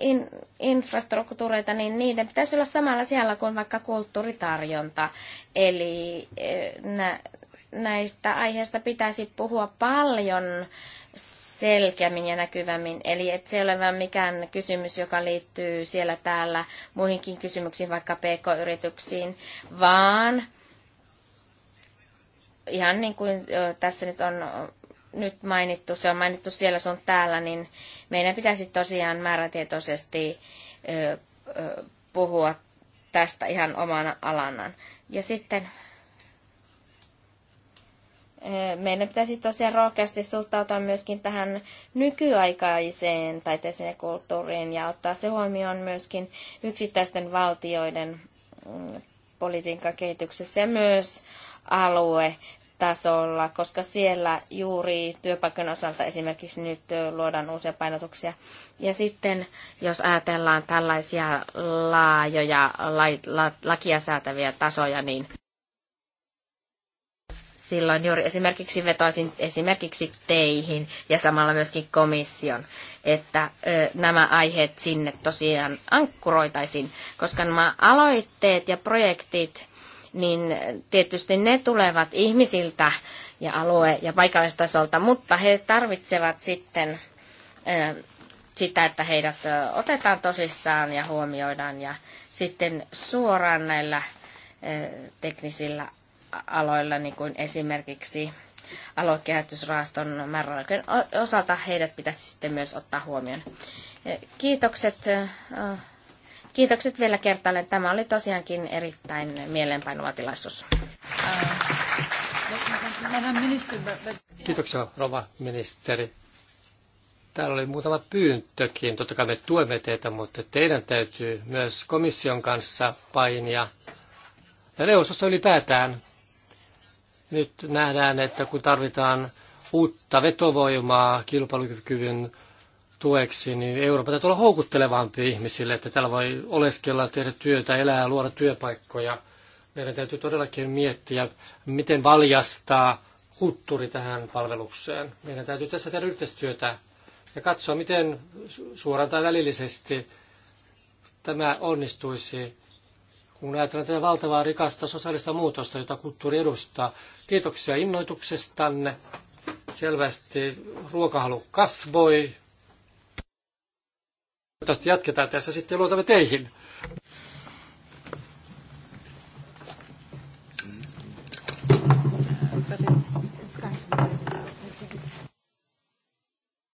in, infrastruktuureita, niin niiden pitäisi olla samalla siellä kuin vaikka kulttuuritarjonta. Eli eh, nä, näistä aiheista pitäisi puhua paljon selkeämmin ja näkyvämmin. Eli et se ei ole vain mikään kysymys, joka liittyy siellä täällä muihinkin kysymyksiin, vaikka pk-yrityksiin, vaan ihan niin kuin tässä nyt on nyt mainittu, se on mainittu siellä sun täällä, niin meidän pitäisi tosiaan määrätietoisesti puhua tästä ihan omana alanaan. Ja sitten meidän pitäisi tosiaan rohkeasti suhtautua myöskin tähän nykyaikaiseen taiteeseen ja kulttuuriin ja ottaa se huomioon myöskin yksittäisten valtioiden mm, politiikan kehityksessä ja myös alue tasolla, koska siellä juuri työpaikan osalta esimerkiksi nyt luodaan uusia painotuksia. Ja sitten jos ajatellaan tällaisia laajoja la, la, lakia säätäviä tasoja, niin silloin juuri esimerkiksi vetoisin esimerkiksi teihin ja samalla myöskin komission, että ö, nämä aiheet sinne tosiaan ankkuroitaisiin, koska nämä aloitteet ja projektit, niin tietysti ne tulevat ihmisiltä ja alue- ja paikallistasolta, mutta he tarvitsevat sitten sitä, että heidät otetaan tosissaan ja huomioidaan ja sitten suoraan näillä teknisillä aloilla, niin kuin esimerkiksi aluekehitysrahaston määrärahojen osalta heidät pitäisi sitten myös ottaa huomioon. Kiitokset Kiitokset vielä kertaalleen. Tämä oli tosiaankin erittäin mielenpainuva tilaisuus. Kiitoksia, rouva ministeri. Täällä oli muutama pyyntökin. Totta kai me tuemme teitä, mutta teidän täytyy myös komission kanssa painia. Ja neuvostossa ylipäätään. Nyt nähdään, että kun tarvitaan uutta vetovoimaa kilpailukyvyn tueksi, niin Eurooppa täytyy olla houkuttelevampi ihmisille, että täällä voi oleskella, tehdä työtä, elää ja luoda työpaikkoja. Meidän täytyy todellakin miettiä, miten valjastaa kulttuuri tähän palvelukseen. Meidän täytyy tässä tehdä yhteistyötä ja katsoa, miten suoraan tai välillisesti tämä onnistuisi, kun ajatellaan tätä valtavaa rikasta sosiaalista muutosta, jota kulttuuri edustaa. Kiitoksia innoituksestanne. Selvästi ruokahalu kasvoi, Toivottavasti jatketaan tässä sitten luotamme teihin.